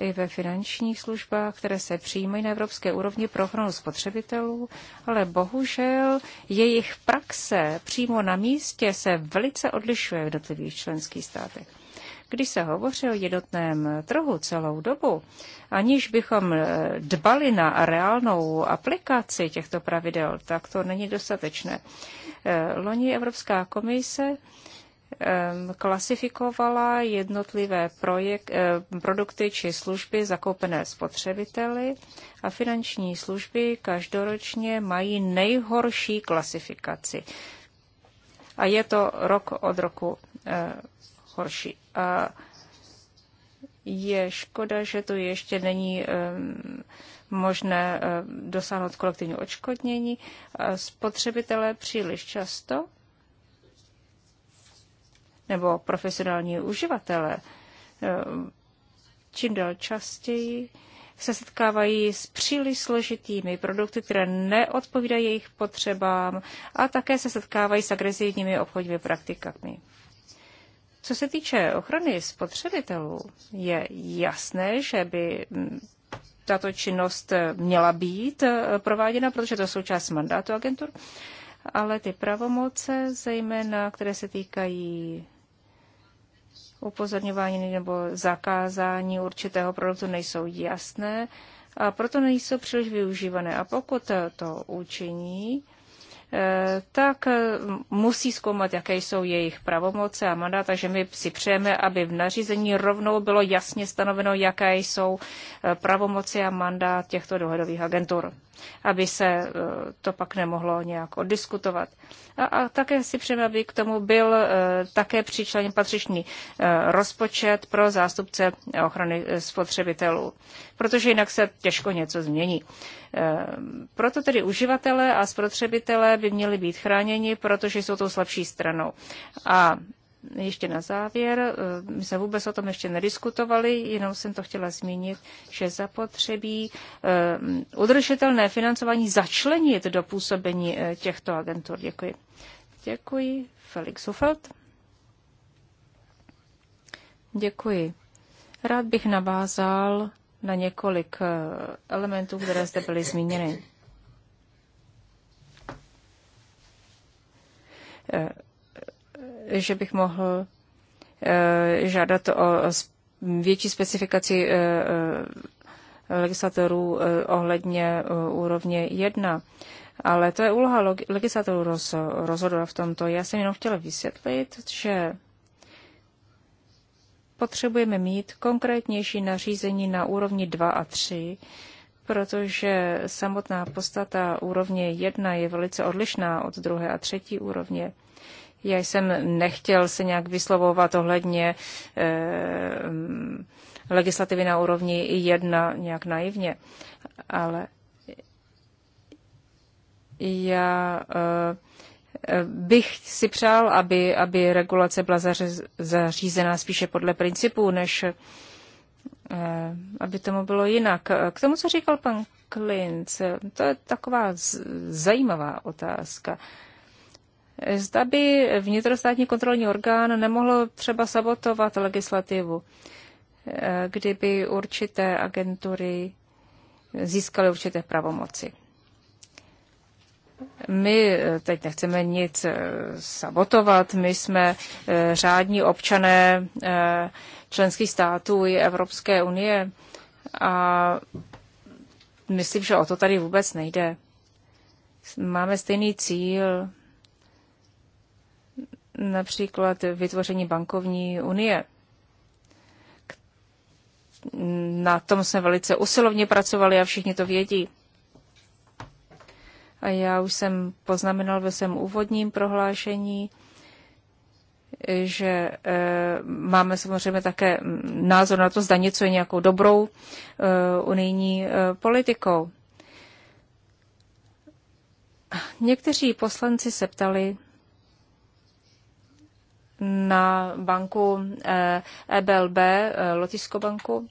i ve finančních službách, které se přijímají na evropské úrovni pro ochranu spotřebitelů, ale bohužel jejich praxe přímo na místě se velice odlišuje v jednotlivých členských státech. Když se hovoří o jednotném trhu celou dobu, aniž bychom eh, dbali na reálnou aplikaci těchto pravidel, tak to není dostatečné. Eh, loni Evropská komise Ehm, klasifikovala jednotlivé projekt, ehm, produkty či služby zakoupené spotřebiteli a finanční služby každoročně mají nejhorší klasifikaci. A je to rok od roku ehm, horší. A je škoda, že tu ještě není možné dosáhnout kolektivní odškodnění. Spotřebitelé příliš často nebo profesionální uživatelé čím dál častěji se setkávají s příliš složitými produkty, které neodpovídají jejich potřebám a také se setkávají s agresivními obchodními praktikami. Co se týče ochrany spotřebitelů, je jasné, že by tato činnost měla být prováděna, protože to je součást mandátu agentur, ale ty pravomoce, zejména které se týkají upozorňování nebo zakázání určitého produktu nejsou jasné a proto nejsou příliš využívané. A pokud to učiní, Eh, tak eh, musí zkoumat, jaké jsou jejich pravomoce a mandát, takže my si přejeme, aby v nařízení rovnou bylo jasně stanoveno, jaké jsou eh, pravomoci a mandát těchto dohledových agentur, aby se to pak nemohlo nějak oddiskutovat. A, a také si přejeme, aby k tomu byl také přičleněn patřičný rozpočet pro zástupce ochrany spotřebitelů, protože jinak se těžko něco změní. Ehm, proto tedy uživatelé a spotřebitelé by měli být chráněni, protože jsou tou slabší stranou. A ještě na závěr, eh, my jsme vůbec o tom ještě nediskutovali, jenom jsem to chtěla zmínit, že zapotřebí ehm, udržitelné financování začlenit do působení eh, těchto agentur. Děkuji. Děkuji. Felix Hufeld. Děkuji. Rád bych navázal na několik eh, elementů, které zde byly zmíněny. Eh, že bych mohl eh, žádat o větší specifikaci legislatorů ohledně úrovně 1. Ale to je úloha legislatorů rozhodovat v tomto. Já jsem jenom chtěla vysvětlit, že potřebujeme mít konkrétnější nařízení na úrovni 2 a 3, protože samotná postata úrovně 1 je velice odlišná od druhé a třetí úrovně. Já jsem nechtěl se nějak vyslovovat ohledně eh, mm, legislativy na úrovni 1 nějak naivně, ale já eh, bych si přál, aby, aby regulace byla zařízená spíše podle principů, než eh, aby tomu bylo jinak. K tomu, co říkal pan Klinc, to je taková zajímavá otázka. Zda by vnitrostátní kontrolní orgán nemohl třeba sabotovat legislativu, eh, kdyby určité agentury získaly určité pravomoci. My eh, teď nechceme nic eh, sabotovat, my jsme eh, řádní občané členských států i Evropské unie a myslím, že o to tady vůbec nejde. Máme stejný cíl, například vytvoření bankovní unie. Na tom jsme velice usilovně pracovali a všichni to vědí. A já už jsem poznamenal ve svém úvodním prohlášení, že e, máme samozřejmě také názor na to, zda něco je nějakou dobrou e, unijní e, politikou. Někteří poslanci se ptali na banku e, EBLB, e, Lotisko banku,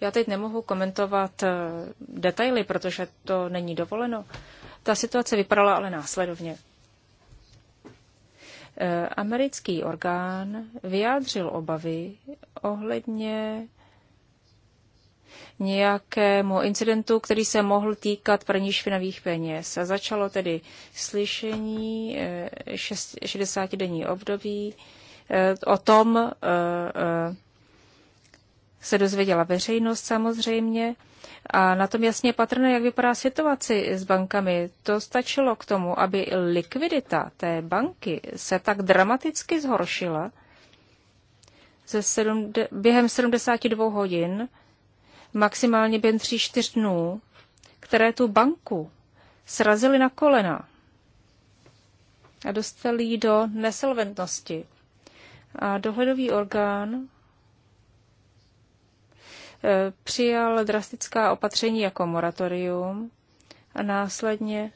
Já teď nemohu komentovat eh, detaily, protože to není dovoleno. Ta situace vypadala ale následovně. Eh, americký orgán vyjádřil obavy ohledně nějakému incidentu, který se mohl týkat první špinavých peněz. A začalo tedy slyšení 60-denní eh, období o tom, se dozvěděla veřejnost samozřejmě a na tom jasně patrné, jak vypadá situaci s bankami. To stačilo k tomu, aby likvidita té banky se tak dramaticky zhoršila ze sedm, během 72 hodin, maximálně během 3-4 dnů, které tu banku srazily na kolena a dostali ji do nesolventnosti. A dohledový orgán Eh, přijal drastická opatření jako moratorium a následně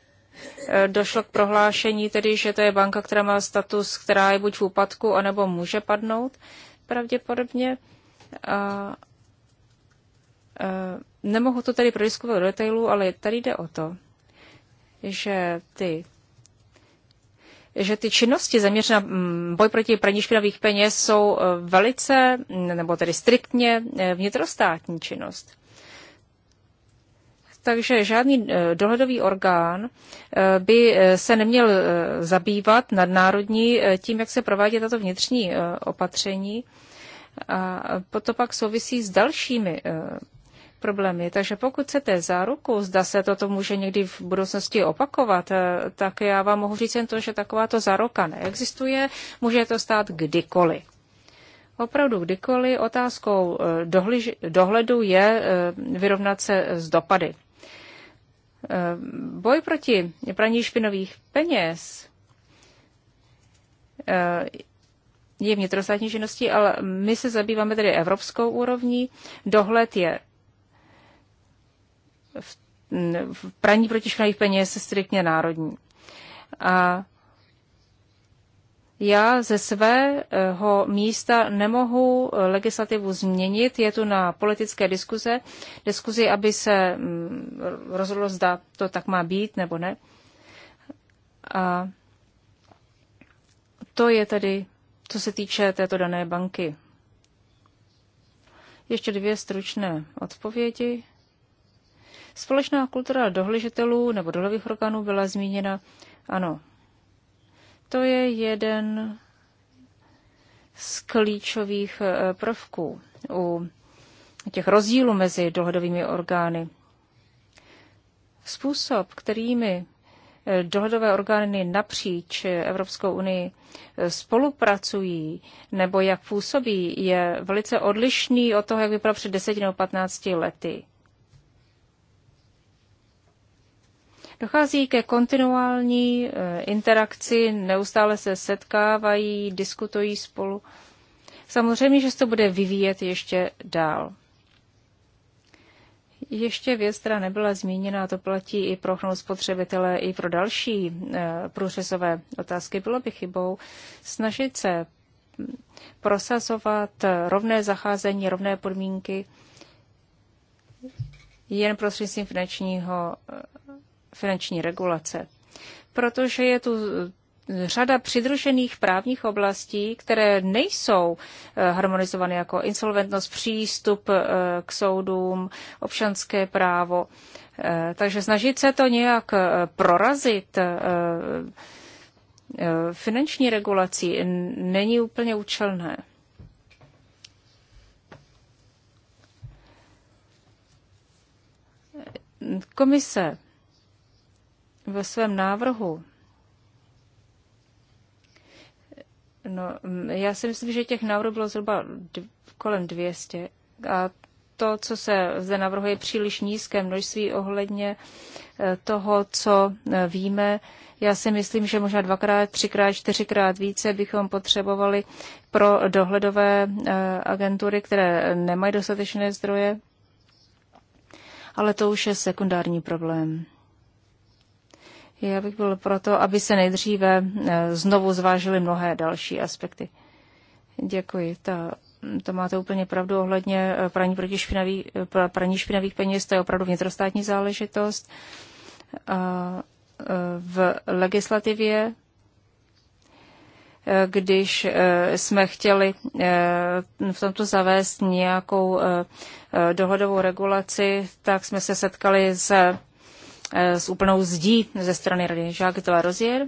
eh, došlo k prohlášení tedy, že to je banka, která má status, která je buď v úpadku, anebo může padnout pravděpodobně. A, a, eh, nemohu to tady prodiskovat do detailu, ale tady jde o to, že ty že ty činnosti zaměřené na mm, boj proti praní špinavých peněz jsou e, velice, nebo tedy striktně e, vnitrostátní činnost. Takže žádný e, dohledový orgán by se neměl zabývat nadnárodní tím, jak se provádí tato vnitřní opatření. A to pak souvisí s dalšími problémy. Takže pokud chcete záruku, zda se toto může někdy v budoucnosti opakovat, eh, tak já vám mohu říct jen to, že takováto záruka neexistuje, může to stát kdykoliv. Opravdu kdykoliv otázkou eh, dohliž, dohledu je eh, vyrovnat se s dopady. Boj proti praní špinových peněz je vnitrostátní činností, ale my se zabýváme tedy evropskou úrovní. Dohled je v, v praní protišpinavých peněz je striktně národní. A já ze svého místa nemohu legislativu změnit, je tu na politické diskuze, diskuzi, aby se mm, rozhodlo, zda to tak má být nebo ne. A to je tedy, co se týče této dané banky. Ještě dvě stručné odpovědi. Společná kultura dohležitelů nebo dohledových orgánů byla zmíněna. Ano, to je jeden z klíčových eh, prvků u těch rozdílů mezi dohledovými orgány. Způsob, kterými eh, dohledové orgány napříč Evropskou unii eh, spolupracují nebo jak působí, je velice odlišný od toho, jak vypadal před 10 nebo 15 lety. Dochází ke kontinuální eh, interakci, neustále se setkávají, diskutují spolu. Samozřejmě, že se to bude vyvíjet ještě dál. Ještě věc, která nebyla zmíněna, to platí i pro ochranu spotřebitele, i pro další eh, průřezové otázky. Bylo by chybou snažit se prosazovat eh, rovné zacházení, rovné podmínky jen prostřednictvím finančního finanční regulace. Protože je tu eh, řada přidružených právních oblastí, které nejsou eh, harmonizovány jako insolventnost, přístup eh, k soudům, občanské právo. Takže snažit se to nějak prorazit finanční regulací není úplně účelné. Komise ve svém návrhu. No, já si myslím, že těch návrhů bylo zhruba kolem 200 a to, co se zde navrhuje, je příliš nízké množství ohledně e, toho, co e, víme. Já si myslím, že možná dvakrát, třikrát, čtyřikrát více bychom potřebovali pro dohledové e, agentury, které nemají dostatečné zdroje. Ale to už je sekundární problém. Já bych byl proto, aby se nejdříve eh, znovu zvážily mnohé další aspekty. Děkuji. Ta, to máte úplně pravdu ohledně eh, praní, proti špinavý, eh, praní špinavých peněz. To je opravdu vnitrostátní záležitost. A v legislativě, když jsme chtěli v tomto zavést nějakou dohodovou regulaci, tak jsme se setkali se Eh, s úplnou zdí ze strany Rady Jacques de la Rozier.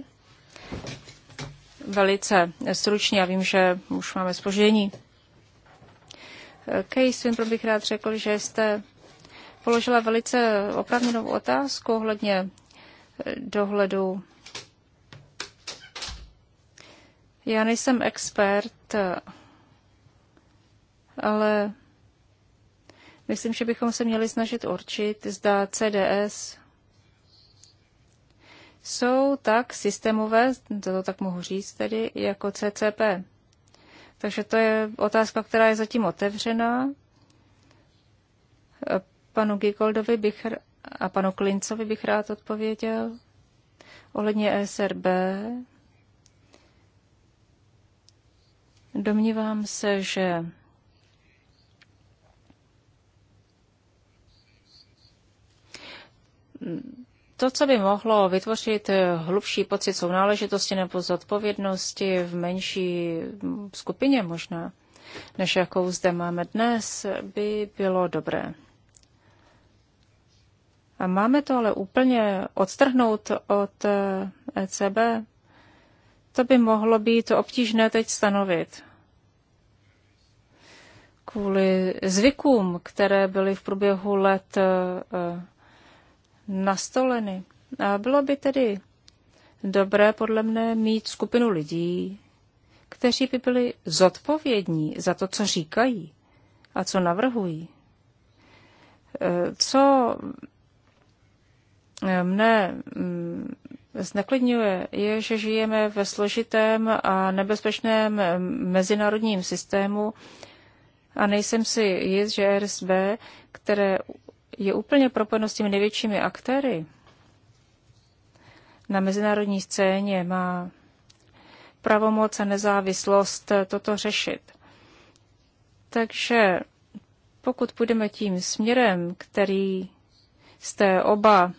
Velice stručně, já vím, že už máme spožení. Eh, Kej, Swinburne bych rád řekl, že jste položila velice opravněnou otázku ohledně eh, dohledu. Já nejsem expert, ale myslím, že bychom se měli snažit určit, zda CDS jsou tak systémové, to tak mohu říct tedy, jako CCP. Takže to je otázka, která je zatím otevřená. Panu Gigoldovi bych a panu Klincovi bych rád odpověděl. Ohledně SRB. domnívám se, že to, co by mohlo vytvořit eh, hlubší pocit sounáležitosti nebo zodpovědnosti v menší skupině možná, než jakou zde máme dnes, by bylo dobré. A máme to ale úplně odtrhnout od ECB. Eh, e to by mohlo být obtížné teď stanovit. Kvůli zvykům, které byly v průběhu let eh, nastoleny. A bylo by tedy dobré podle mne mít skupinu lidí, kteří by byli zodpovědní za to, co říkají a co navrhují. E, co mne mm, zneklidňuje, je, že žijeme ve složitém a nebezpečném mezinárodním systému a nejsem si jist, že RSB, které je úplně propojeno s těmi největšími aktéry na mezinárodní scéně, má pravomoc a nezávislost toto řešit. Takže pokud půjdeme tím směrem, který jste oba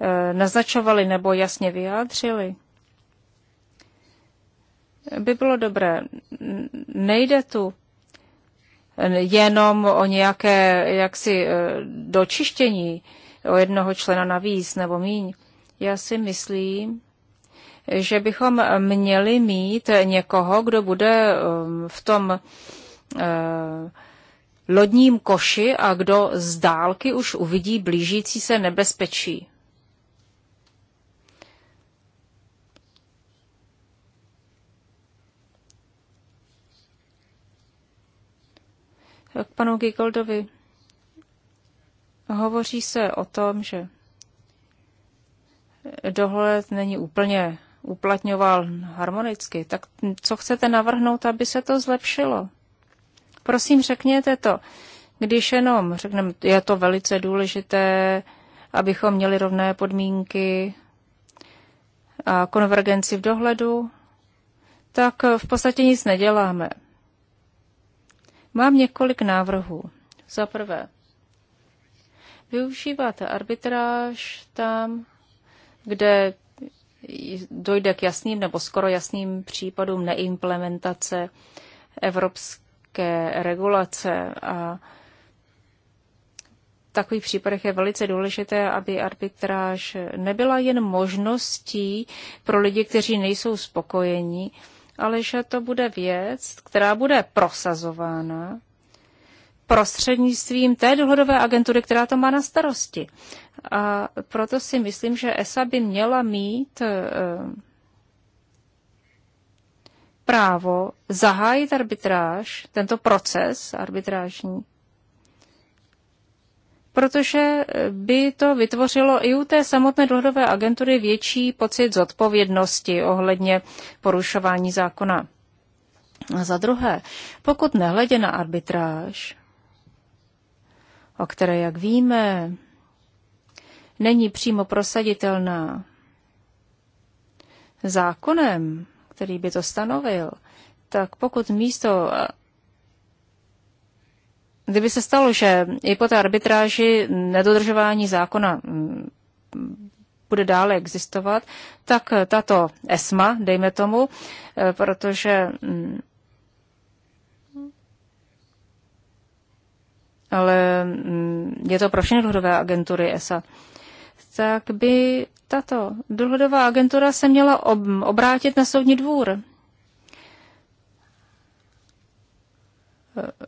e, naznačovali nebo jasně vyjádřili, by bylo dobré. Nejde tu jenom o nějaké jaksi eh, dočištění o jednoho člena navíc nebo míň. Já si myslím, že bychom měli mít někoho, kdo bude ehm, v tom eh, lodním koši a kdo z dálky už uvidí blížící se nebezpečí. K panu Gigoldovi. Hovoří se o tom, že dohled není úplně uplatňoval harmonicky. Tak co chcete navrhnout, aby se to zlepšilo? Prosím, řekněte to. Když jenom řekneme, je to velice důležité, abychom měli rovné podmínky a konvergenci v dohledu, tak v podstatě nic neděláme. Mám několik návrhů. Za prvé, využívat arbitráž tam, kde dojde k jasným nebo skoro jasným případům neimplementace evropské regulace. A v takových případech je velice důležité, aby arbitráž nebyla jen možností pro lidi, kteří nejsou spokojeni, ale že to bude věc, která bude prosazována prostřednictvím té dohodové agentury, která to má na starosti. A proto si myslím, že ESA by měla mít e, právo zahájit arbitráž, tento proces arbitrážní, protože by to vytvořilo i u té samotné dohodové agentury větší pocit zodpovědnosti ohledně porušování zákona. A za druhé, pokud nehledě na arbitráž, o které, jak víme, není přímo prosaditelná zákonem, který by to stanovil, tak pokud místo Kdyby se stalo, že i po té arbitráži nedodržování zákona mm, bude dále existovat, tak tato ESMA, dejme tomu, eh, protože mm, ale mm, je to pro všechny dohodové agentury ESA, tak by tato dohodová agentura se měla obrátit na soudní dvůr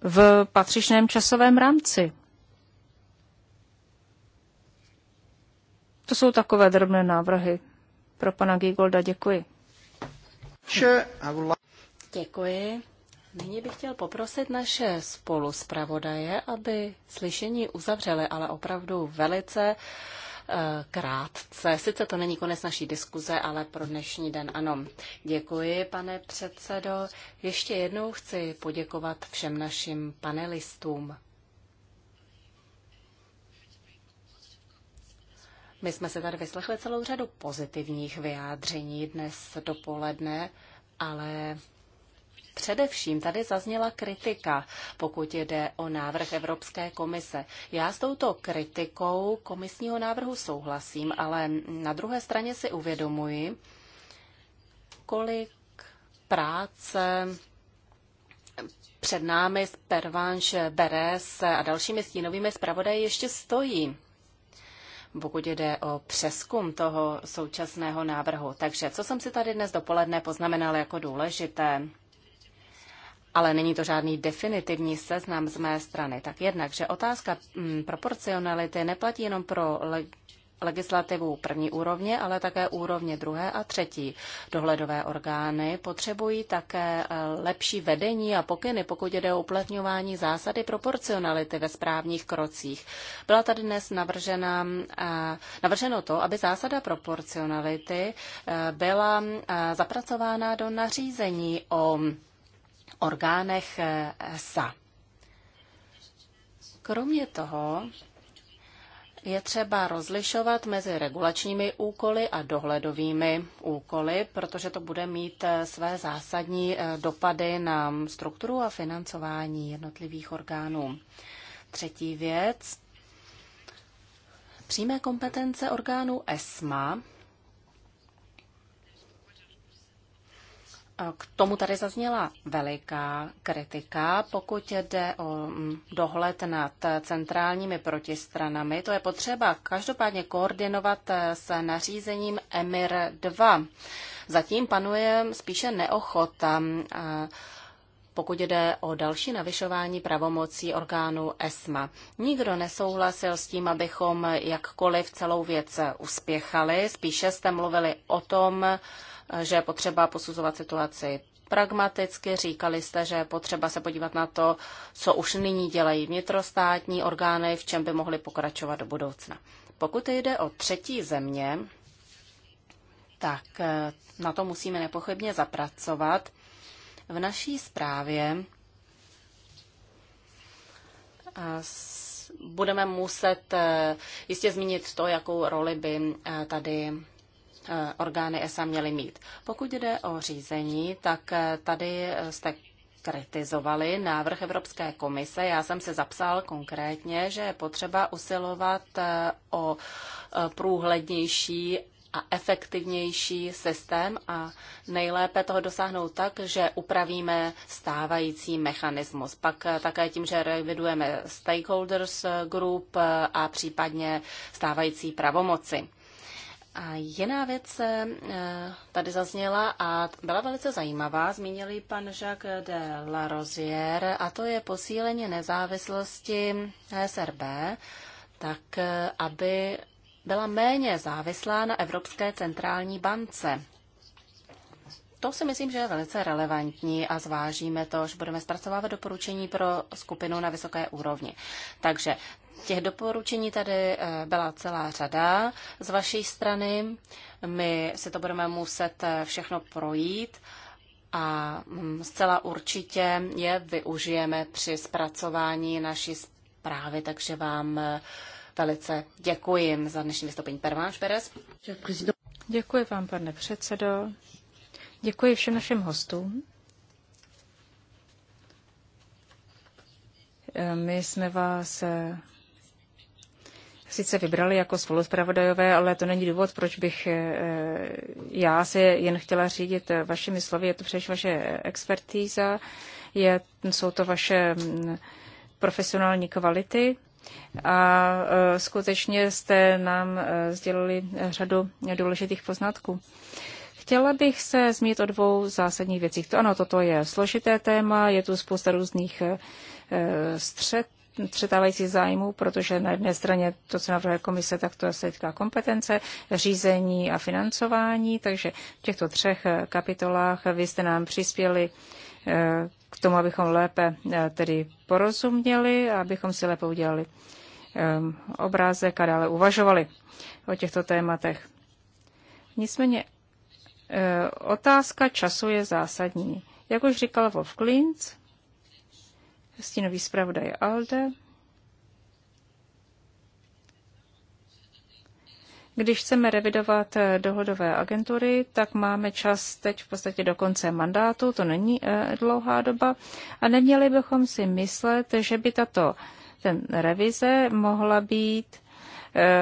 v patřičném časovém rámci. To jsou takové drobné návrhy. Pro pana Gigolda děkuji. Děkuji. Nyní bych chtěl poprosit naše spoluzpravodaje, aby slyšení uzavřeli, ale opravdu velice uh, Eh, krátce. Sice to není konec naší diskuze, ale pro dnešní den ano. Děkuji, pane předsedo. Ještě jednou chci poděkovat všem našim panelistům. My jsme se tady vyslechli celou řadu pozitivních vyjádření dnes dopoledne, ale Především tady zazněla kritika, pokud jde o návrh Evropské komise. Já s touto kritikou komisního návrhu souhlasím, ale na druhé straně si uvědomuji, kolik práce před námi s Pervanš Beres a dalšími stínovými zpravodaji ještě stojí pokud jde o přeskum toho současného návrhu. Takže co jsem si tady dnes dopoledne poznamenal jako důležité? ale není to žádný definitivní seznam z mé strany. Tak jednak, že otázka mm, proporcionality neplatí jenom pro legislativu první úrovně, ale také úrovně druhé a třetí. Dohledové orgány potřebují také e, lepší vedení a pokyny, pokud jde o uplatňování zásady proporcionality ve správních krocích. Byla tady dnes navržena, e, navrženo to, aby zásada proporcionality e, byla zapracována do nařízení o orgánech ESA. Eh, Kromě toho je třeba rozlišovat mezi regulačními úkoly a dohledovými úkoly, protože to bude mít eh, své zásadní eh, dopady na strukturu a financování jednotlivých orgánů. Třetí věc. Přímé kompetence orgánu ESMA K tomu tady zazněla veliká kritika. Pokud jde o mm, dohled nad centrálními protistranami, to je potřeba každopádně koordinovat s nařízením EMIR 2. Zatím panuje spíše neochota, mm, pokud jde o další navyšování pravomocí orgánů ESMA. Nikdo nesouhlasil s tím, abychom jakkoliv celou věc uspěchali. Spíše jste mluvili o tom, že je potřeba posuzovat situaci pragmaticky. Říkali jste, že je potřeba se podívat na to, co už nyní dělají vnitrostátní orgány, v čem by mohly pokračovat do budoucna. Pokud jde o třetí země, tak eh, na to musíme nepochybně zapracovat. V naší zprávě eh, budeme muset eh, jistě zmínit to, jakou roli by tady Eh, orgány ESA měly mít. Pokud jde o řízení, tak eh, tady eh, jste kritizovali návrh Evropské komise. Já jsem se zapsal konkrétně, že je potřeba usilovat o průhlednější a efektivnější systém a nejlépe toho dosáhnout tak, že upravíme stávající mechanismus. Pak také tím, že revidujeme stakeholders group a případně stávající pravomoci. A jiná věc eh, tady zazněla a byla velice zajímavá, zmínili pan Jacques de la Rosière, a to je posílení nezávislosti SRB, tak eh, aby byla méně závislá na Evropské centrální bance. To si myslím, že je velice relevantní a zvážíme to, že budeme zpracovávat doporučení pro skupinu na vysoké úrovni. Takže Těch doporučení tady eh, byla celá řada z vaší strany. My si to budeme muset eh, všechno projít a mm, zcela určitě je využijeme při zpracování naší zprávy, takže vám eh, velice děkuji za dnešní vystoupení. Perváš Perez. Děkuji vám, pane předsedo. Děkuji všem našim hostům. My jsme vás sice vybrali jako spoluzpravodajové, ale to není důvod, proč bych eh, já se jen chtěla řídit eh, vašimi slovy. Je to přeš vaše expertíza, je, jsou to vaše mm, profesionální kvality a eh, skutečně jste nám sdělili řadu důležitých poznatků. Chtěla bych se zmínit o dvou zásadních věcích. To ano, toto je složité téma, je tu spousta různých střet, střetávající zájmů, protože na jedné straně to, co navrhuje komise, tak to se týká kompetence, řízení a financování, takže v těchto třech eh, kapitolách vy jste nám přispěli eh, k tomu, abychom lépe eh, tedy porozuměli a abychom si lépe udělali obrázek a dále uvažovali o těchto tématech. Nicméně otázka času je zásadní. Jak už říkal Wolf Klintz, stínový zpravodaj Alde. Když chceme revidovat eh, dohodové agentury, tak máme čas teď v podstatě do konce mandátu, to není eh, dlouhá doba, a neměli bychom si myslet, že by tato ten revize mohla být eh,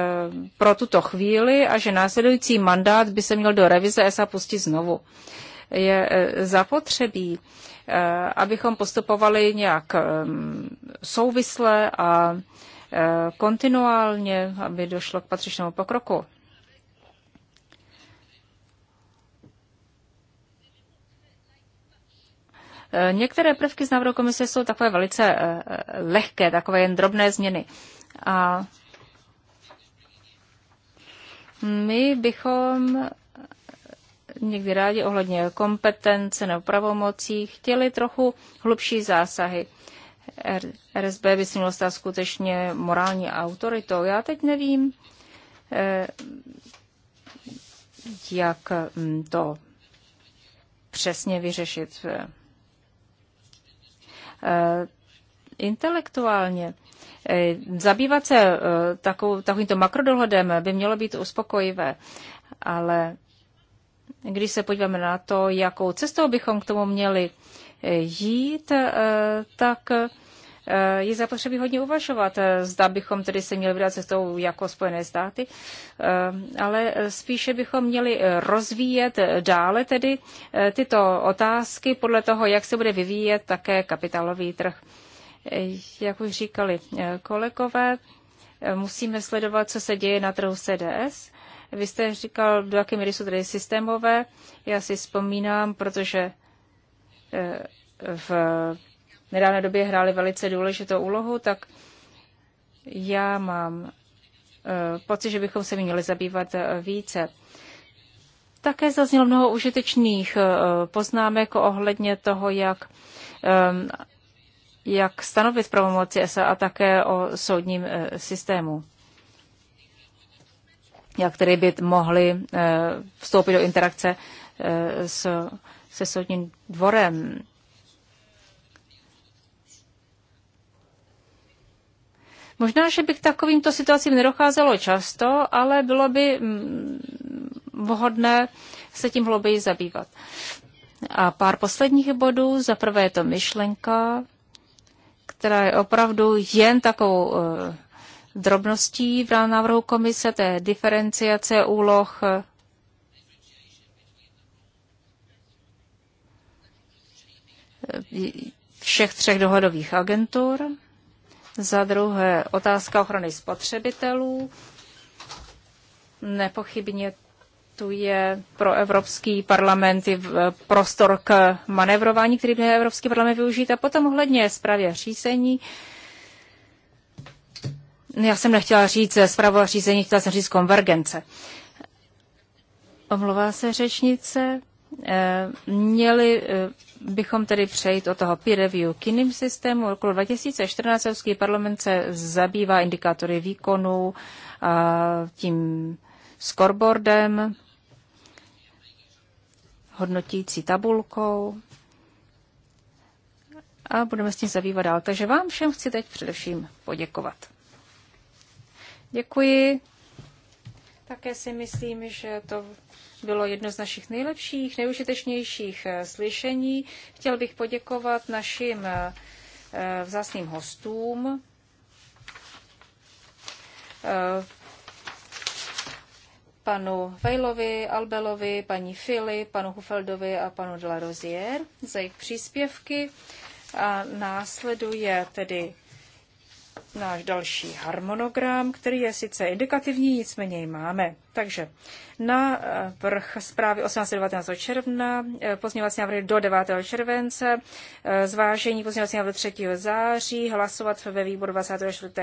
pro tuto chvíli a že následující mandát by se měl do revize ESA pustit znovu je eh, zapotřebí, eh, abychom postupovali nějak ehm, souvisle a eh, kontinuálně, aby došlo k patřičnému pokroku. Některé prvky z návrhu komise jsou takové velice lehké, takové jen drobné změny. A my bychom někdy rádi ohledně kompetence nebo pravomocí chtěli trochu hlubší zásahy. RSB by si mělo stát skutečně morální autoritou. Já teď nevím, eh, jak mm, to přesně vyřešit. Eh, intelektuálně eh, zabývat se takovýmto makrodohledem by mělo být uspokojivé, ale když se podíváme na to, jakou cestou bychom k tomu měli eh, jít, eh, tak eh, je zapotřebí hodně uvažovat. Zda bychom tedy se měli vydat cestou jako Spojené státy, ale spíše bychom měli rozvíjet dále tedy tyto otázky podle toho, jak se bude vyvíjet také kapitálový trh. Jak už říkali kolegové, musíme sledovat, co se děje na trhu CDS vy jste říkal, do jaké míry jsou tady systémové. Já si vzpomínám, protože eh, v nedávné době hráli velice důležitou úlohu, tak já mám eh, pocit, že bychom se měli zabývat eh, více. Také zaznělo mnoho užitečných poznámek ohledně toho, jak, ehm, jak stanovit pravomoci a také o soudním systému které by mohly eh, vstoupit do interakce eh, s, se soudním dvorem. Možná, že by k takovýmto situacím nedocházelo často, ale bylo by mm, vhodné se tím hlouběji zabývat. A pár posledních bodů. Za prvé je to myšlenka, která je opravdu jen takovou eh, drobností v návrhu komise, té diferenciace úloh všech třech dohodových agentur. Za druhé otázka ochrany spotřebitelů. Nepochybně tu je pro Evropský parlament i prostor k manevrování, který by Evropský parlament využít. A potom ohledně zprávě řízení já jsem nechtěla říct zpráva řízení, chtěla jsem říct konvergence. Omlouvá se řečnice. Eh, měli eh, bychom tedy přejít od toho peer review k jiným systému. Roku 2014 Evropský parlament se zabývá indikátory výkonu a tím scoreboardem, hodnotící tabulkou a budeme s tím zabývat dál. Takže vám všem chci teď především poděkovat. Děkuji. Také si myslím, že to bylo jedno z našich nejlepších, nejužitečnějších eh, slyšení. Chtěl bych poděkovat našim eh, eh, vzácným hostům. Panu Vejlovi, Albelovi, paní Fili, panu Hufeldovi a panu de la Rozier za jejich příspěvky. A následuje tedy náš další harmonogram, který je sice indikativní, nicméně ji máme. Takže na eh, vrch zprávy 18. 19. června, eh, pozměňovací návrhy do 9. července, eh, zvážení pozměňovací návrhy 3. září, hlasovat ve výboru 24.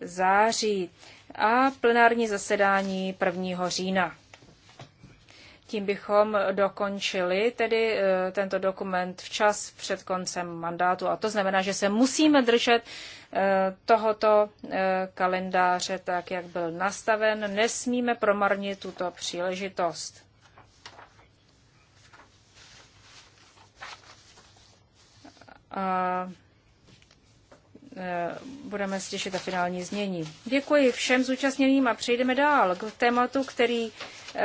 září a plenární zasedání 1. října. Tím bychom dokončili tedy e, tento dokument včas před koncem mandátu. A to znamená, že se musíme držet e, tohoto e, kalendáře tak, jak byl nastaven. Nesmíme promarnit tuto příležitost. A budeme slyšet a finální znění. Děkuji všem zúčastněným a přejdeme dál k tématu, který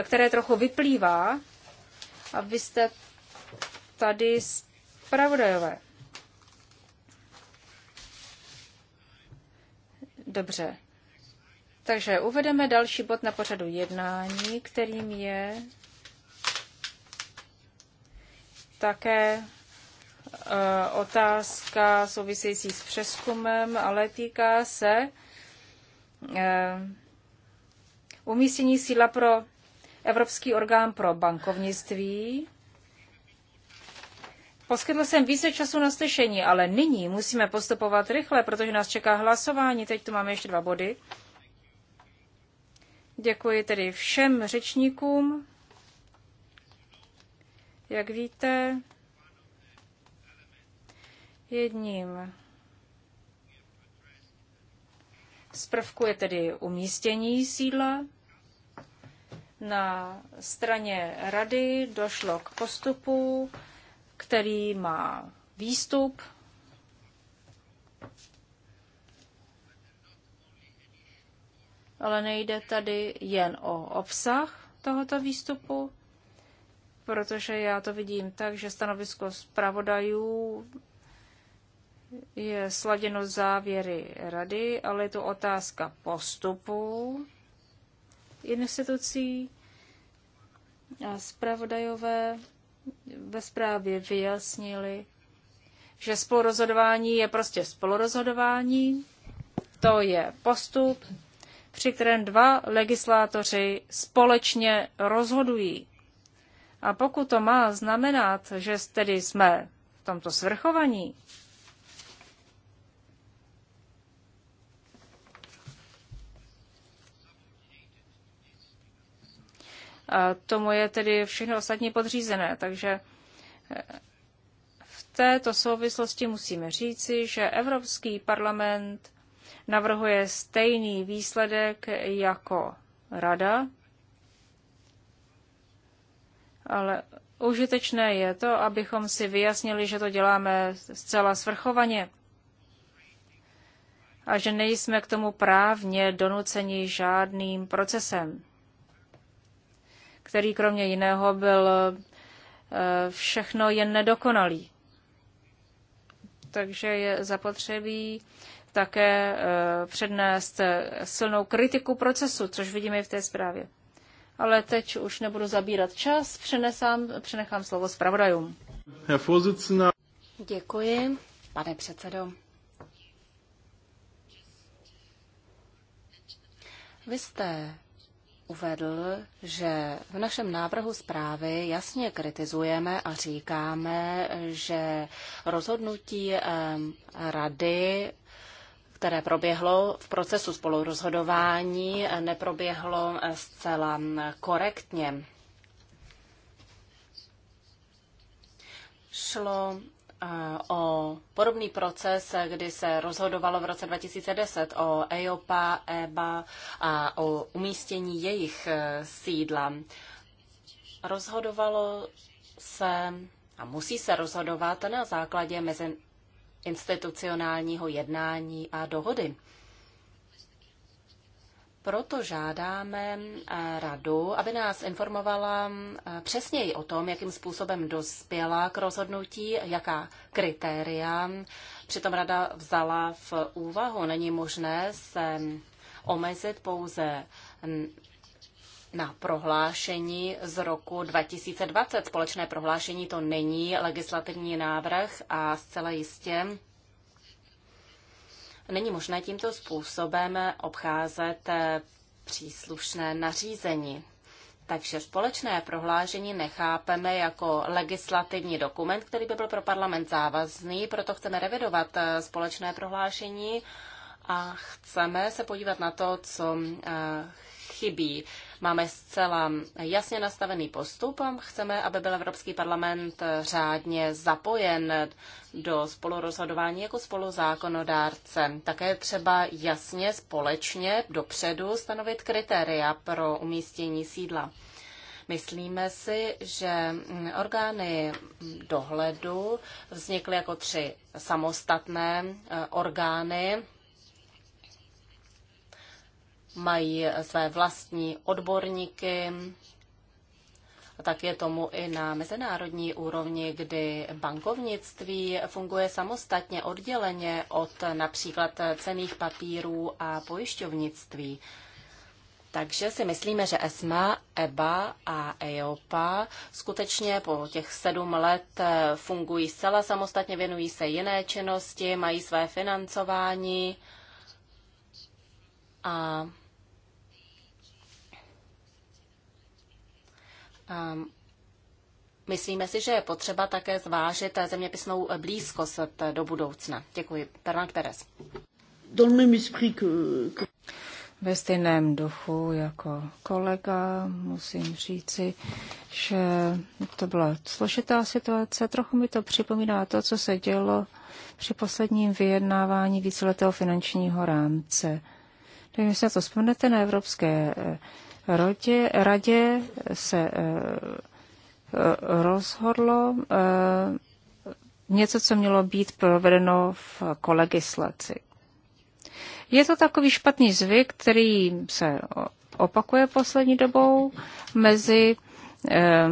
které trochu vyplývá. A vy jste tady zpravodajové. Dobře. Takže uvedeme další bod na pořadu jednání, kterým je také eh, otázka související s přeskumem, ale týká se eh, umístění síla pro Evropský orgán pro bankovnictví. Poskytl jsem více času na slyšení, ale nyní musíme postupovat rychle, protože nás čeká hlasování. Teď tu máme ještě dva body. Děkuji tedy všem řečníkům. Jak víte, jedním z prvků je tedy umístění sídla na straně rady došlo k postupu, který má výstup. Ale nejde tady jen o obsah tohoto výstupu, protože já to vidím tak, že stanovisko zpravodajů je sladěno závěry rady, ale je tu otázka postupu institucí a zpravodajové ve zprávě vyjasnili, že spolurozhodování je prostě spolurozhodování. To je postup, při kterém dva legislátoři společně rozhodují. A pokud to má znamenat, že tedy jsme v tomto svrchovaní, A tomu je tedy všechno ostatní podřízené. Takže eh, v této souvislosti musíme říci, že Evropský parlament navrhuje stejný výsledek jako rada, ale užitečné je to, abychom si vyjasnili, že to děláme zcela svrchovaně a že nejsme k tomu právně donuceni žádným procesem který kromě jiného byl eh, všechno jen nedokonalý. Takže je zapotřebí také eh, přednést eh, silnou kritiku procesu, což vidíme i v té zprávě. Ale teď už nebudu zabírat čas, přenesám, přenechám slovo zpravodajům. Děkuji, pane předsedo. Vy jste uvedl, že v našem návrhu zprávy jasně kritizujeme a říkáme, že rozhodnutí rady které proběhlo v procesu spolurozhodování, neproběhlo eh, zcela korektně. Šlo o podobný proces, kdy se rozhodovalo v roce 2010 o EOPA, EBA a o umístění jejich eh, sídla. Rozhodovalo se a musí se rozhodovat na základě mezi institucionálního jednání a dohody. Proto žádáme eh, radu, aby nás informovala eh, přesněji o tom, jakým způsobem dospěla k rozhodnutí, jaká kritéria přitom rada vzala v úvahu. Není možné se omezit pouze na prohlášení z roku 2020. Společné prohlášení to není legislativní návrh a zcela jistě není možné tímto způsobem obcházet eh, příslušné nařízení. Takže společné prohlášení nechápeme jako legislativní dokument, který by byl pro parlament závazný, proto chceme revidovat eh, společné prohlášení a chceme se podívat na to, co eh, chybí. Máme zcela jasně nastavený postup chceme, aby byl Evropský parlament řádně zapojen do spolurozhodování jako spoluzákonodárce. Také třeba jasně společně dopředu stanovit kritéria pro umístění sídla. Myslíme si, že orgány dohledu vznikly jako tři samostatné eh, orgány mají své vlastní odborníky. A tak je tomu i na mezinárodní úrovni, kdy bankovnictví funguje samostatně odděleně od například cených papírů a pojišťovnictví. Takže si myslíme, že ESMA, EBA a EOPA skutečně po těch sedm let fungují zcela samostatně, věnují se jiné činnosti, mají své financování a Ehm, myslíme si, že je potřeba také zvážit zeměpisnou blízkost do budoucna. Děkuji. Bernard Perez. Ve stejném duchu jako kolega musím říci, že to byla složitá situace. Trochu mi to připomíná to, co se dělo při posledním vyjednávání víceletého finančního rámce. Nevím, jestli na to vzpomenete na Evropské eh, rodě, radě se eh, rozhodlo eh, něco, co mělo být provedeno v kolegislaci. Je to takový špatný zvyk, který se opakuje poslední dobou mezi eh,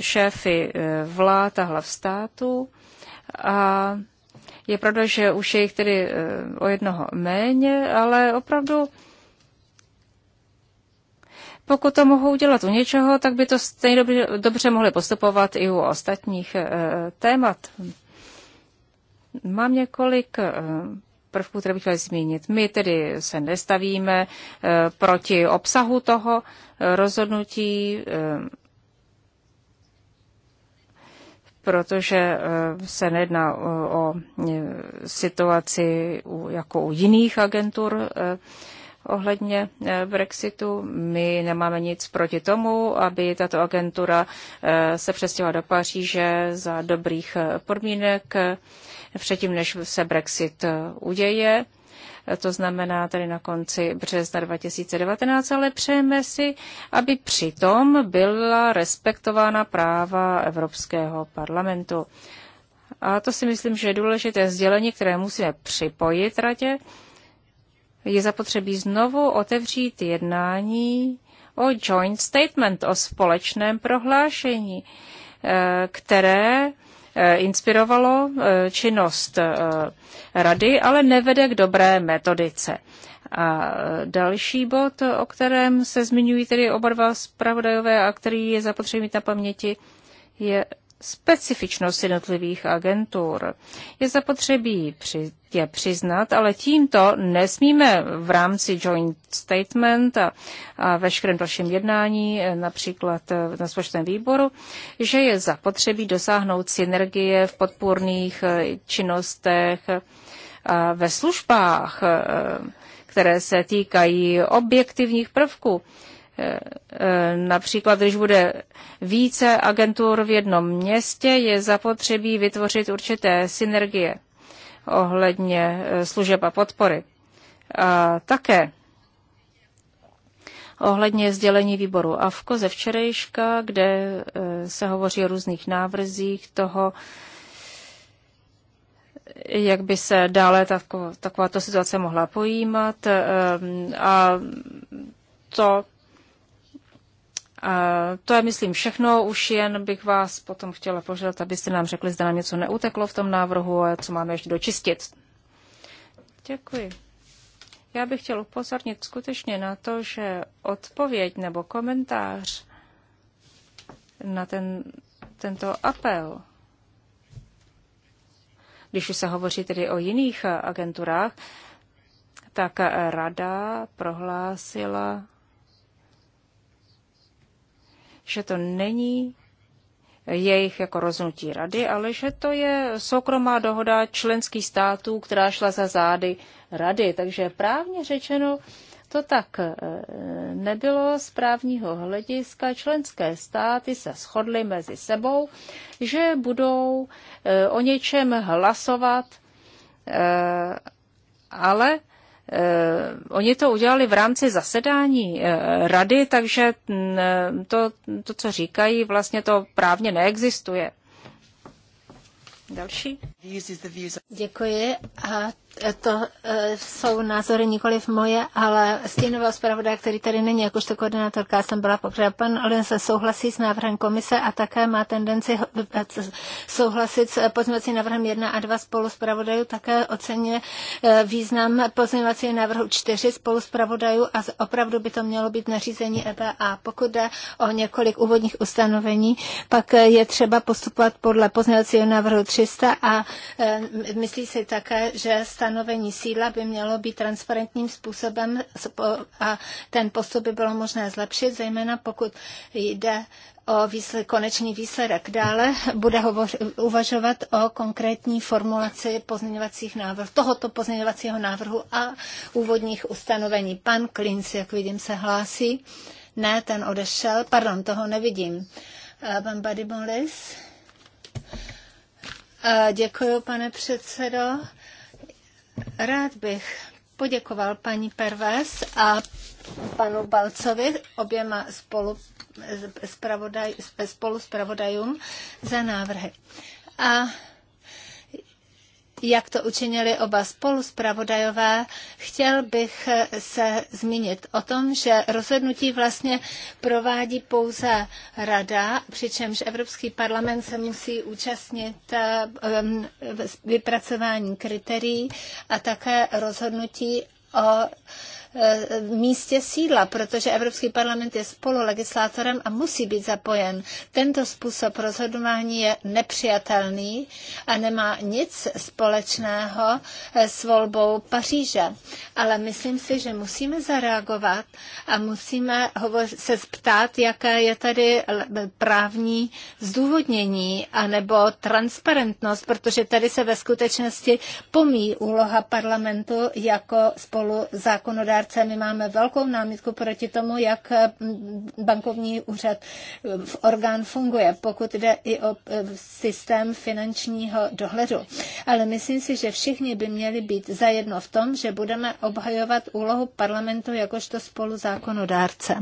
šéfy vlád a hlav státu. A je pravda, že už je jich tedy o jednoho méně, ale opravdu pokud to mohou udělat u něčeho, tak by to stejně dobře, dobře mohli postupovat i u ostatních e, témat. Mám několik e, prvků, které bych chtěla zmínit. My tedy se nestavíme e, proti obsahu toho rozhodnutí, protože se nejedná o, o situaci u, jako u jiných agentur. E, ohledně eh, Brexitu. My nemáme nic proti tomu, aby tato agentura eh, se přestěhovala do Paříže za dobrých eh, podmínek předtím, než se Brexit uděje. To znamená tady na konci března 2019, ale přejeme si, aby přitom byla respektována práva Evropského parlamentu. A to si myslím, že je důležité sdělení, které musíme připojit radě, je zapotřebí znovu otevřít jednání o joint statement, o společném prohlášení, eh, které eh, inspirovalo eh, činnost rady, ale nevede k dobré metodice. A další bod, o kterém se zmiňují tedy oba dva zpravodajové a který je zapotřebí mít na paměti, je specifičnost jednotlivých agentur. Je zapotřebí při, je přiznat, ale tímto nesmíme v rámci joint statement a, a veškerém dalším jednání, eh, například na eh, společném výboru, že je zapotřebí dosáhnout synergie v podpůrných eh, činnostech a ve službách, které se týkají objektivních prvků Eh, například, když bude více agentur v jednom městě, je zapotřebí vytvořit určité synergie ohledně eh, služeb a podpory. A také ohledně sdělení výboru AFKO ze včerejška, kde eh, se hovoří o různých návrzích toho, jak by se dále takováto situace mohla pojímat. Ehm, a to to je, myslím, všechno. Už jen bych vás potom chtěla požádat, abyste nám řekli, zda nám něco neuteklo v tom návrhu a co máme ještě dočistit. Děkuji. Já bych chtěl upozornit skutečně na to, že odpověď nebo komentář na ten, tento apel, když už se hovoří tedy o jiných agenturách, tak rada prohlásila, že to není jejich jako roznutí rady, ale že to je soukromá dohoda členských států, která šla za zády rady. Takže právně řečeno to tak eh, nebylo z právního hlediska. Členské státy se shodly mezi sebou, že budou eh, o něčem hlasovat, eh, ale Eh, oni to udělali v rámci zasedání eh, rady, takže mm, eh, to, to co říkají, vlastně to právně neexistuje. Další. Děkuji a to eh, jsou názory nikoliv moje, ale stínová zpravodaje, který tady není, jakožto koordinátorka, jsem byla pokřeba. Pan Olin se souhlasí s návrhem komise a také má tendenci eh, souhlasit s pozměvací návrhem 1 a 2 spolu zpravodajů, také oceně eh, význam pozměvací návrhu 4 spolu zpravodajů a opravdu by to mělo být nařízení EBA. Pokud jde o několik úvodních ustanovení, pak je třeba postupovat podle pozměvacího návrhu 300 a myslí si také, že stále stanovení sídla by mělo být transparentním způsobem a ten postup by bylo možné zlepšit, zejména pokud jde o výsled, konečný výsledek. Dále bude hovoř, uvažovat o konkrétní formulaci pozměňovacích návrhů, tohoto pozměňovacího návrhu a úvodních ustanovení. Pan Klinc, jak vidím, se hlásí. Ne, ten odešel. Pardon, toho nevidím. Eh, pan Badibon eh, Děkuji, pane předsedo. Rád bych poděkoval paní Pervez a panu Balcovi, oběma spolu, eh, spravodaj, eh, spolu spravodajům za návrhy. A jak to učinili oba spoluspravodajové, chtěl bych se zmínit o tom, že rozhodnutí vlastně provádí pouze rada, přičemž Evropský parlament se musí účastnit vypracování kritérií a také rozhodnutí o Eh, místě sídla, protože Evropský parlament je spolulegislátorem a musí být zapojen. Tento způsob rozhodování je nepřijatelný a nemá nic společného eh, s volbou Paříže. Ale myslím si, že musíme zareagovat a musíme se ptát, jaké je tady právní zdůvodnění anebo transparentnost, protože tady se ve skutečnosti pomí úloha parlamentu jako spolu zákonodárce komerce. My máme velkou námitku proti tomu, jak mm, bankovní úřad mm, v orgán funguje, pokud jde i o e, systém finančního dohledu. Ale myslím si, že všichni by měli být zajedno v tom, že budeme obhajovat úlohu parlamentu jakožto zákonodárce.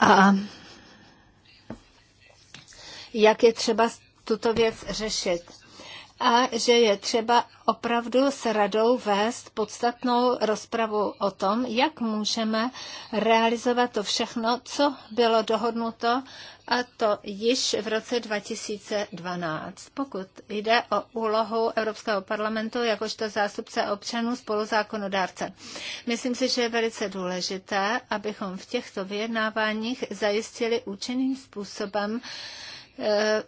A jak je třeba tuto věc řešit? a že je třeba opravdu s radou vést podstatnou rozpravu o tom, jak můžeme realizovat to všechno, co bylo dohodnuto a to již v roce 2012. Pokud jde o úlohu Evropského parlamentu jakožto zástupce občanů spoluzákonodárce. Myslím si, že je velice důležité, abychom v těchto vyjednáváních zajistili účinným způsobem eh,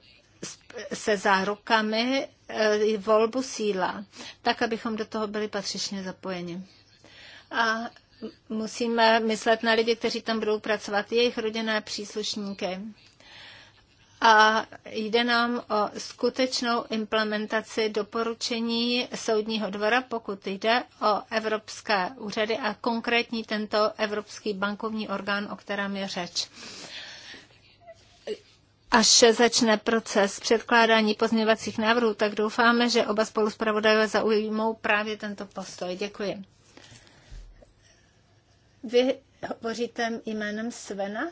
se zárukami eh, volbu síla, tak, abychom do toho byli patřičně zapojeni. A musíme myslet na lidi, kteří tam budou pracovat, jejich rodinné příslušníky. A jde nám o skutečnou implementaci doporučení Soudního dvora, pokud jde o evropské úřady a konkrétní tento Evropský bankovní orgán, o kterém je řeč až začne proces předkládání pozměňovacích návrhů, tak doufáme, že oba zpravodajové zaujmou právě tento postoj. Děkuji. Vy hovoříte jménem Svena?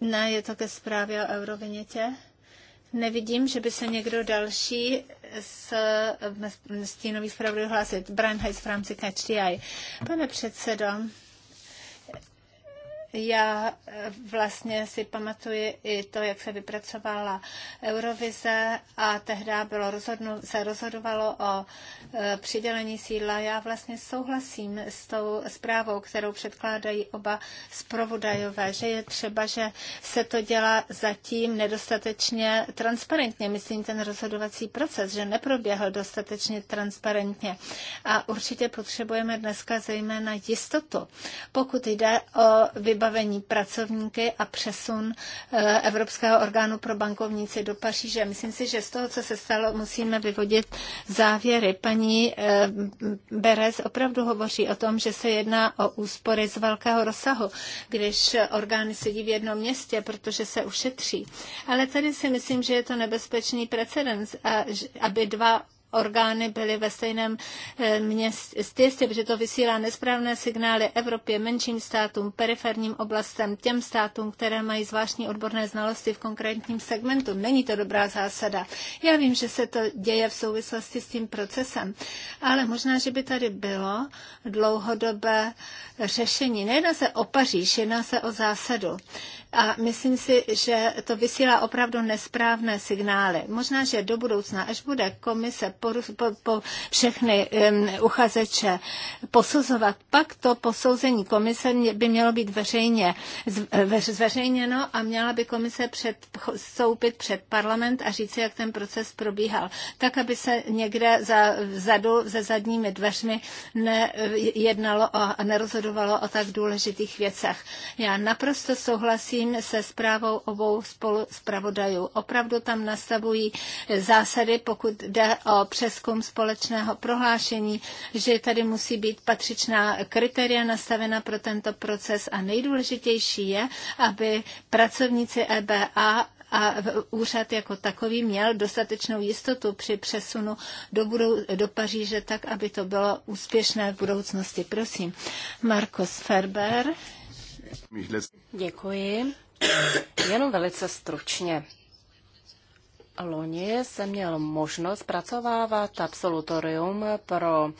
Ne, je to ke zprávě o eurovinětě. Nevidím, že by se někdo další s stínový zpravodajů hlásit. Brian Heiss v rámci KHTI. Pane předsedo, já eh, vlastně si pamatuji i to, jak se vypracovala Eurovize a tehdy bylo rozhodnu, se rozhodovalo o eh, přidělení sídla. Já vlastně souhlasím s tou zprávou, kterou předkládají oba zprovodajové, že je třeba, že se to dělá zatím nedostatečně transparentně. Myslím, ten rozhodovací proces, že neproběhl dostatečně transparentně. A určitě potřebujeme dneska zejména jistotu. Pokud jde o vybavení vybavení pracovníky a přesun eh, Evropského orgánu pro bankovníci do Paříže. Myslím si, že z toho, co se stalo, musíme vyvodit závěry. Paní eh, Berez opravdu hovoří o tom, že se jedná o úspory z velkého rozsahu, když orgány sedí v jednom městě, protože se ušetří. Ale tady si myslím, že je to nebezpečný precedens, aby dva orgány byly ve stejném eh, městě, protože to vysílá nesprávné signály Evropě, menším státům, periferním oblastem, těm státům, které mají zvláštní odborné znalosti v konkrétním segmentu. Není to dobrá zásada. Já vím, že se to děje v souvislosti s tím procesem, ale možná, že by tady bylo dlouhodobé řešení. Nejedná se o Paříž, jedná se o zásadu. A myslím si, že to vysílá opravdu nesprávné signály. Možná, že do budoucna, až bude komise po, po, po všechny um, uchazeče posuzovat, pak to posouzení komise by mělo být veřejně zveřejněno a měla by komise předstoupit před parlament a říct, jak ten proces probíhal. Tak, aby se někde za, vzadu, ze zadními dveřmi nejednalo a nerozhodovalo o tak důležitých věcech. Já naprosto souhlasím souhlasím se zprávou obou spoluzpravodajů. Opravdu tam nastavují zásady, pokud jde o přeskum společného prohlášení, že tady musí být patřičná kritéria nastavena pro tento proces a nejdůležitější je, aby pracovníci EBA a úřad jako takový měl dostatečnou jistotu při přesunu do, budou, do Paříže tak, aby to bylo úspěšné v budoucnosti. Prosím, Markus Ferber. Děkuji. Jenom velice stručně. Loni jsem měl možnost pracovávat absolutorium pro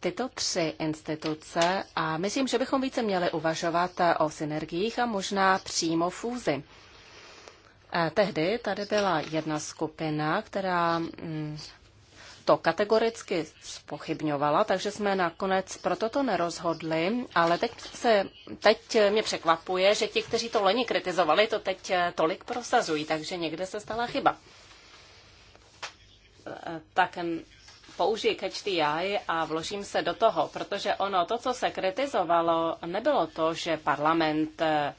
tyto tři instituce a myslím, že bychom více měli uvažovat o synergiích a možná přímo fúzi. Eh, tehdy tady byla jedna skupina, která mm, to kategoricky spochybňovala, takže jsme nakonec pro toto nerozhodli, ale teď, se, teď mě překvapuje, že ti, kteří to loni kritizovali, to teď eh, tolik prosazují, takže někde se stala chyba. Eh, tak použij catch the eye a vložím se do toho, protože ono, to, co se kritizovalo, nebylo to, že parlament eh,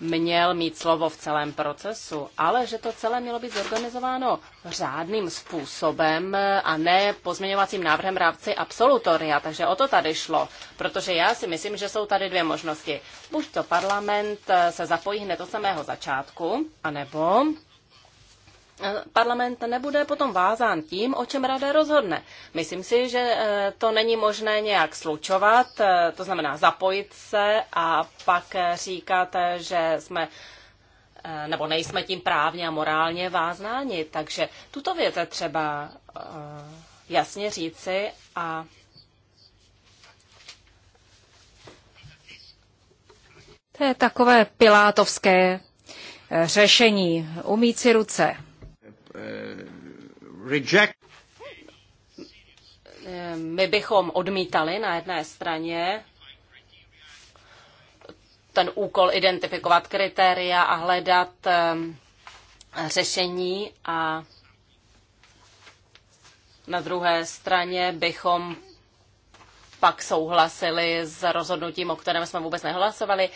měl mít slovo v celém procesu, ale že to celé mělo být zorganizováno řádným způsobem a ne pozměňovacím návrhem rávci absolutoria. Takže o to tady šlo, protože já si myslím, že jsou tady dvě možnosti. Buď to parlament se zapojí hned od samého začátku, anebo parlament nebude potom vázán tím, o čem rada rozhodne. Myslím si, že eh, to není možné nějak slučovat, eh, to znamená zapojit se a pak eh, říkat, že jsme nebo nejsme tím právně a morálně váznáni. Takže tuto věc je třeba jasně říci a To je takové pilátovské řešení. Umít si ruce. Uh, reject my bychom odmítali na jedné straně ten úkol identifikovat kritéria a hledat um, řešení a na druhé straně bychom pak souhlasili s rozhodnutím, o kterém jsme vůbec nehlasovali.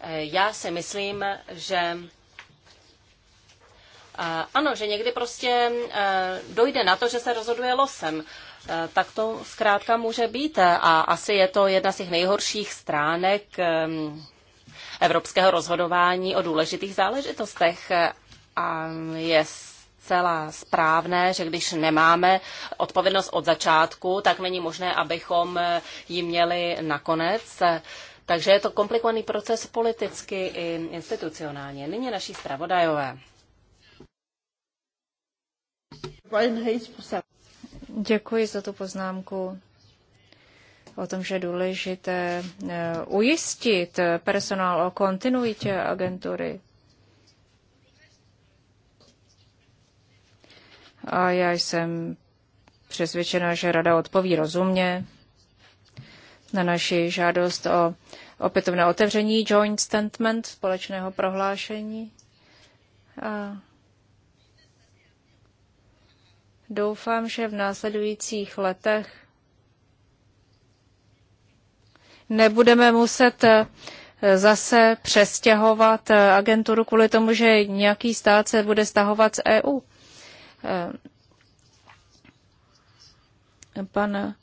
Eh, já si myslím, že Eh, ano, že někdy prostě eh, dojde na to, že se rozhoduje losem. Eh, tak to zkrátka může být a asi je to jedna z těch nejhorších stránek ehm, evropského rozhodování o důležitých záležitostech a je celá správné, že když nemáme odpovědnost od začátku, tak není možné, abychom ji měli nakonec. Takže je to komplikovaný proces politicky i institucionálně. Nyní naší zpravodajové. Děkuji za tu poznámku o tom, že je důležité eh, ujistit personál o kontinuitě agentury. A já jsem přesvědčena, že rada odpoví rozumně na naši žádost o opětovné otevření joint statement, společného prohlášení. A Doufám, že v následujících letech nebudeme muset eh, zase přestěhovat eh, agenturu kvůli tomu, že nějaký stát se bude stahovat z EU. Eh, pan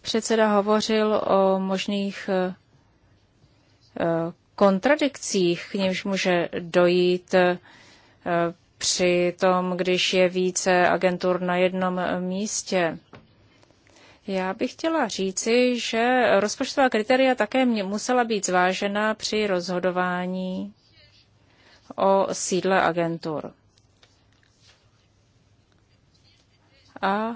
předseda hovořil o možných kontradikcích, k nímž může dojít při tom, když je více agentur na jednom místě. Já bych chtěla říci, že rozpočtová kritéria také musela být zvážena při rozhodování o sídle agentur. A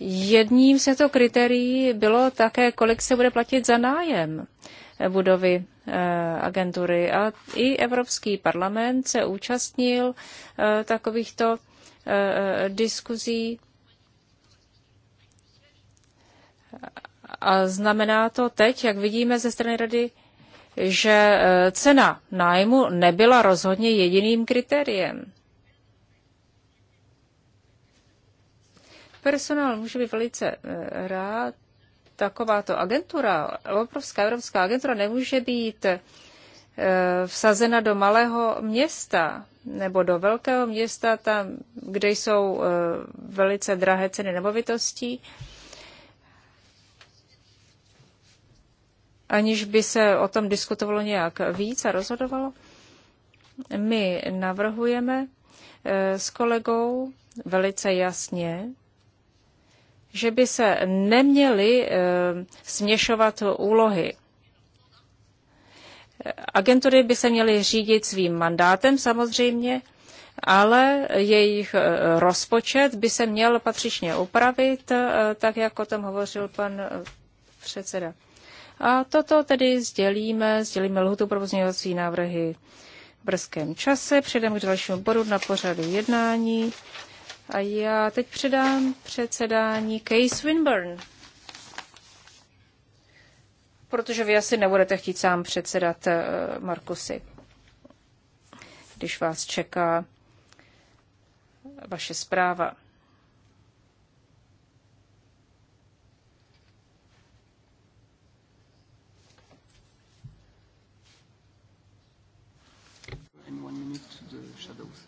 jedním z těchto kritérií bylo také, kolik se bude platit za nájem budovy eh, agentury. A i Evropský parlament se účastnil eh, takovýchto eh, diskuzí. A znamená to teď, jak vidíme ze strany rady, že cena nájmu nebyla rozhodně jediným kritériem. Personál může být velice rád, takováto agentura, obrovská evropská agentura, nemůže být eh, vsazena do malého města nebo do velkého města, tam, kde jsou eh, velice drahé ceny nemovitostí, aniž by se o tom diskutovalo nějak víc a rozhodovalo. My navrhujeme eh, s kolegou velice jasně, že by se neměly eh, směšovat úlohy. Agentury by se měly řídit svým mandátem samozřejmě, ale jejich eh, rozpočet by se měl patřičně upravit, eh, tak jak o tom hovořil pan předseda. A toto tedy sdělíme, sdělíme lhutu provozňovací návrhy v brzkém čase. Přejdeme k dalšímu bodu na pořadu jednání, a já teď předám předsedání Kay Swinburne. Protože vy asi nebudete chtít sám předsedat eh, Markusy, když vás čeká vaše zpráva.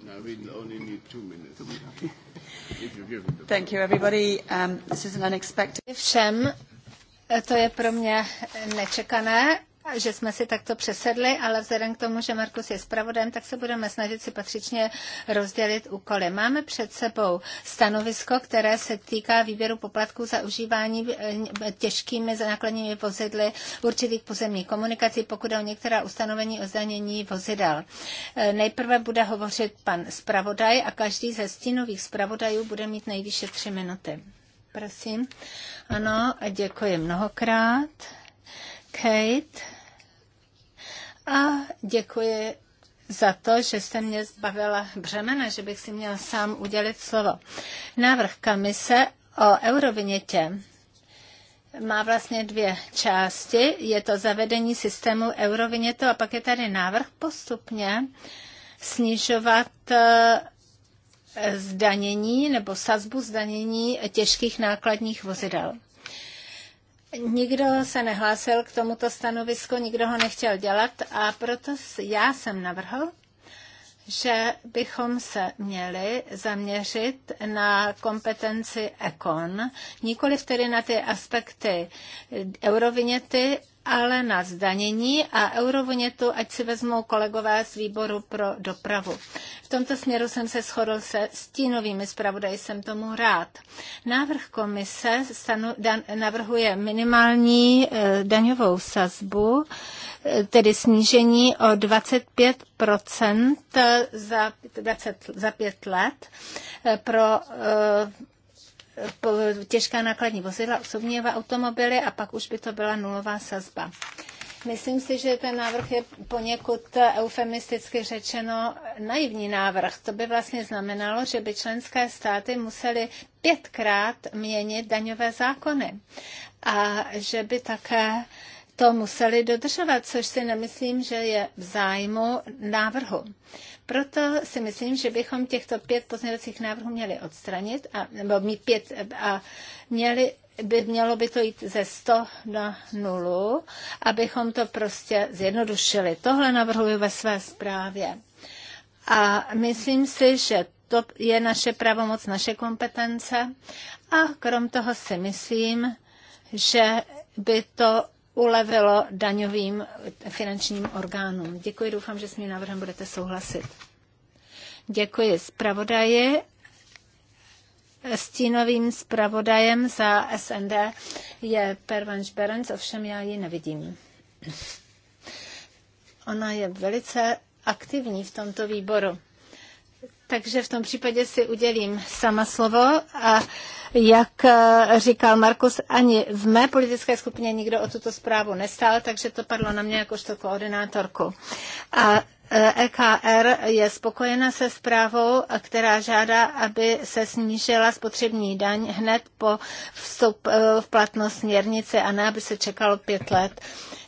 No, we only need two minutes. Thank um, Všem, to je pro mě nečekané že jsme si takto přesedli, ale vzhledem k tomu, že Markus je zpravodajem, tak se budeme snažit si patřičně rozdělit úkoly. Máme před sebou stanovisko, které se týká výběru poplatků za užívání eh, těžkými nákladními vozidly určitých pozemních komunikací, pokud o některá ustanovení o zdanění vozidel. Eh, nejprve bude hovořit pan zpravodaj a každý ze stínových zpravodajů bude mít nejvýše tři minuty. Prosím. Ano, děkuji mnohokrát. Kate a děkuji za to, že jste mě zbavila břemena, že bych si měla sám udělit slovo. Návrh kamise o eurovinětě má vlastně dvě části. Je to zavedení systému eurovinětu a pak je tady návrh postupně snižovat eh, zdanění nebo sazbu zdanění těžkých nákladních vozidel. Nikdo se nehlásil k tomuto stanovisku, nikdo ho nechtěl dělat a proto já jsem navrhl, že bychom se měli zaměřit na kompetenci ekon, nikoli tedy na ty aspekty eurovinety, ale na zdanění a eurovonětu, ať si vezmou kolegové z výboru pro dopravu. V tomto směru jsem se shodl se stínovými zpravodaji, jsem tomu rád. Návrh komise stanu, dan, navrhuje minimální e, daňovou sazbu, e, tedy snížení o 25 za, za 5 let eh, pro e, těžká nákladní vozidla, osobní automobily a pak už by to byla nulová sazba. Myslím si, že ten návrh je poněkud eufemisticky řečeno naivní návrh. To by vlastně znamenalo, že by členské státy musely pětkrát měnit daňové zákony a že by také to museli dodržovat, což si nemyslím, že je v zájmu návrhu. Proto si myslím, že bychom těchto pět pozměňovacích návrhů měli odstranit, a, nebo mít pět a měli by mělo by to jít ze 100 na 0, abychom to prostě zjednodušili. Tohle navrhuji ve své zprávě. A myslím si, že to je naše pravomoc, naše kompetence. A krom toho si myslím, že by to ulevilo daňovým finančním orgánům. Děkuji, doufám, že s mým návrhem budete souhlasit. Děkuji zpravodaji stínovým zpravodajem za SND je Pervanš Berenc, ovšem já ji nevidím. Ona je velice aktivní v tomto výboru. Takže v tom případě si udělím sama slovo a jak eh, říkal Markus, ani v mé politické skupině nikdo o tuto zprávu nestál, takže to padlo na mě jakožto koordinátorku. A EKR eh, e je spokojena se zprávou, která žádá, aby se snížila spotřební daň hned po vstup eh, v platnost směrnice a ne, aby se čekalo pět let.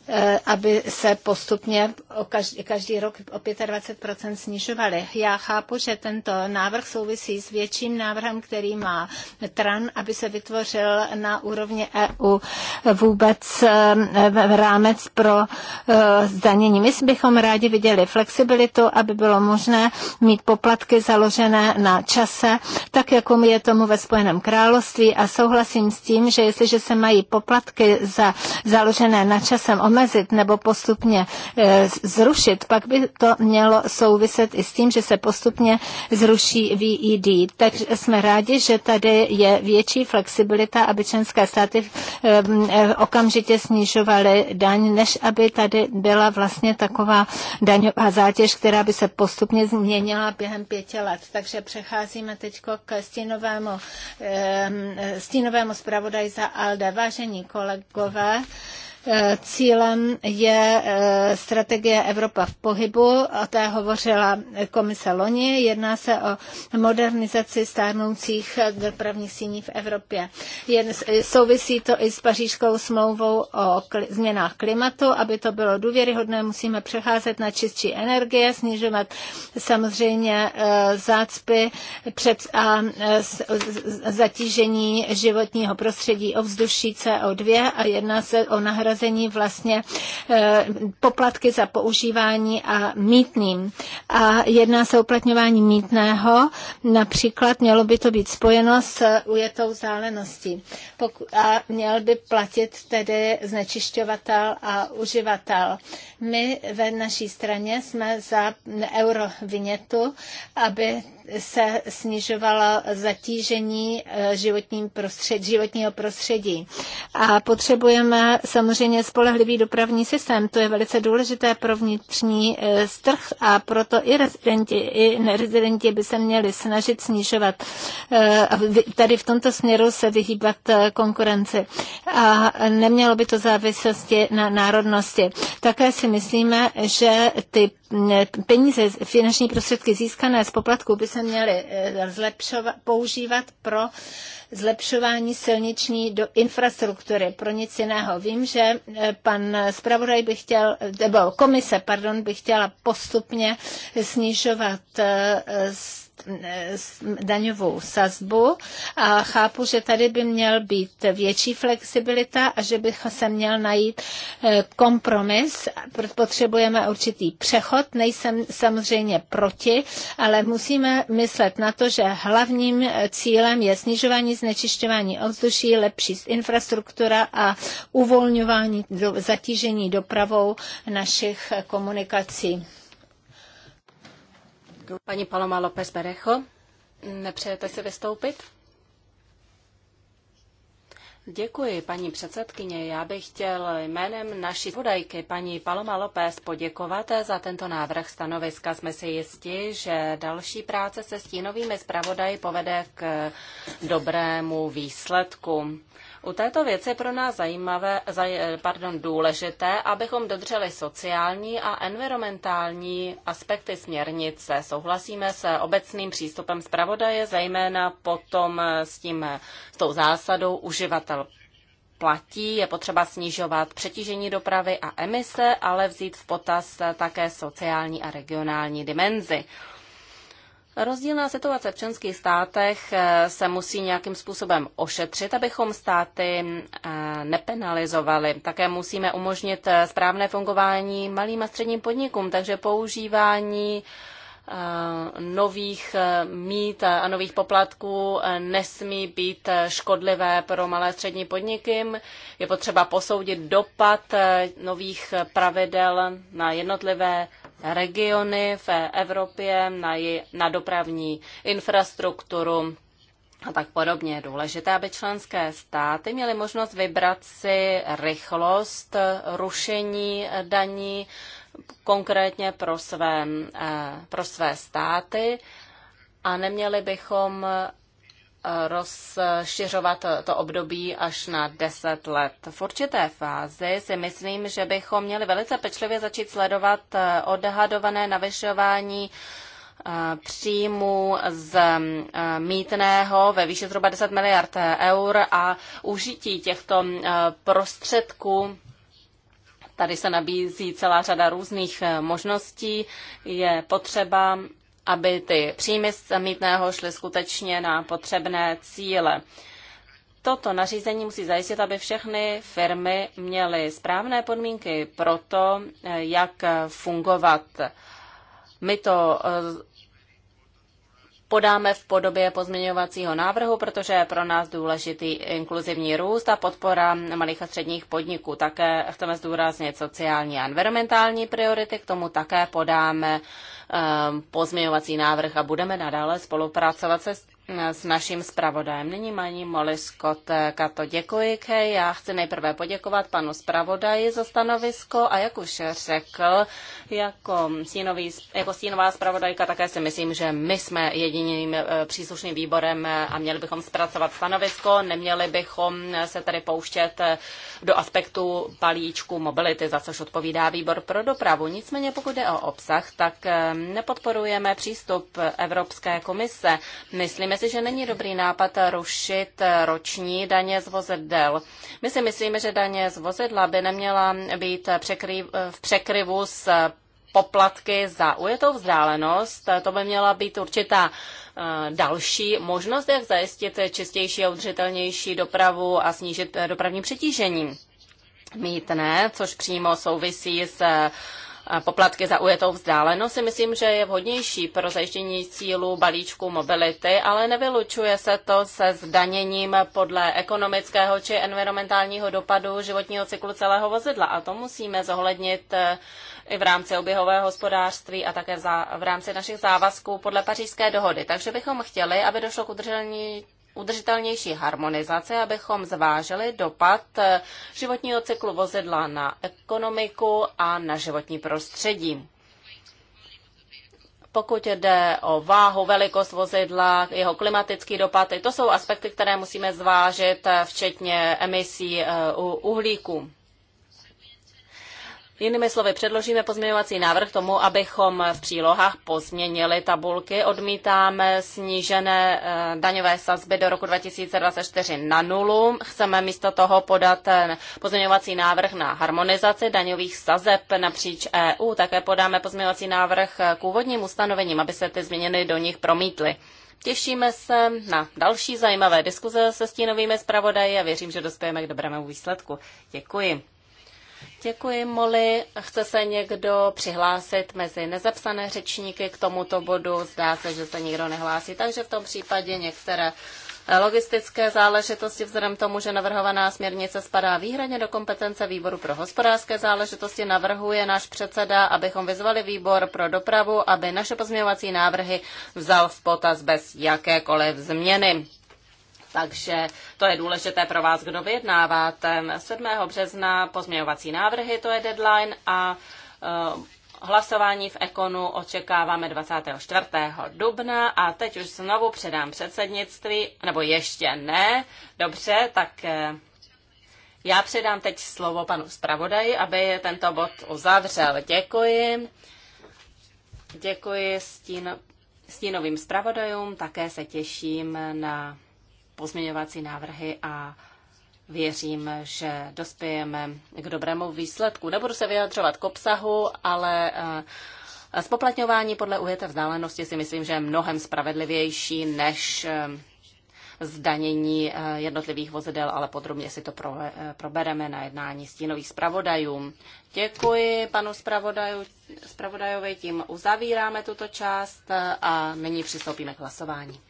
Eh, aby se postupně každý, každý rok o 25 snižovaly. Já chápu, že tento návrh souvisí s větším návrhem, který má TRAN, aby se vytvořil na úrovni EU vůbec eh, rámec pro eh, zdanění. My bychom rádi viděli flexibilitu, aby bylo možné mít poplatky založené na čase, tak jako je tomu ve Spojeném království a souhlasím s tím, že jestliže se mají poplatky za založené na časem omezit nebo postupně eh, zrušit, pak by to mělo souviset i s tím, že se postupně zruší VED. Takže jsme rádi, že tady je větší flexibilita, aby členské státy eh, eh, okamžitě snižovaly daň, než aby tady byla vlastně taková daňová zátěž, která by se postupně změnila během pěti let. Takže přecházíme teď k stínovému, stínovému zpravodaj za ALDE. Vážení kolegové, Eh, cílem je eh, strategie Evropa v pohybu, o té hovořila komise Loni. Jedná se o modernizaci stárnoucích eh, dopravních síní v Evropě. Jen souvisí to i s pařížskou smlouvou o změnách klimatu. Aby to bylo důvěryhodné, musíme přecházet na čistší energie, snižovat samozřejmě zácpy před a zatížení životního prostředí, vzduší CO2 a jedná se o nahrazení nahrazení vlastně eh, poplatky za používání a mítným. A jedná se o uplatňování mítného, například mělo by to být spojeno s ujetou vzdáleností. A měl by platit tedy znečišťovatel a uživatel. My ve naší straně jsme za eurovinětu, aby se snižovalo zatížení eh, životním prostřed, životního prostředí. A potřebujeme samozřejmě spolehlivý dopravní systém. To je velice důležité pro vnitřní strh eh, a proto i rezidenti, i nerezidenti by se měli snažit snižovat. Eh, tady v tomto směru se vyhýbat konkurenci. A nemělo by to závislosti na národnosti. Také si myslíme, že ty peníze, finanční prostředky získané z poplatků by se měly e, zlepšovat, používat pro zlepšování silniční do infrastruktury, pro nic jiného. Vím, že e, pan zpravodaj by chtěl, nebo komise, pardon, by chtěla postupně snižovat e, daňovou sazbu a chápu, že tady by měl být větší flexibilita a že bych se měl najít e, kompromis. Potřebujeme určitý přechod, nejsem samozřejmě proti, ale musíme myslet na to, že hlavním e, cílem je snižování znečišťování ovzduší, lepší infrastruktura a uvolňování zatížení dopravou našich e, komunikací. Paní Paloma López Berecho, nepřejete si vystoupit? Děkuji, paní předsedkyně. Já bych chtěl jménem naší vodajky, paní Paloma López, poděkovat za tento návrh stanoviska. Jsme si jisti, že další práce se stínovými zpravodaji povede k dobrému výsledku. U této věci je pro nás zajímavé, zaj, pardon, důležité, abychom dodrželi sociální a environmentální aspekty směrnice. Souhlasíme se obecným přístupem zpravodaje, zejména potom s, tím, s tou zásadou uživatel platí, je potřeba snižovat přetížení dopravy a emise, ale vzít v potaz také sociální a regionální dimenzi. Rozdílná situace v členských státech eh, se musí nějakým způsobem ošetřit, abychom státy eh, nepenalizovali. Také musíme umožnit eh, správné fungování malým a středním podnikům, takže používání nových mít a nových poplatků nesmí být škodlivé pro malé a střední podniky. Je potřeba posoudit dopad nových pravidel na jednotlivé regiony v Evropě, na, ji, na dopravní infrastrukturu a tak podobně. Je důležité, aby členské státy měly možnost vybrat si rychlost rušení daní konkrétně pro své, eh, pro své státy a neměli bychom rozšiřovat to období až na 10 let. V určité fázi si myslím, že bychom měli velice pečlivě začít sledovat eh, odhadované navyšování eh, příjmů z eh, mítného ve výši zhruba 10 miliard eur a užití těchto prostředků Tady se nabízí celá řada různých možností. Je potřeba aby ty příjmy z mítného šly skutečně na potřebné cíle. Toto nařízení musí zajistit, aby všechny firmy měly správné podmínky pro to, jak fungovat. My to podáme v podobě pozměňovacího návrhu, protože je pro nás důležitý inkluzivní růst a podpora malých a středních podniků. Také chceme zdůraznit sociální a environmentální priority, k tomu také podáme eh, pozměňovací návrh a budeme nadále spolupracovat se s naším zpravodajem. Nyní maní Molly Scott eh, Kato. Děkuji, Kej. Já chci nejprve poděkovat panu zpravodaji za stanovisko a jak už řekl, jako, stínový, jako stínová zpravodajka také si myslím, že my jsme jediným eh, příslušným výborem eh, a měli bychom zpracovat stanovisko, neměli bychom se tady pouštět do aspektu palíčku mobility, za což odpovídá výbor pro dopravu. Nicméně pokud jde o obsah, tak nepodporujeme přístup Evropské komise. Myslíme, myslíme si, že není dobrý nápad rušit eh, roční daně z vozidel. My si myslíme, že daně z vozidla by neměla být eh, v překryvu s eh, poplatky za ujetou vzdálenost. To by měla být určitá další možnost, jak zajistit čistější a udržitelnější dopravu a snížit dopravní přetížení. Mít ne. což přímo souvisí s poplatky za ujetou vzdálenost si myslím, že je vhodnější pro zajištění cílů balíčku mobility, ale nevylučuje se to se zdaněním podle ekonomického či environmentálního dopadu životního cyklu celého vozidla. A to musíme zohlednit eh, i v rámci oběhového hospodářství a také v, v rámci našich závazků podle pařížské dohody. Takže bychom chtěli, aby došlo k udržení udržitelnější harmonizace, abychom zvážili dopad eh, životního cyklu vozidla na ekonomiku a na životní prostředí. Pokud jde o váhu, velikost vozidla, jeho klimatický dopad, to jsou aspekty, které musíme zvážit, eh, včetně emisí eh, uhlíku. Jinými slovy, předložíme pozměňovací návrh tomu, abychom v přílohách pozměnili tabulky. Odmítáme snížené eh, daňové sazby do roku 2024 na nulu. Chceme místo toho podat pozměňovací návrh na harmonizaci daňových sazeb napříč EU. Také podáme pozměňovací návrh eh, k úvodním ustanovením, aby se ty změny do nich promítly. Těšíme se na další zajímavé diskuze se stínovými zpravodaji a věřím, že dospějeme k dobrému výsledku. Děkuji. Děkuji, Moli. Chce se někdo přihlásit mezi nezapsané řečníky k tomuto bodu? Zdá se, že se nikdo nehlásí, takže v tom případě některé logistické záležitosti vzhledem tomu, že navrhovaná směrnice spadá výhradně do kompetence výboru pro hospodářské záležitosti, navrhuje náš předseda, abychom vyzvali výbor pro dopravu, aby naše pozměňovací návrhy vzal v potaz bez jakékoliv změny. Takže to je důležité pro vás, kdo vyjednáváte. 7. března pozměňovací návrhy, to je deadline a eh, hlasování v Ekonu očekáváme 24. dubna a teď už znovu předám předsednictví, nebo ještě ne, dobře, tak eh, já předám teď slovo panu zpravodaji, aby tento bod uzavřel. Děkuji. Děkuji stín, stínovým zpravodajům, také se těším na pozměňovací návrhy a věřím, že dospějeme k dobrému výsledku. Nebudu se vyjadřovat k obsahu, ale eh, spoplatňování podle ujeté vzdálenosti si myslím, že je mnohem spravedlivější než eh, zdanění eh, jednotlivých vozidel, ale podrobně si to probereme na jednání stínových zpravodajů. Děkuji panu zpravodaju, zpravodajovi, tím uzavíráme tuto část a nyní přistoupíme k hlasování.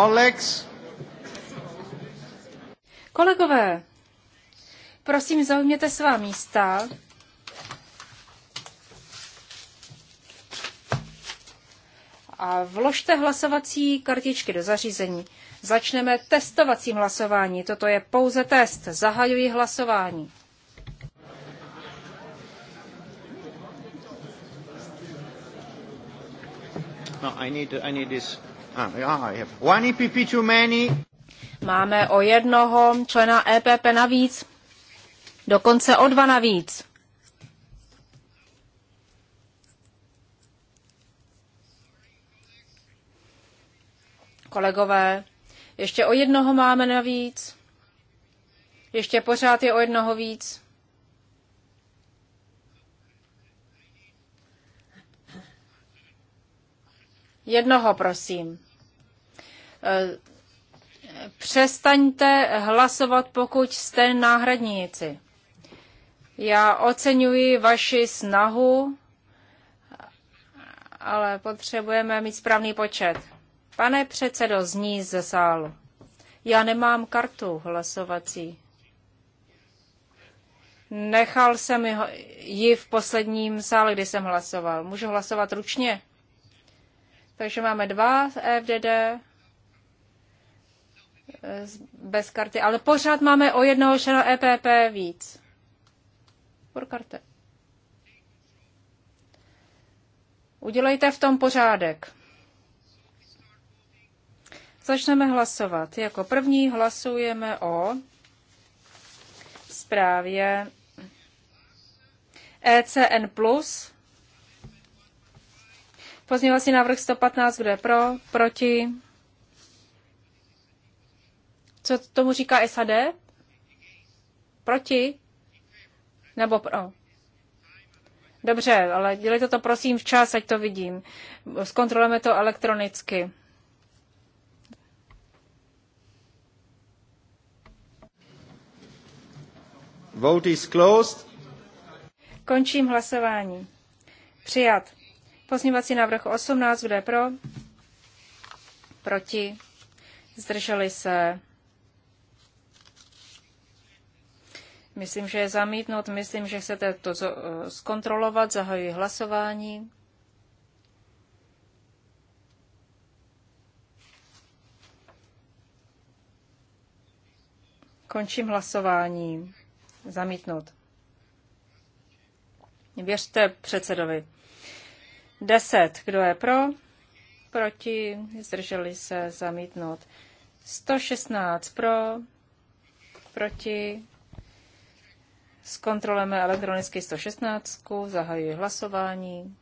Colleagues. Kolegové, prosím zaujměte svá místa. A vložte hlasovací kartičky do zařízení. Začneme testovacím hlasování. Toto je pouze test. Zahajuji hlasování. No, I need, I need this. Ah, one EPP too many. Máme o jednoho člena EPP navíc, dokonce o dva navíc. Kolegové, ještě o jednoho máme navíc. Ještě pořád je o jednoho víc. Jednoho, prosím přestaňte hlasovat, pokud jste náhradníci. Já oceňuji vaši snahu, ale potřebujeme mít správný počet. Pane předsedo, zní ze sálu. Já nemám kartu hlasovací. Nechal jsem ji v posledním sále, kdy jsem hlasoval. Můžu hlasovat ručně? Takže máme dva FDD, bez karty, ale pořád máme o jednoho člena EPP víc. Por karte. Udělejte v tom pořádek. Začneme hlasovat. Jako první hlasujeme o zprávě ECN+. Pozměňovací návrh 115, kdo je pro, proti, co tomu říká SAD? Proti? Nebo pro? Dobře, ale dělejte to prosím včas, ať to vidím. Zkontrolujeme to elektronicky. Vote is closed. Končím hlasování. Přijat. Pozměňovací návrh 18, kde pro? Proti. Zdrželi se. Myslím, že je zamítnut. Myslím, že chcete to zkontrolovat. Zahajuji hlasování. Končím hlasování. Zamítnout. Věřte předsedovi. Deset, Kdo je pro? Proti? Zdrželi se zamítnout. 116 pro, proti, Zkontrolujeme elektronicky 116, zahajuji hlasování.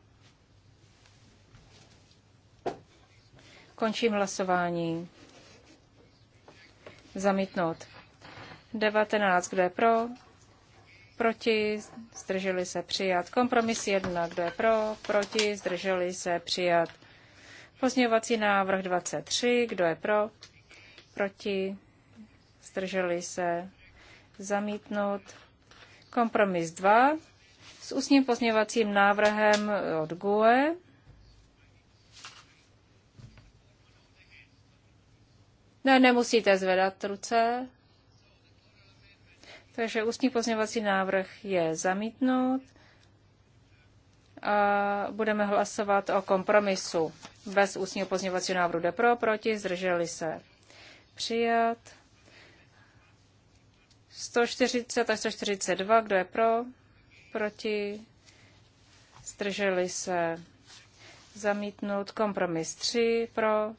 Končím hlasování. Zamítnout. 19, kdo je pro? Proti, zdrželi se přijat. Kompromis 1, kdo je pro? Proti, zdrželi se přijat. Pozměňovací návrh 23, kdo je pro? Proti, zdrželi se zamítnout. Kompromis 2 s ústním pozměvacím návrhem od GUE. Ne, nemusíte zvedat ruce. Takže ústní pozměvací návrh je zamítnut. A budeme hlasovat o kompromisu. Bez ústního pozměvacího návrhu jde pro, proti, zdrželi se. Přijat. 140 a 142, kdo je pro, proti, zdrželi se zamítnout kompromis 3 pro,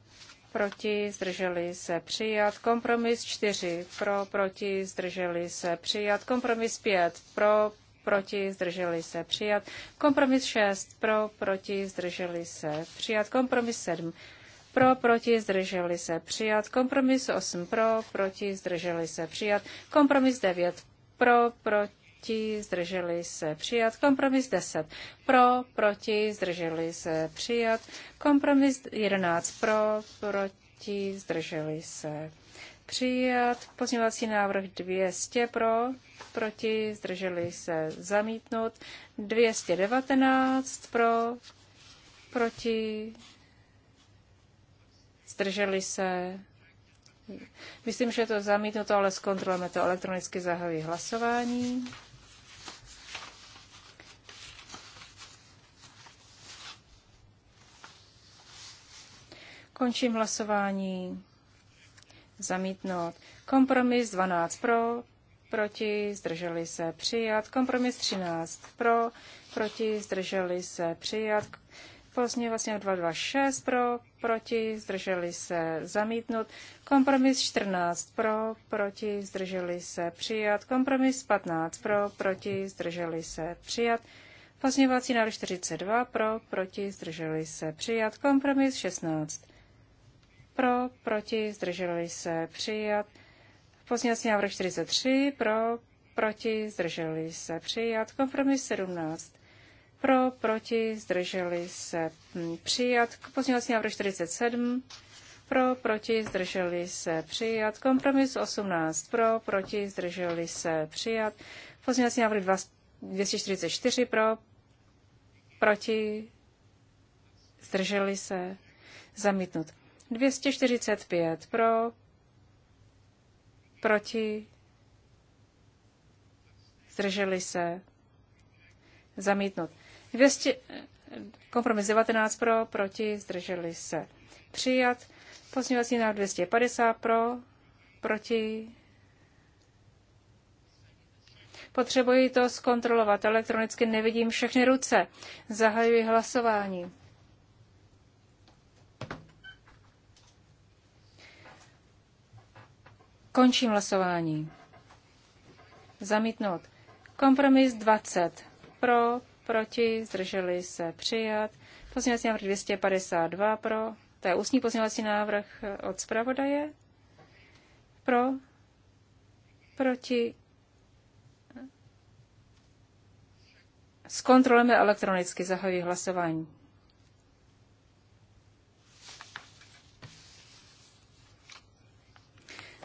proti, zdrželi se přijat, kompromis 4 pro, proti, zdrželi se přijat, kompromis 5 pro, proti, zdrželi se přijat, kompromis 6 pro, proti, zdrželi se přijat, kompromis 7 pro, proti, zdrželi se přijat. Kompromis 8 pro, proti, zdrželi se přijat. Kompromis 9 pro, proti, zdrželi se přijat. Kompromis 10 pro, proti, zdrželi se přijat. Kompromis 11 pro, proti, zdrželi se přijat. Pozměňovací návrh 200 pro, proti, zdrželi se zamítnout. 219 pro, proti, zdrželi se. Myslím, že je to zamítnuto, ale zkontrolujeme to elektronicky, zahajuji hlasování. Končím hlasování. Zamítnout. Kompromis 12 pro, proti, zdrželi se přijat. Kompromis 13 pro, proti, zdrželi se přijat. Pozměňovací vlastně 226 pro, proti, zdrželi se zamítnut. Kompromis 14 pro, proti, zdrželi se přijat. Kompromis 15 pro, proti, zdrželi se přijat. Pozměňovací návrh 42 pro, proti, zdrželi se přijat. Kompromis 16 pro, proti, zdrželi se přijat. Pozměňovací návrh 43 pro, proti, zdrželi se přijat. Kompromis 17 Mm, pro, proti, zdrželi se přijat. Pozměňovací návrh 47. Pro, proti, zdrželi se přijat. Kompromis 18. Pro, proti, zdrželi se přijat. Pozměňovací návrh 244. Pro, proti, zdrželi se zamítnut. 245 pro, proti, zdrželi se, zamítnut. 200, kompromis 19 pro, proti, zdrželi se. Přijat. Pozměňovací návrh 250 pro, proti. Potřebuji to zkontrolovat. Elektronicky nevidím všechny ruce. Zahajuji hlasování. Končím hlasování. Zamítnout. Kompromis 20. Pro, proti, zdrželi se přijat. Pozměňovací návrh 252 pro, to je ústní pozměňovací návrh od zpravodaje. Pro, proti, zkontrolujeme elektronicky, zahajuji hlasování.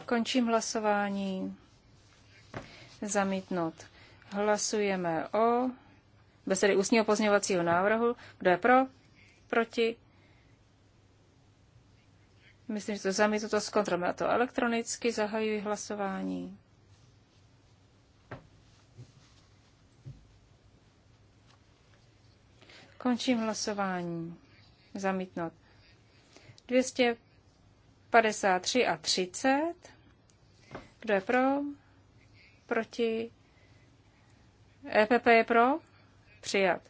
Končím hlasování. Zamítnout. Hlasujeme o besedy ústního pozměňovacího návrhu. Kdo je pro? Proti? Myslím, že to to Zkontrolujeme to elektronicky. Zahajuji hlasování. Končím hlasování. Zamítnout. 253 a 30. Kdo je pro? Proti? EPP je pro? přijat.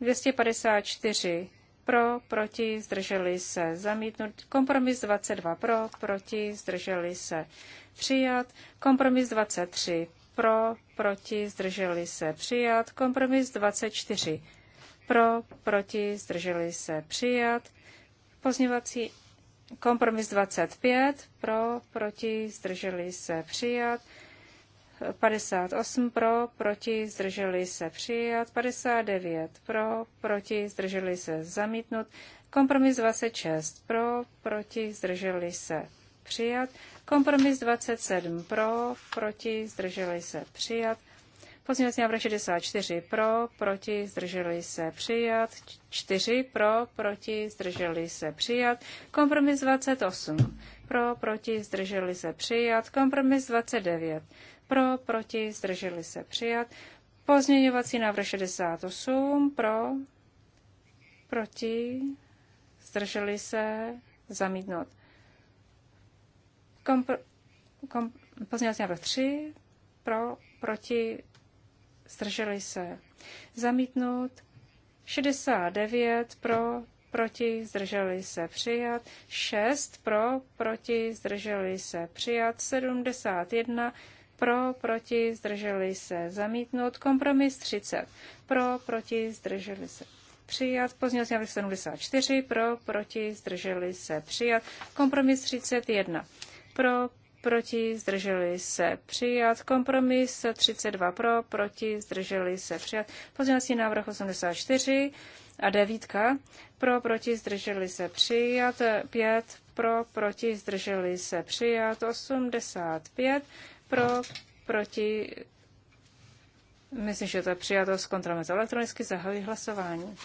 254 pro, proti, zdrželi se, zamítnut. Kompromis 22 pro, proti, zdrželi se, přijat. Kompromis 23 pro, proti, zdrželi se, přijat. Kompromis 24 pro, proti, zdrželi se, přijat. Pozněvací kompromis 25 pro, proti, zdrželi se, přijat. 58 pro, proti, zdrželi se přijat, 59 pro, proti, zdrželi se zamítnut, kompromis 26 pro, proti, zdrželi se přijat, kompromis 27 pro, proti, zdrželi se přijat, Pozměňovací návrh 64 pro, proti, zdrželi se přijat, 4 pro, proti, zdrželi se přijat, kompromis 28 pro, proti, zdrželi se přijat, kompromis 29 pro, proti, zdrželi se přijat. Pozměňovací návrh 68 pro, proti, zdrželi se zamítnout. Kompr- kom- pozměňovací návrh 3 pro, proti, zdrželi se zamítnout. 69 pro, proti, zdrželi se přijat, 6 pro, proti, zdrželi se přijat, 71 pro, proti, zdrželi se, zamítnout. Kompromis 30, pro, proti, zdrželi se, přijat. Pozměňovací návrh 74, pro, proti, zdrželi se, přijat. Kompromis 31, pro, proti, zdrželi se, přijat. Kompromis 32, pro, proti, zdrželi se, přijat. Pozměňovací návrh 84 a devítka. pro, proti, zdrželi se, přijat. 5, pro, proti, zdrželi se, přijat. 85, pro, proti, myslím, že to je přijato s kontrolem elektronicky, zahajuji hlasování.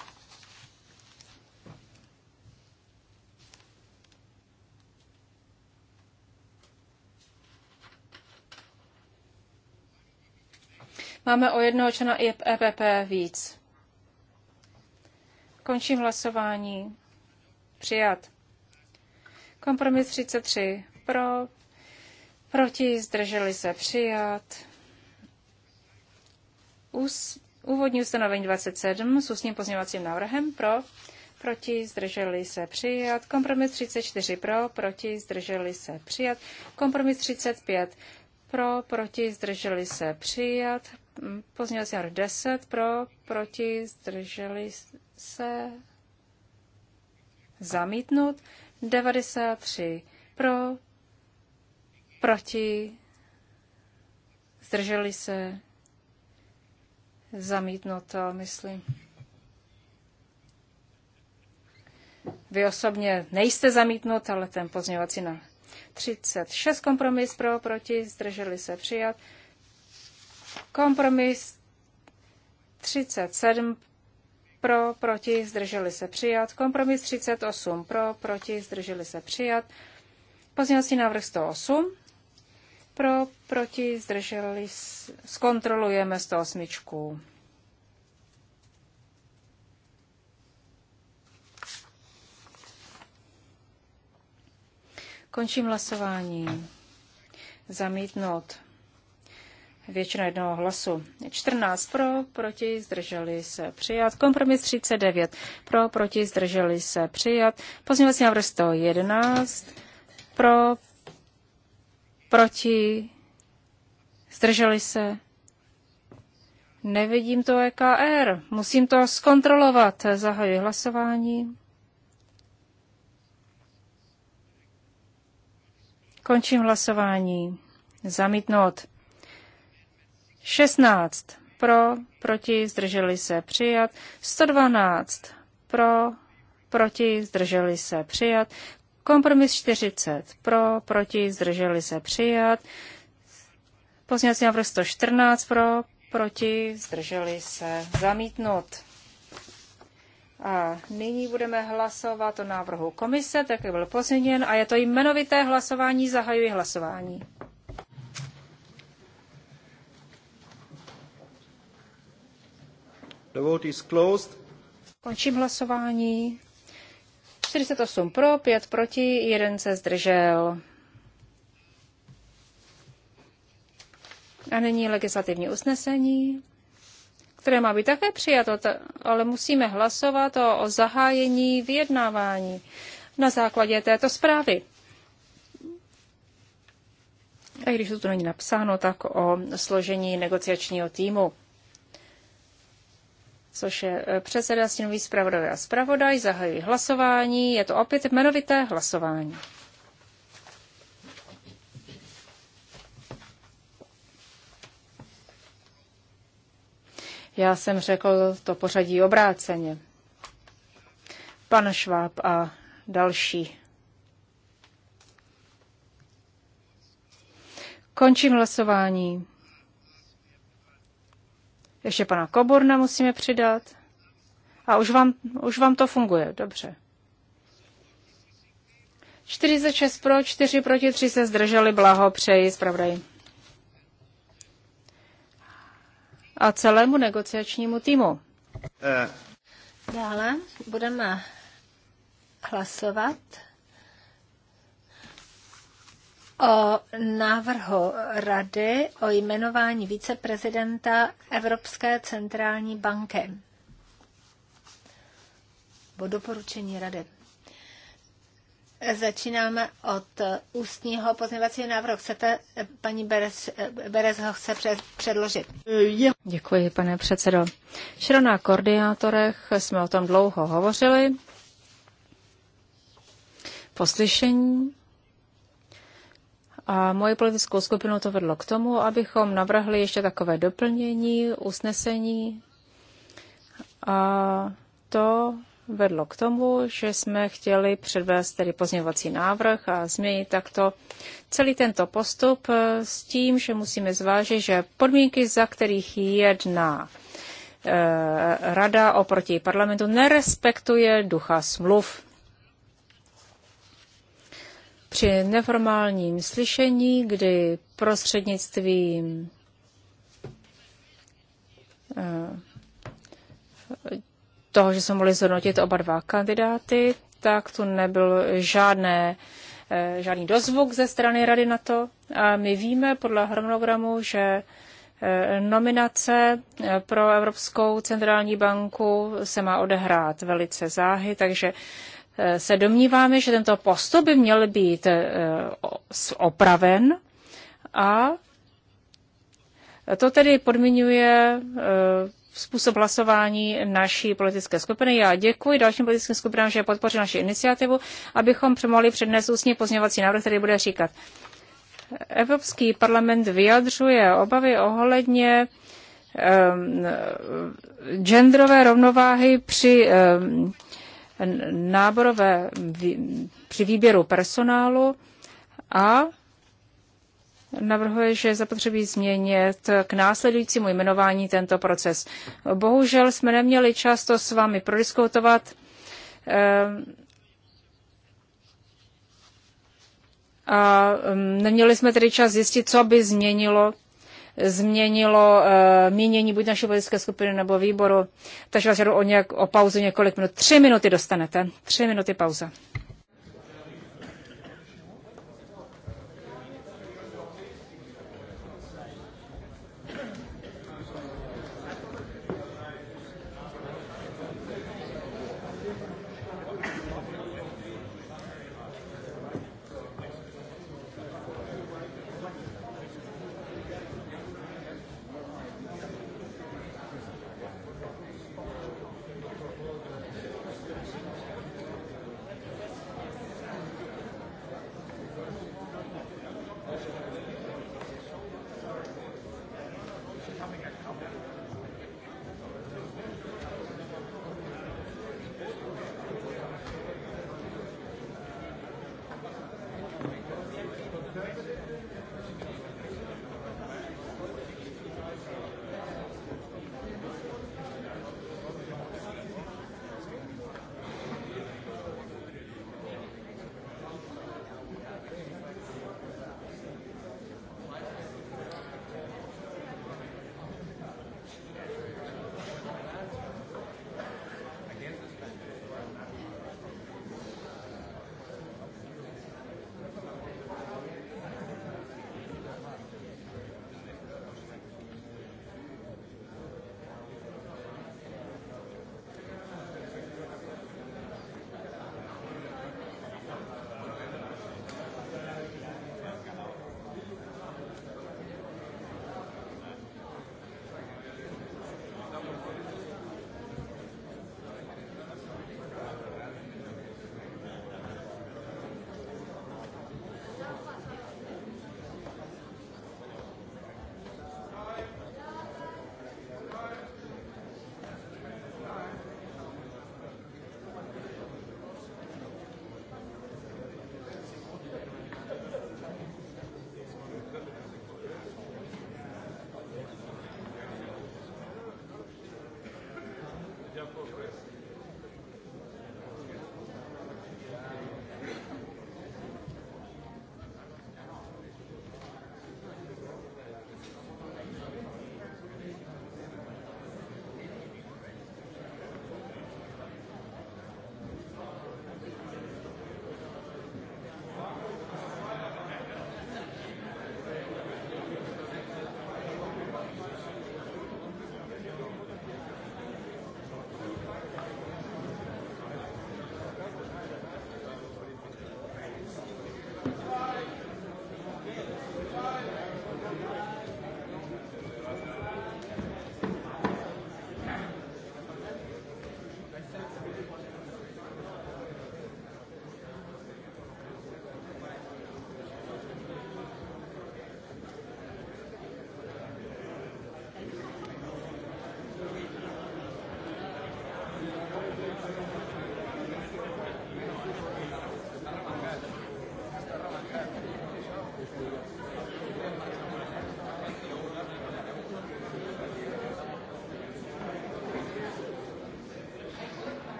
Máme o jednoho člena EPP víc. Končím hlasování. Přijat. Kompromis 33. Pro, Proti zdrželi se přijat. Us, úvodní ustanovení 27 s ústním pozměňovacím návrhem pro. Proti zdrželi se přijat. Kompromis 34 pro. Proti zdrželi se přijat. Kompromis 35 pro. Proti zdrželi se přijat. Mm, pozměňovací návrh 10 pro. Proti zdrželi se zamítnut. 93 pro proti, zdrželi se, zamítnout, myslím. Vy osobně nejste zamítnut, ale ten pozměňovací na 36 kompromis pro, proti, zdrželi se přijat. Kompromis 37 pro, proti, zdrželi se přijat. Kompromis 38 pro, proti, zdrželi se přijat. Pozměňovací návrh 108 pro, proti, zdrželi, zkontrolujeme 108. Končím hlasování. Zamítnout. Většina jednoho hlasu. 14 pro, proti, zdrželi se přijat. Kompromis 39 pro, proti, zdrželi se přijat. Pozměňovací návrh 111 pro, Proti? Zdrželi se? Nevidím to EKR. Musím to zkontrolovat. Zahajuji hlasování. Končím hlasování. Zamítnout. 16. Pro, proti, zdrželi se, přijat. 112. Pro, proti, zdrželi se, přijat. Kompromis 40 pro, proti, zdrželi se přijat. Pozměňovací návrh 114 pro, proti, zdrželi se zamítnout. A nyní budeme hlasovat o návrhu komise, tak jak byl pozměněn, a je to jmenovité hlasování, zahajuji hlasování. The vote is closed. Končím hlasování. 48 pro, 5 proti, 1 se zdržel. A nyní legislativní usnesení, které má být také přijato, ale musíme hlasovat o, o zahájení vyjednávání na základě této zprávy. A když to tu není napsáno, tak o složení negociačního týmu což je e, předseda sněmový zpravodaj a zpravodaj. Zahajuji hlasování. Je to opět jmenovité hlasování. Já jsem řekl to pořadí obráceně. Pan Šváb a další. Končím hlasování. Ještě pana Koborna musíme přidat. A už vám, už vám to funguje, dobře. 46 pro, 4 proti, 3 se zdrželi, blaho, přeji, zpravdaji. A celému negociačnímu týmu. Eh. Dále budeme hlasovat o návrhu Rady o jmenování viceprezidenta Evropské centrální banky. O doporučení Rady. Začínáme od ústního pozměvacího návrhu. Chcete, paní Berez, Berez ho chce předložit. Děkuji, pane předsedo. Včera na koordinátorech jsme o tom dlouho hovořili. Poslyšení a moje politickou skupinu to vedlo k tomu, abychom navrhli ještě takové doplnění, usnesení. A to vedlo k tomu, že jsme chtěli předvést tedy pozměňovací návrh a změnit takto celý tento postup e, s tím, že musíme zvážit, že podmínky, za kterých jedná e, rada oproti parlamentu, nerespektuje ducha smluv při neformálním slyšení, kdy prostřednictvím eh, toho, že jsme mohli zhodnotit oba dva kandidáty, tak tu nebyl žádné, eh, žádný dozvuk ze strany Rady na to. A my víme podle harmonogramu, že eh, nominace pro Evropskou centrální banku se má odehrát velice záhy, takže Eh, se domníváme, že tento postup by měl být eh, opraven a to tedy podmiňuje eh, způsob hlasování naší politické skupiny. Já děkuji dalším politickým skupinám, že podpoří naši iniciativu, abychom přemohli přednést ústní pozměňovací návrh, který bude říkat. Evropský parlament vyjadřuje obavy ohledně ehm, genderové rovnováhy při um, náborové při výběru personálu a navrhuje, že zapotřebí změnit k následujícímu jmenování tento proces. Bohužel jsme neměli často s vámi prodiskutovat eh, a mm, neměli jsme tedy čas zjistit, co by změnilo změnilo eh, mínění buď naší politické skupiny nebo výboru. Takže vás žádám o, nějak, o pauzu několik minut. Tři minuty dostanete. Tři minuty pauza.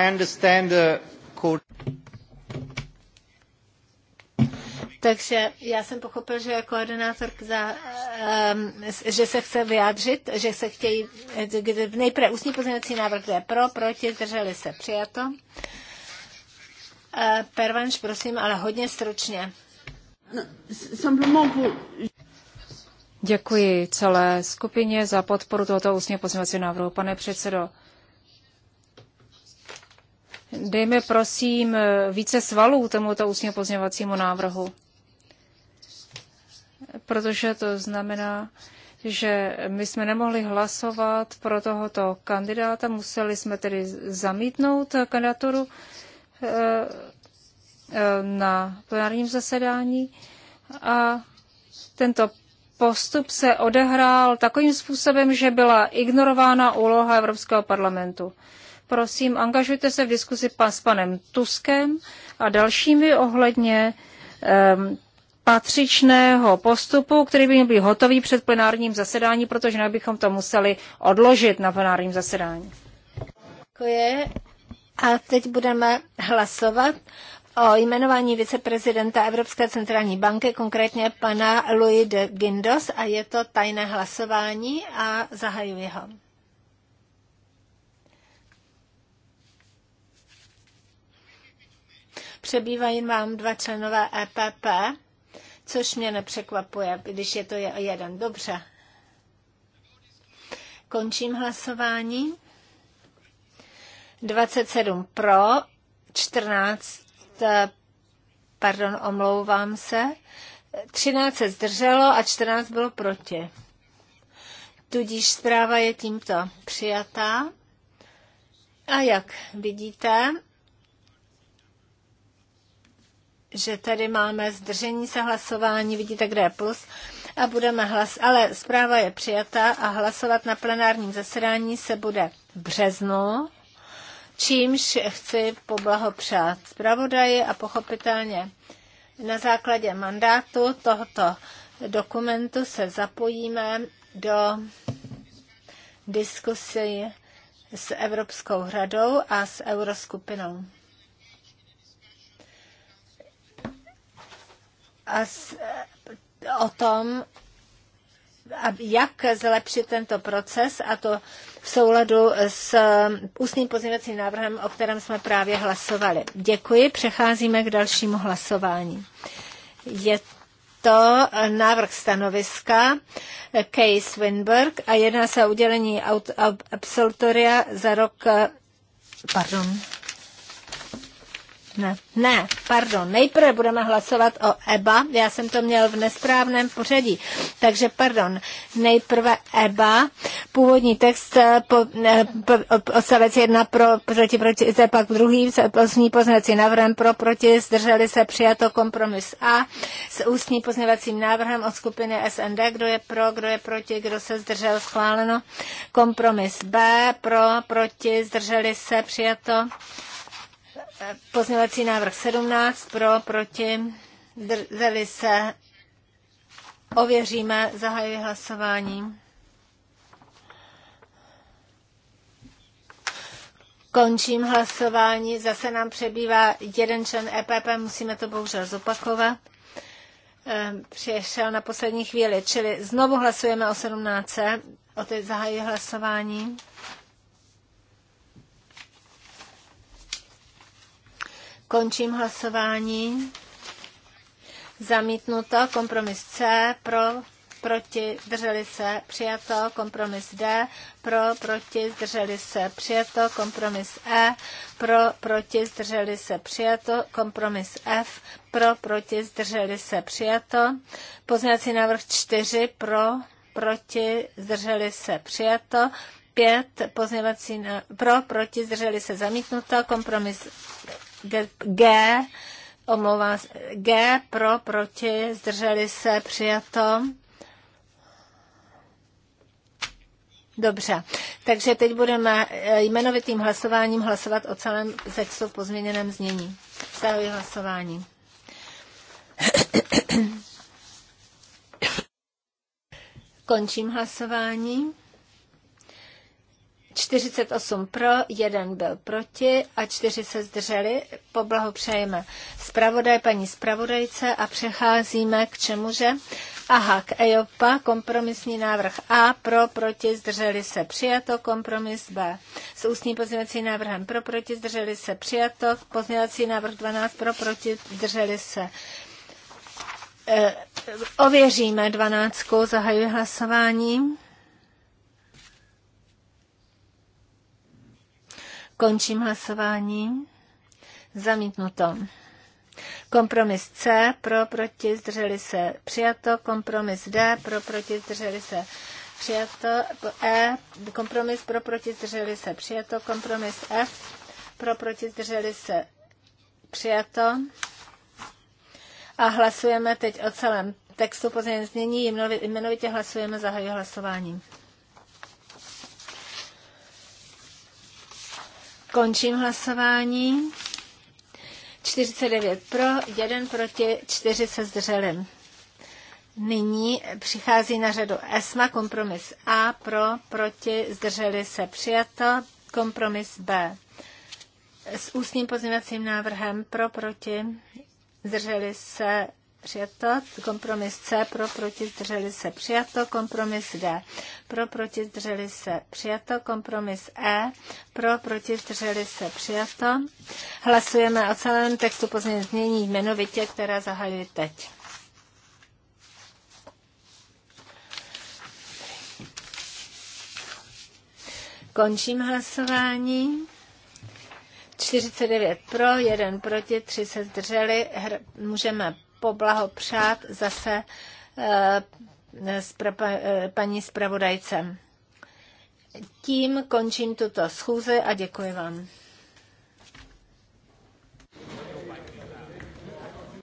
I understand the Takže já jsem pochopil, že koordinátor, za, um, že se chce vyjádřit, že se chtějí nejprve ústní pozměňovací návrh, je pro, proti, drželi se, přijato. Uh, Pervanš, prosím, ale hodně stručně. Děkuji celé skupině za podporu tohoto ústního pozměňovacího návrhu, pane předsedo. Dejme prosím více svalů tomuto ústně pozměvacímu návrhu, protože to znamená, že my jsme nemohli hlasovat pro tohoto kandidáta, museli jsme tedy zamítnout kandidaturu eh, eh, na plenárním zasedání a tento postup se odehrál takovým způsobem, že byla ignorována úloha Evropského parlamentu. Prosím, angažujte se v diskusi s panem Tuskem a dalšími ohledně um, patřičného postupu, který by měl být hotový před plenárním zasedání, protože nebychom to museli odložit na plenárním zasedání. Děkuji. A teď budeme hlasovat o jmenování viceprezidenta Evropské centrální banky, konkrétně pana Louis de Guindos, a je to tajné hlasování a zahajuji ho. Přebývají vám dva členové EPP, což mě nepřekvapuje, když je to jeden. Dobře. Končím hlasování. 27 pro, 14, pardon, omlouvám se, 13 se zdrželo a 14 bylo proti. Tudíž zpráva je tímto přijatá. A jak vidíte, že tady máme zdržení se hlasování, vidíte, kde je plus, a budeme hlas, ale zpráva je přijatá a hlasovat na plenárním zasedání se bude v březnu, čímž chci poblahopřát zpravodaji a pochopitelně na základě mandátu tohoto dokumentu se zapojíme do diskusy s Evropskou radou a s Euroskupinou. a s, o tom, jak zlepšit tento proces a to v souladu s ústním pozměňovacím návrhem, o kterém jsme právě hlasovali. Děkuji, přecházíme k dalšímu hlasování. Je to návrh stanoviska Kay Swinberg a jedná se o udělení absolutoria za rok, pardon, ne, ne, pardon, nejprve budeme hlasovat o EBA, já jsem to měl v nesprávném pořadí, takže pardon, nejprve EBA, původní text eh, po, eh, po, odstavec jedna pro, proti, proti, zde pak druhý, eh, ústní poznací návrhem pro, proti, zdrželi se přijato kompromis A s ústní poznavacím návrhem od skupiny SND, kdo je pro, kdo je proti, kdo se zdržel schváleno, kompromis B pro, proti, zdrželi se přijato pozměvací návrh 17 pro, proti, zdrželi se. Ověříme, zahajuji hlasování. Končím hlasování. Zase nám přebývá jeden člen EPP, musíme to bohužel zopakovat. Eh, přišel na poslední chvíli, čili znovu hlasujeme o 17. O teď zahajuji hlasování. Končím hlasování. Zamítnuto. Kompromis C. Pro, proti, zdrželi se, přijato. Kompromis D. Pro, proti, zdrželi se, přijato. Kompromis E. Pro, proti, zdrželi se, přijato. Kompromis F. Pro, proti, zdrželi se, přijato. Poznací návrh 4. Pro, proti, zdrželi se, přijato. 5, pozměvací na, pro, proti, zdrželi se zamítnuto, kompromis G, omlouvám G pro, proti, zdrželi se, přijato. Dobře, takže teď budeme eh, jmenovitým hlasováním hlasovat o celém textu v pozměněném znění. Stahuji hlasování. Končím hlasování. 48 pro, jeden byl proti a čtyři se zdrželi. Poblahopřejeme zpravodaj paní zpravodajce a přecházíme k čemuže. Aha, k EOPA, kompromisní návrh A, pro, proti, zdrželi se, přijato, kompromis B. S ústním pozměňovacím návrhem pro, proti, zdrželi se, přijato, pozměňovací návrh 12, pro, proti, zdrželi se. E, ověříme 12, zahajuji hlasování. Končím hlasování. Zamítnuto. Kompromis C pro, proti, zdrželi se, přijato. Kompromis D pro, proti, zdrželi se, přijato. E, kompromis pro, proti, zdrželi se, přijato. Kompromis F pro, proti, zdrželi se, přijato. A hlasujeme teď o celém textu pozměnění. Jmenovitě hlasujeme, zahajuji hlasování. Končím hlasování. 49 pro, 1 proti, 4 se zdrželi. Nyní přichází na řadu ESMA, kompromis A, pro, proti, zdrželi se přijato, kompromis B. S ústním pozměňovacím návrhem pro, proti, zdrželi se přijato, kompromis C pro, proti, zdrželi se, přijato, kompromis D pro, proti, zdrželi se, přijato, kompromis E pro, proti, zdrželi se, přijato. Hlasujeme o celém textu pozměně změní jmenovitě, které zahajuji teď. Končím hlasování. 49 pro, 1 proti, 3 se zdrželi. Hr- můžeme poblahopřát zase eh, eh, paní zpravodajce. Tím končím tuto schůzi a děkuji vám.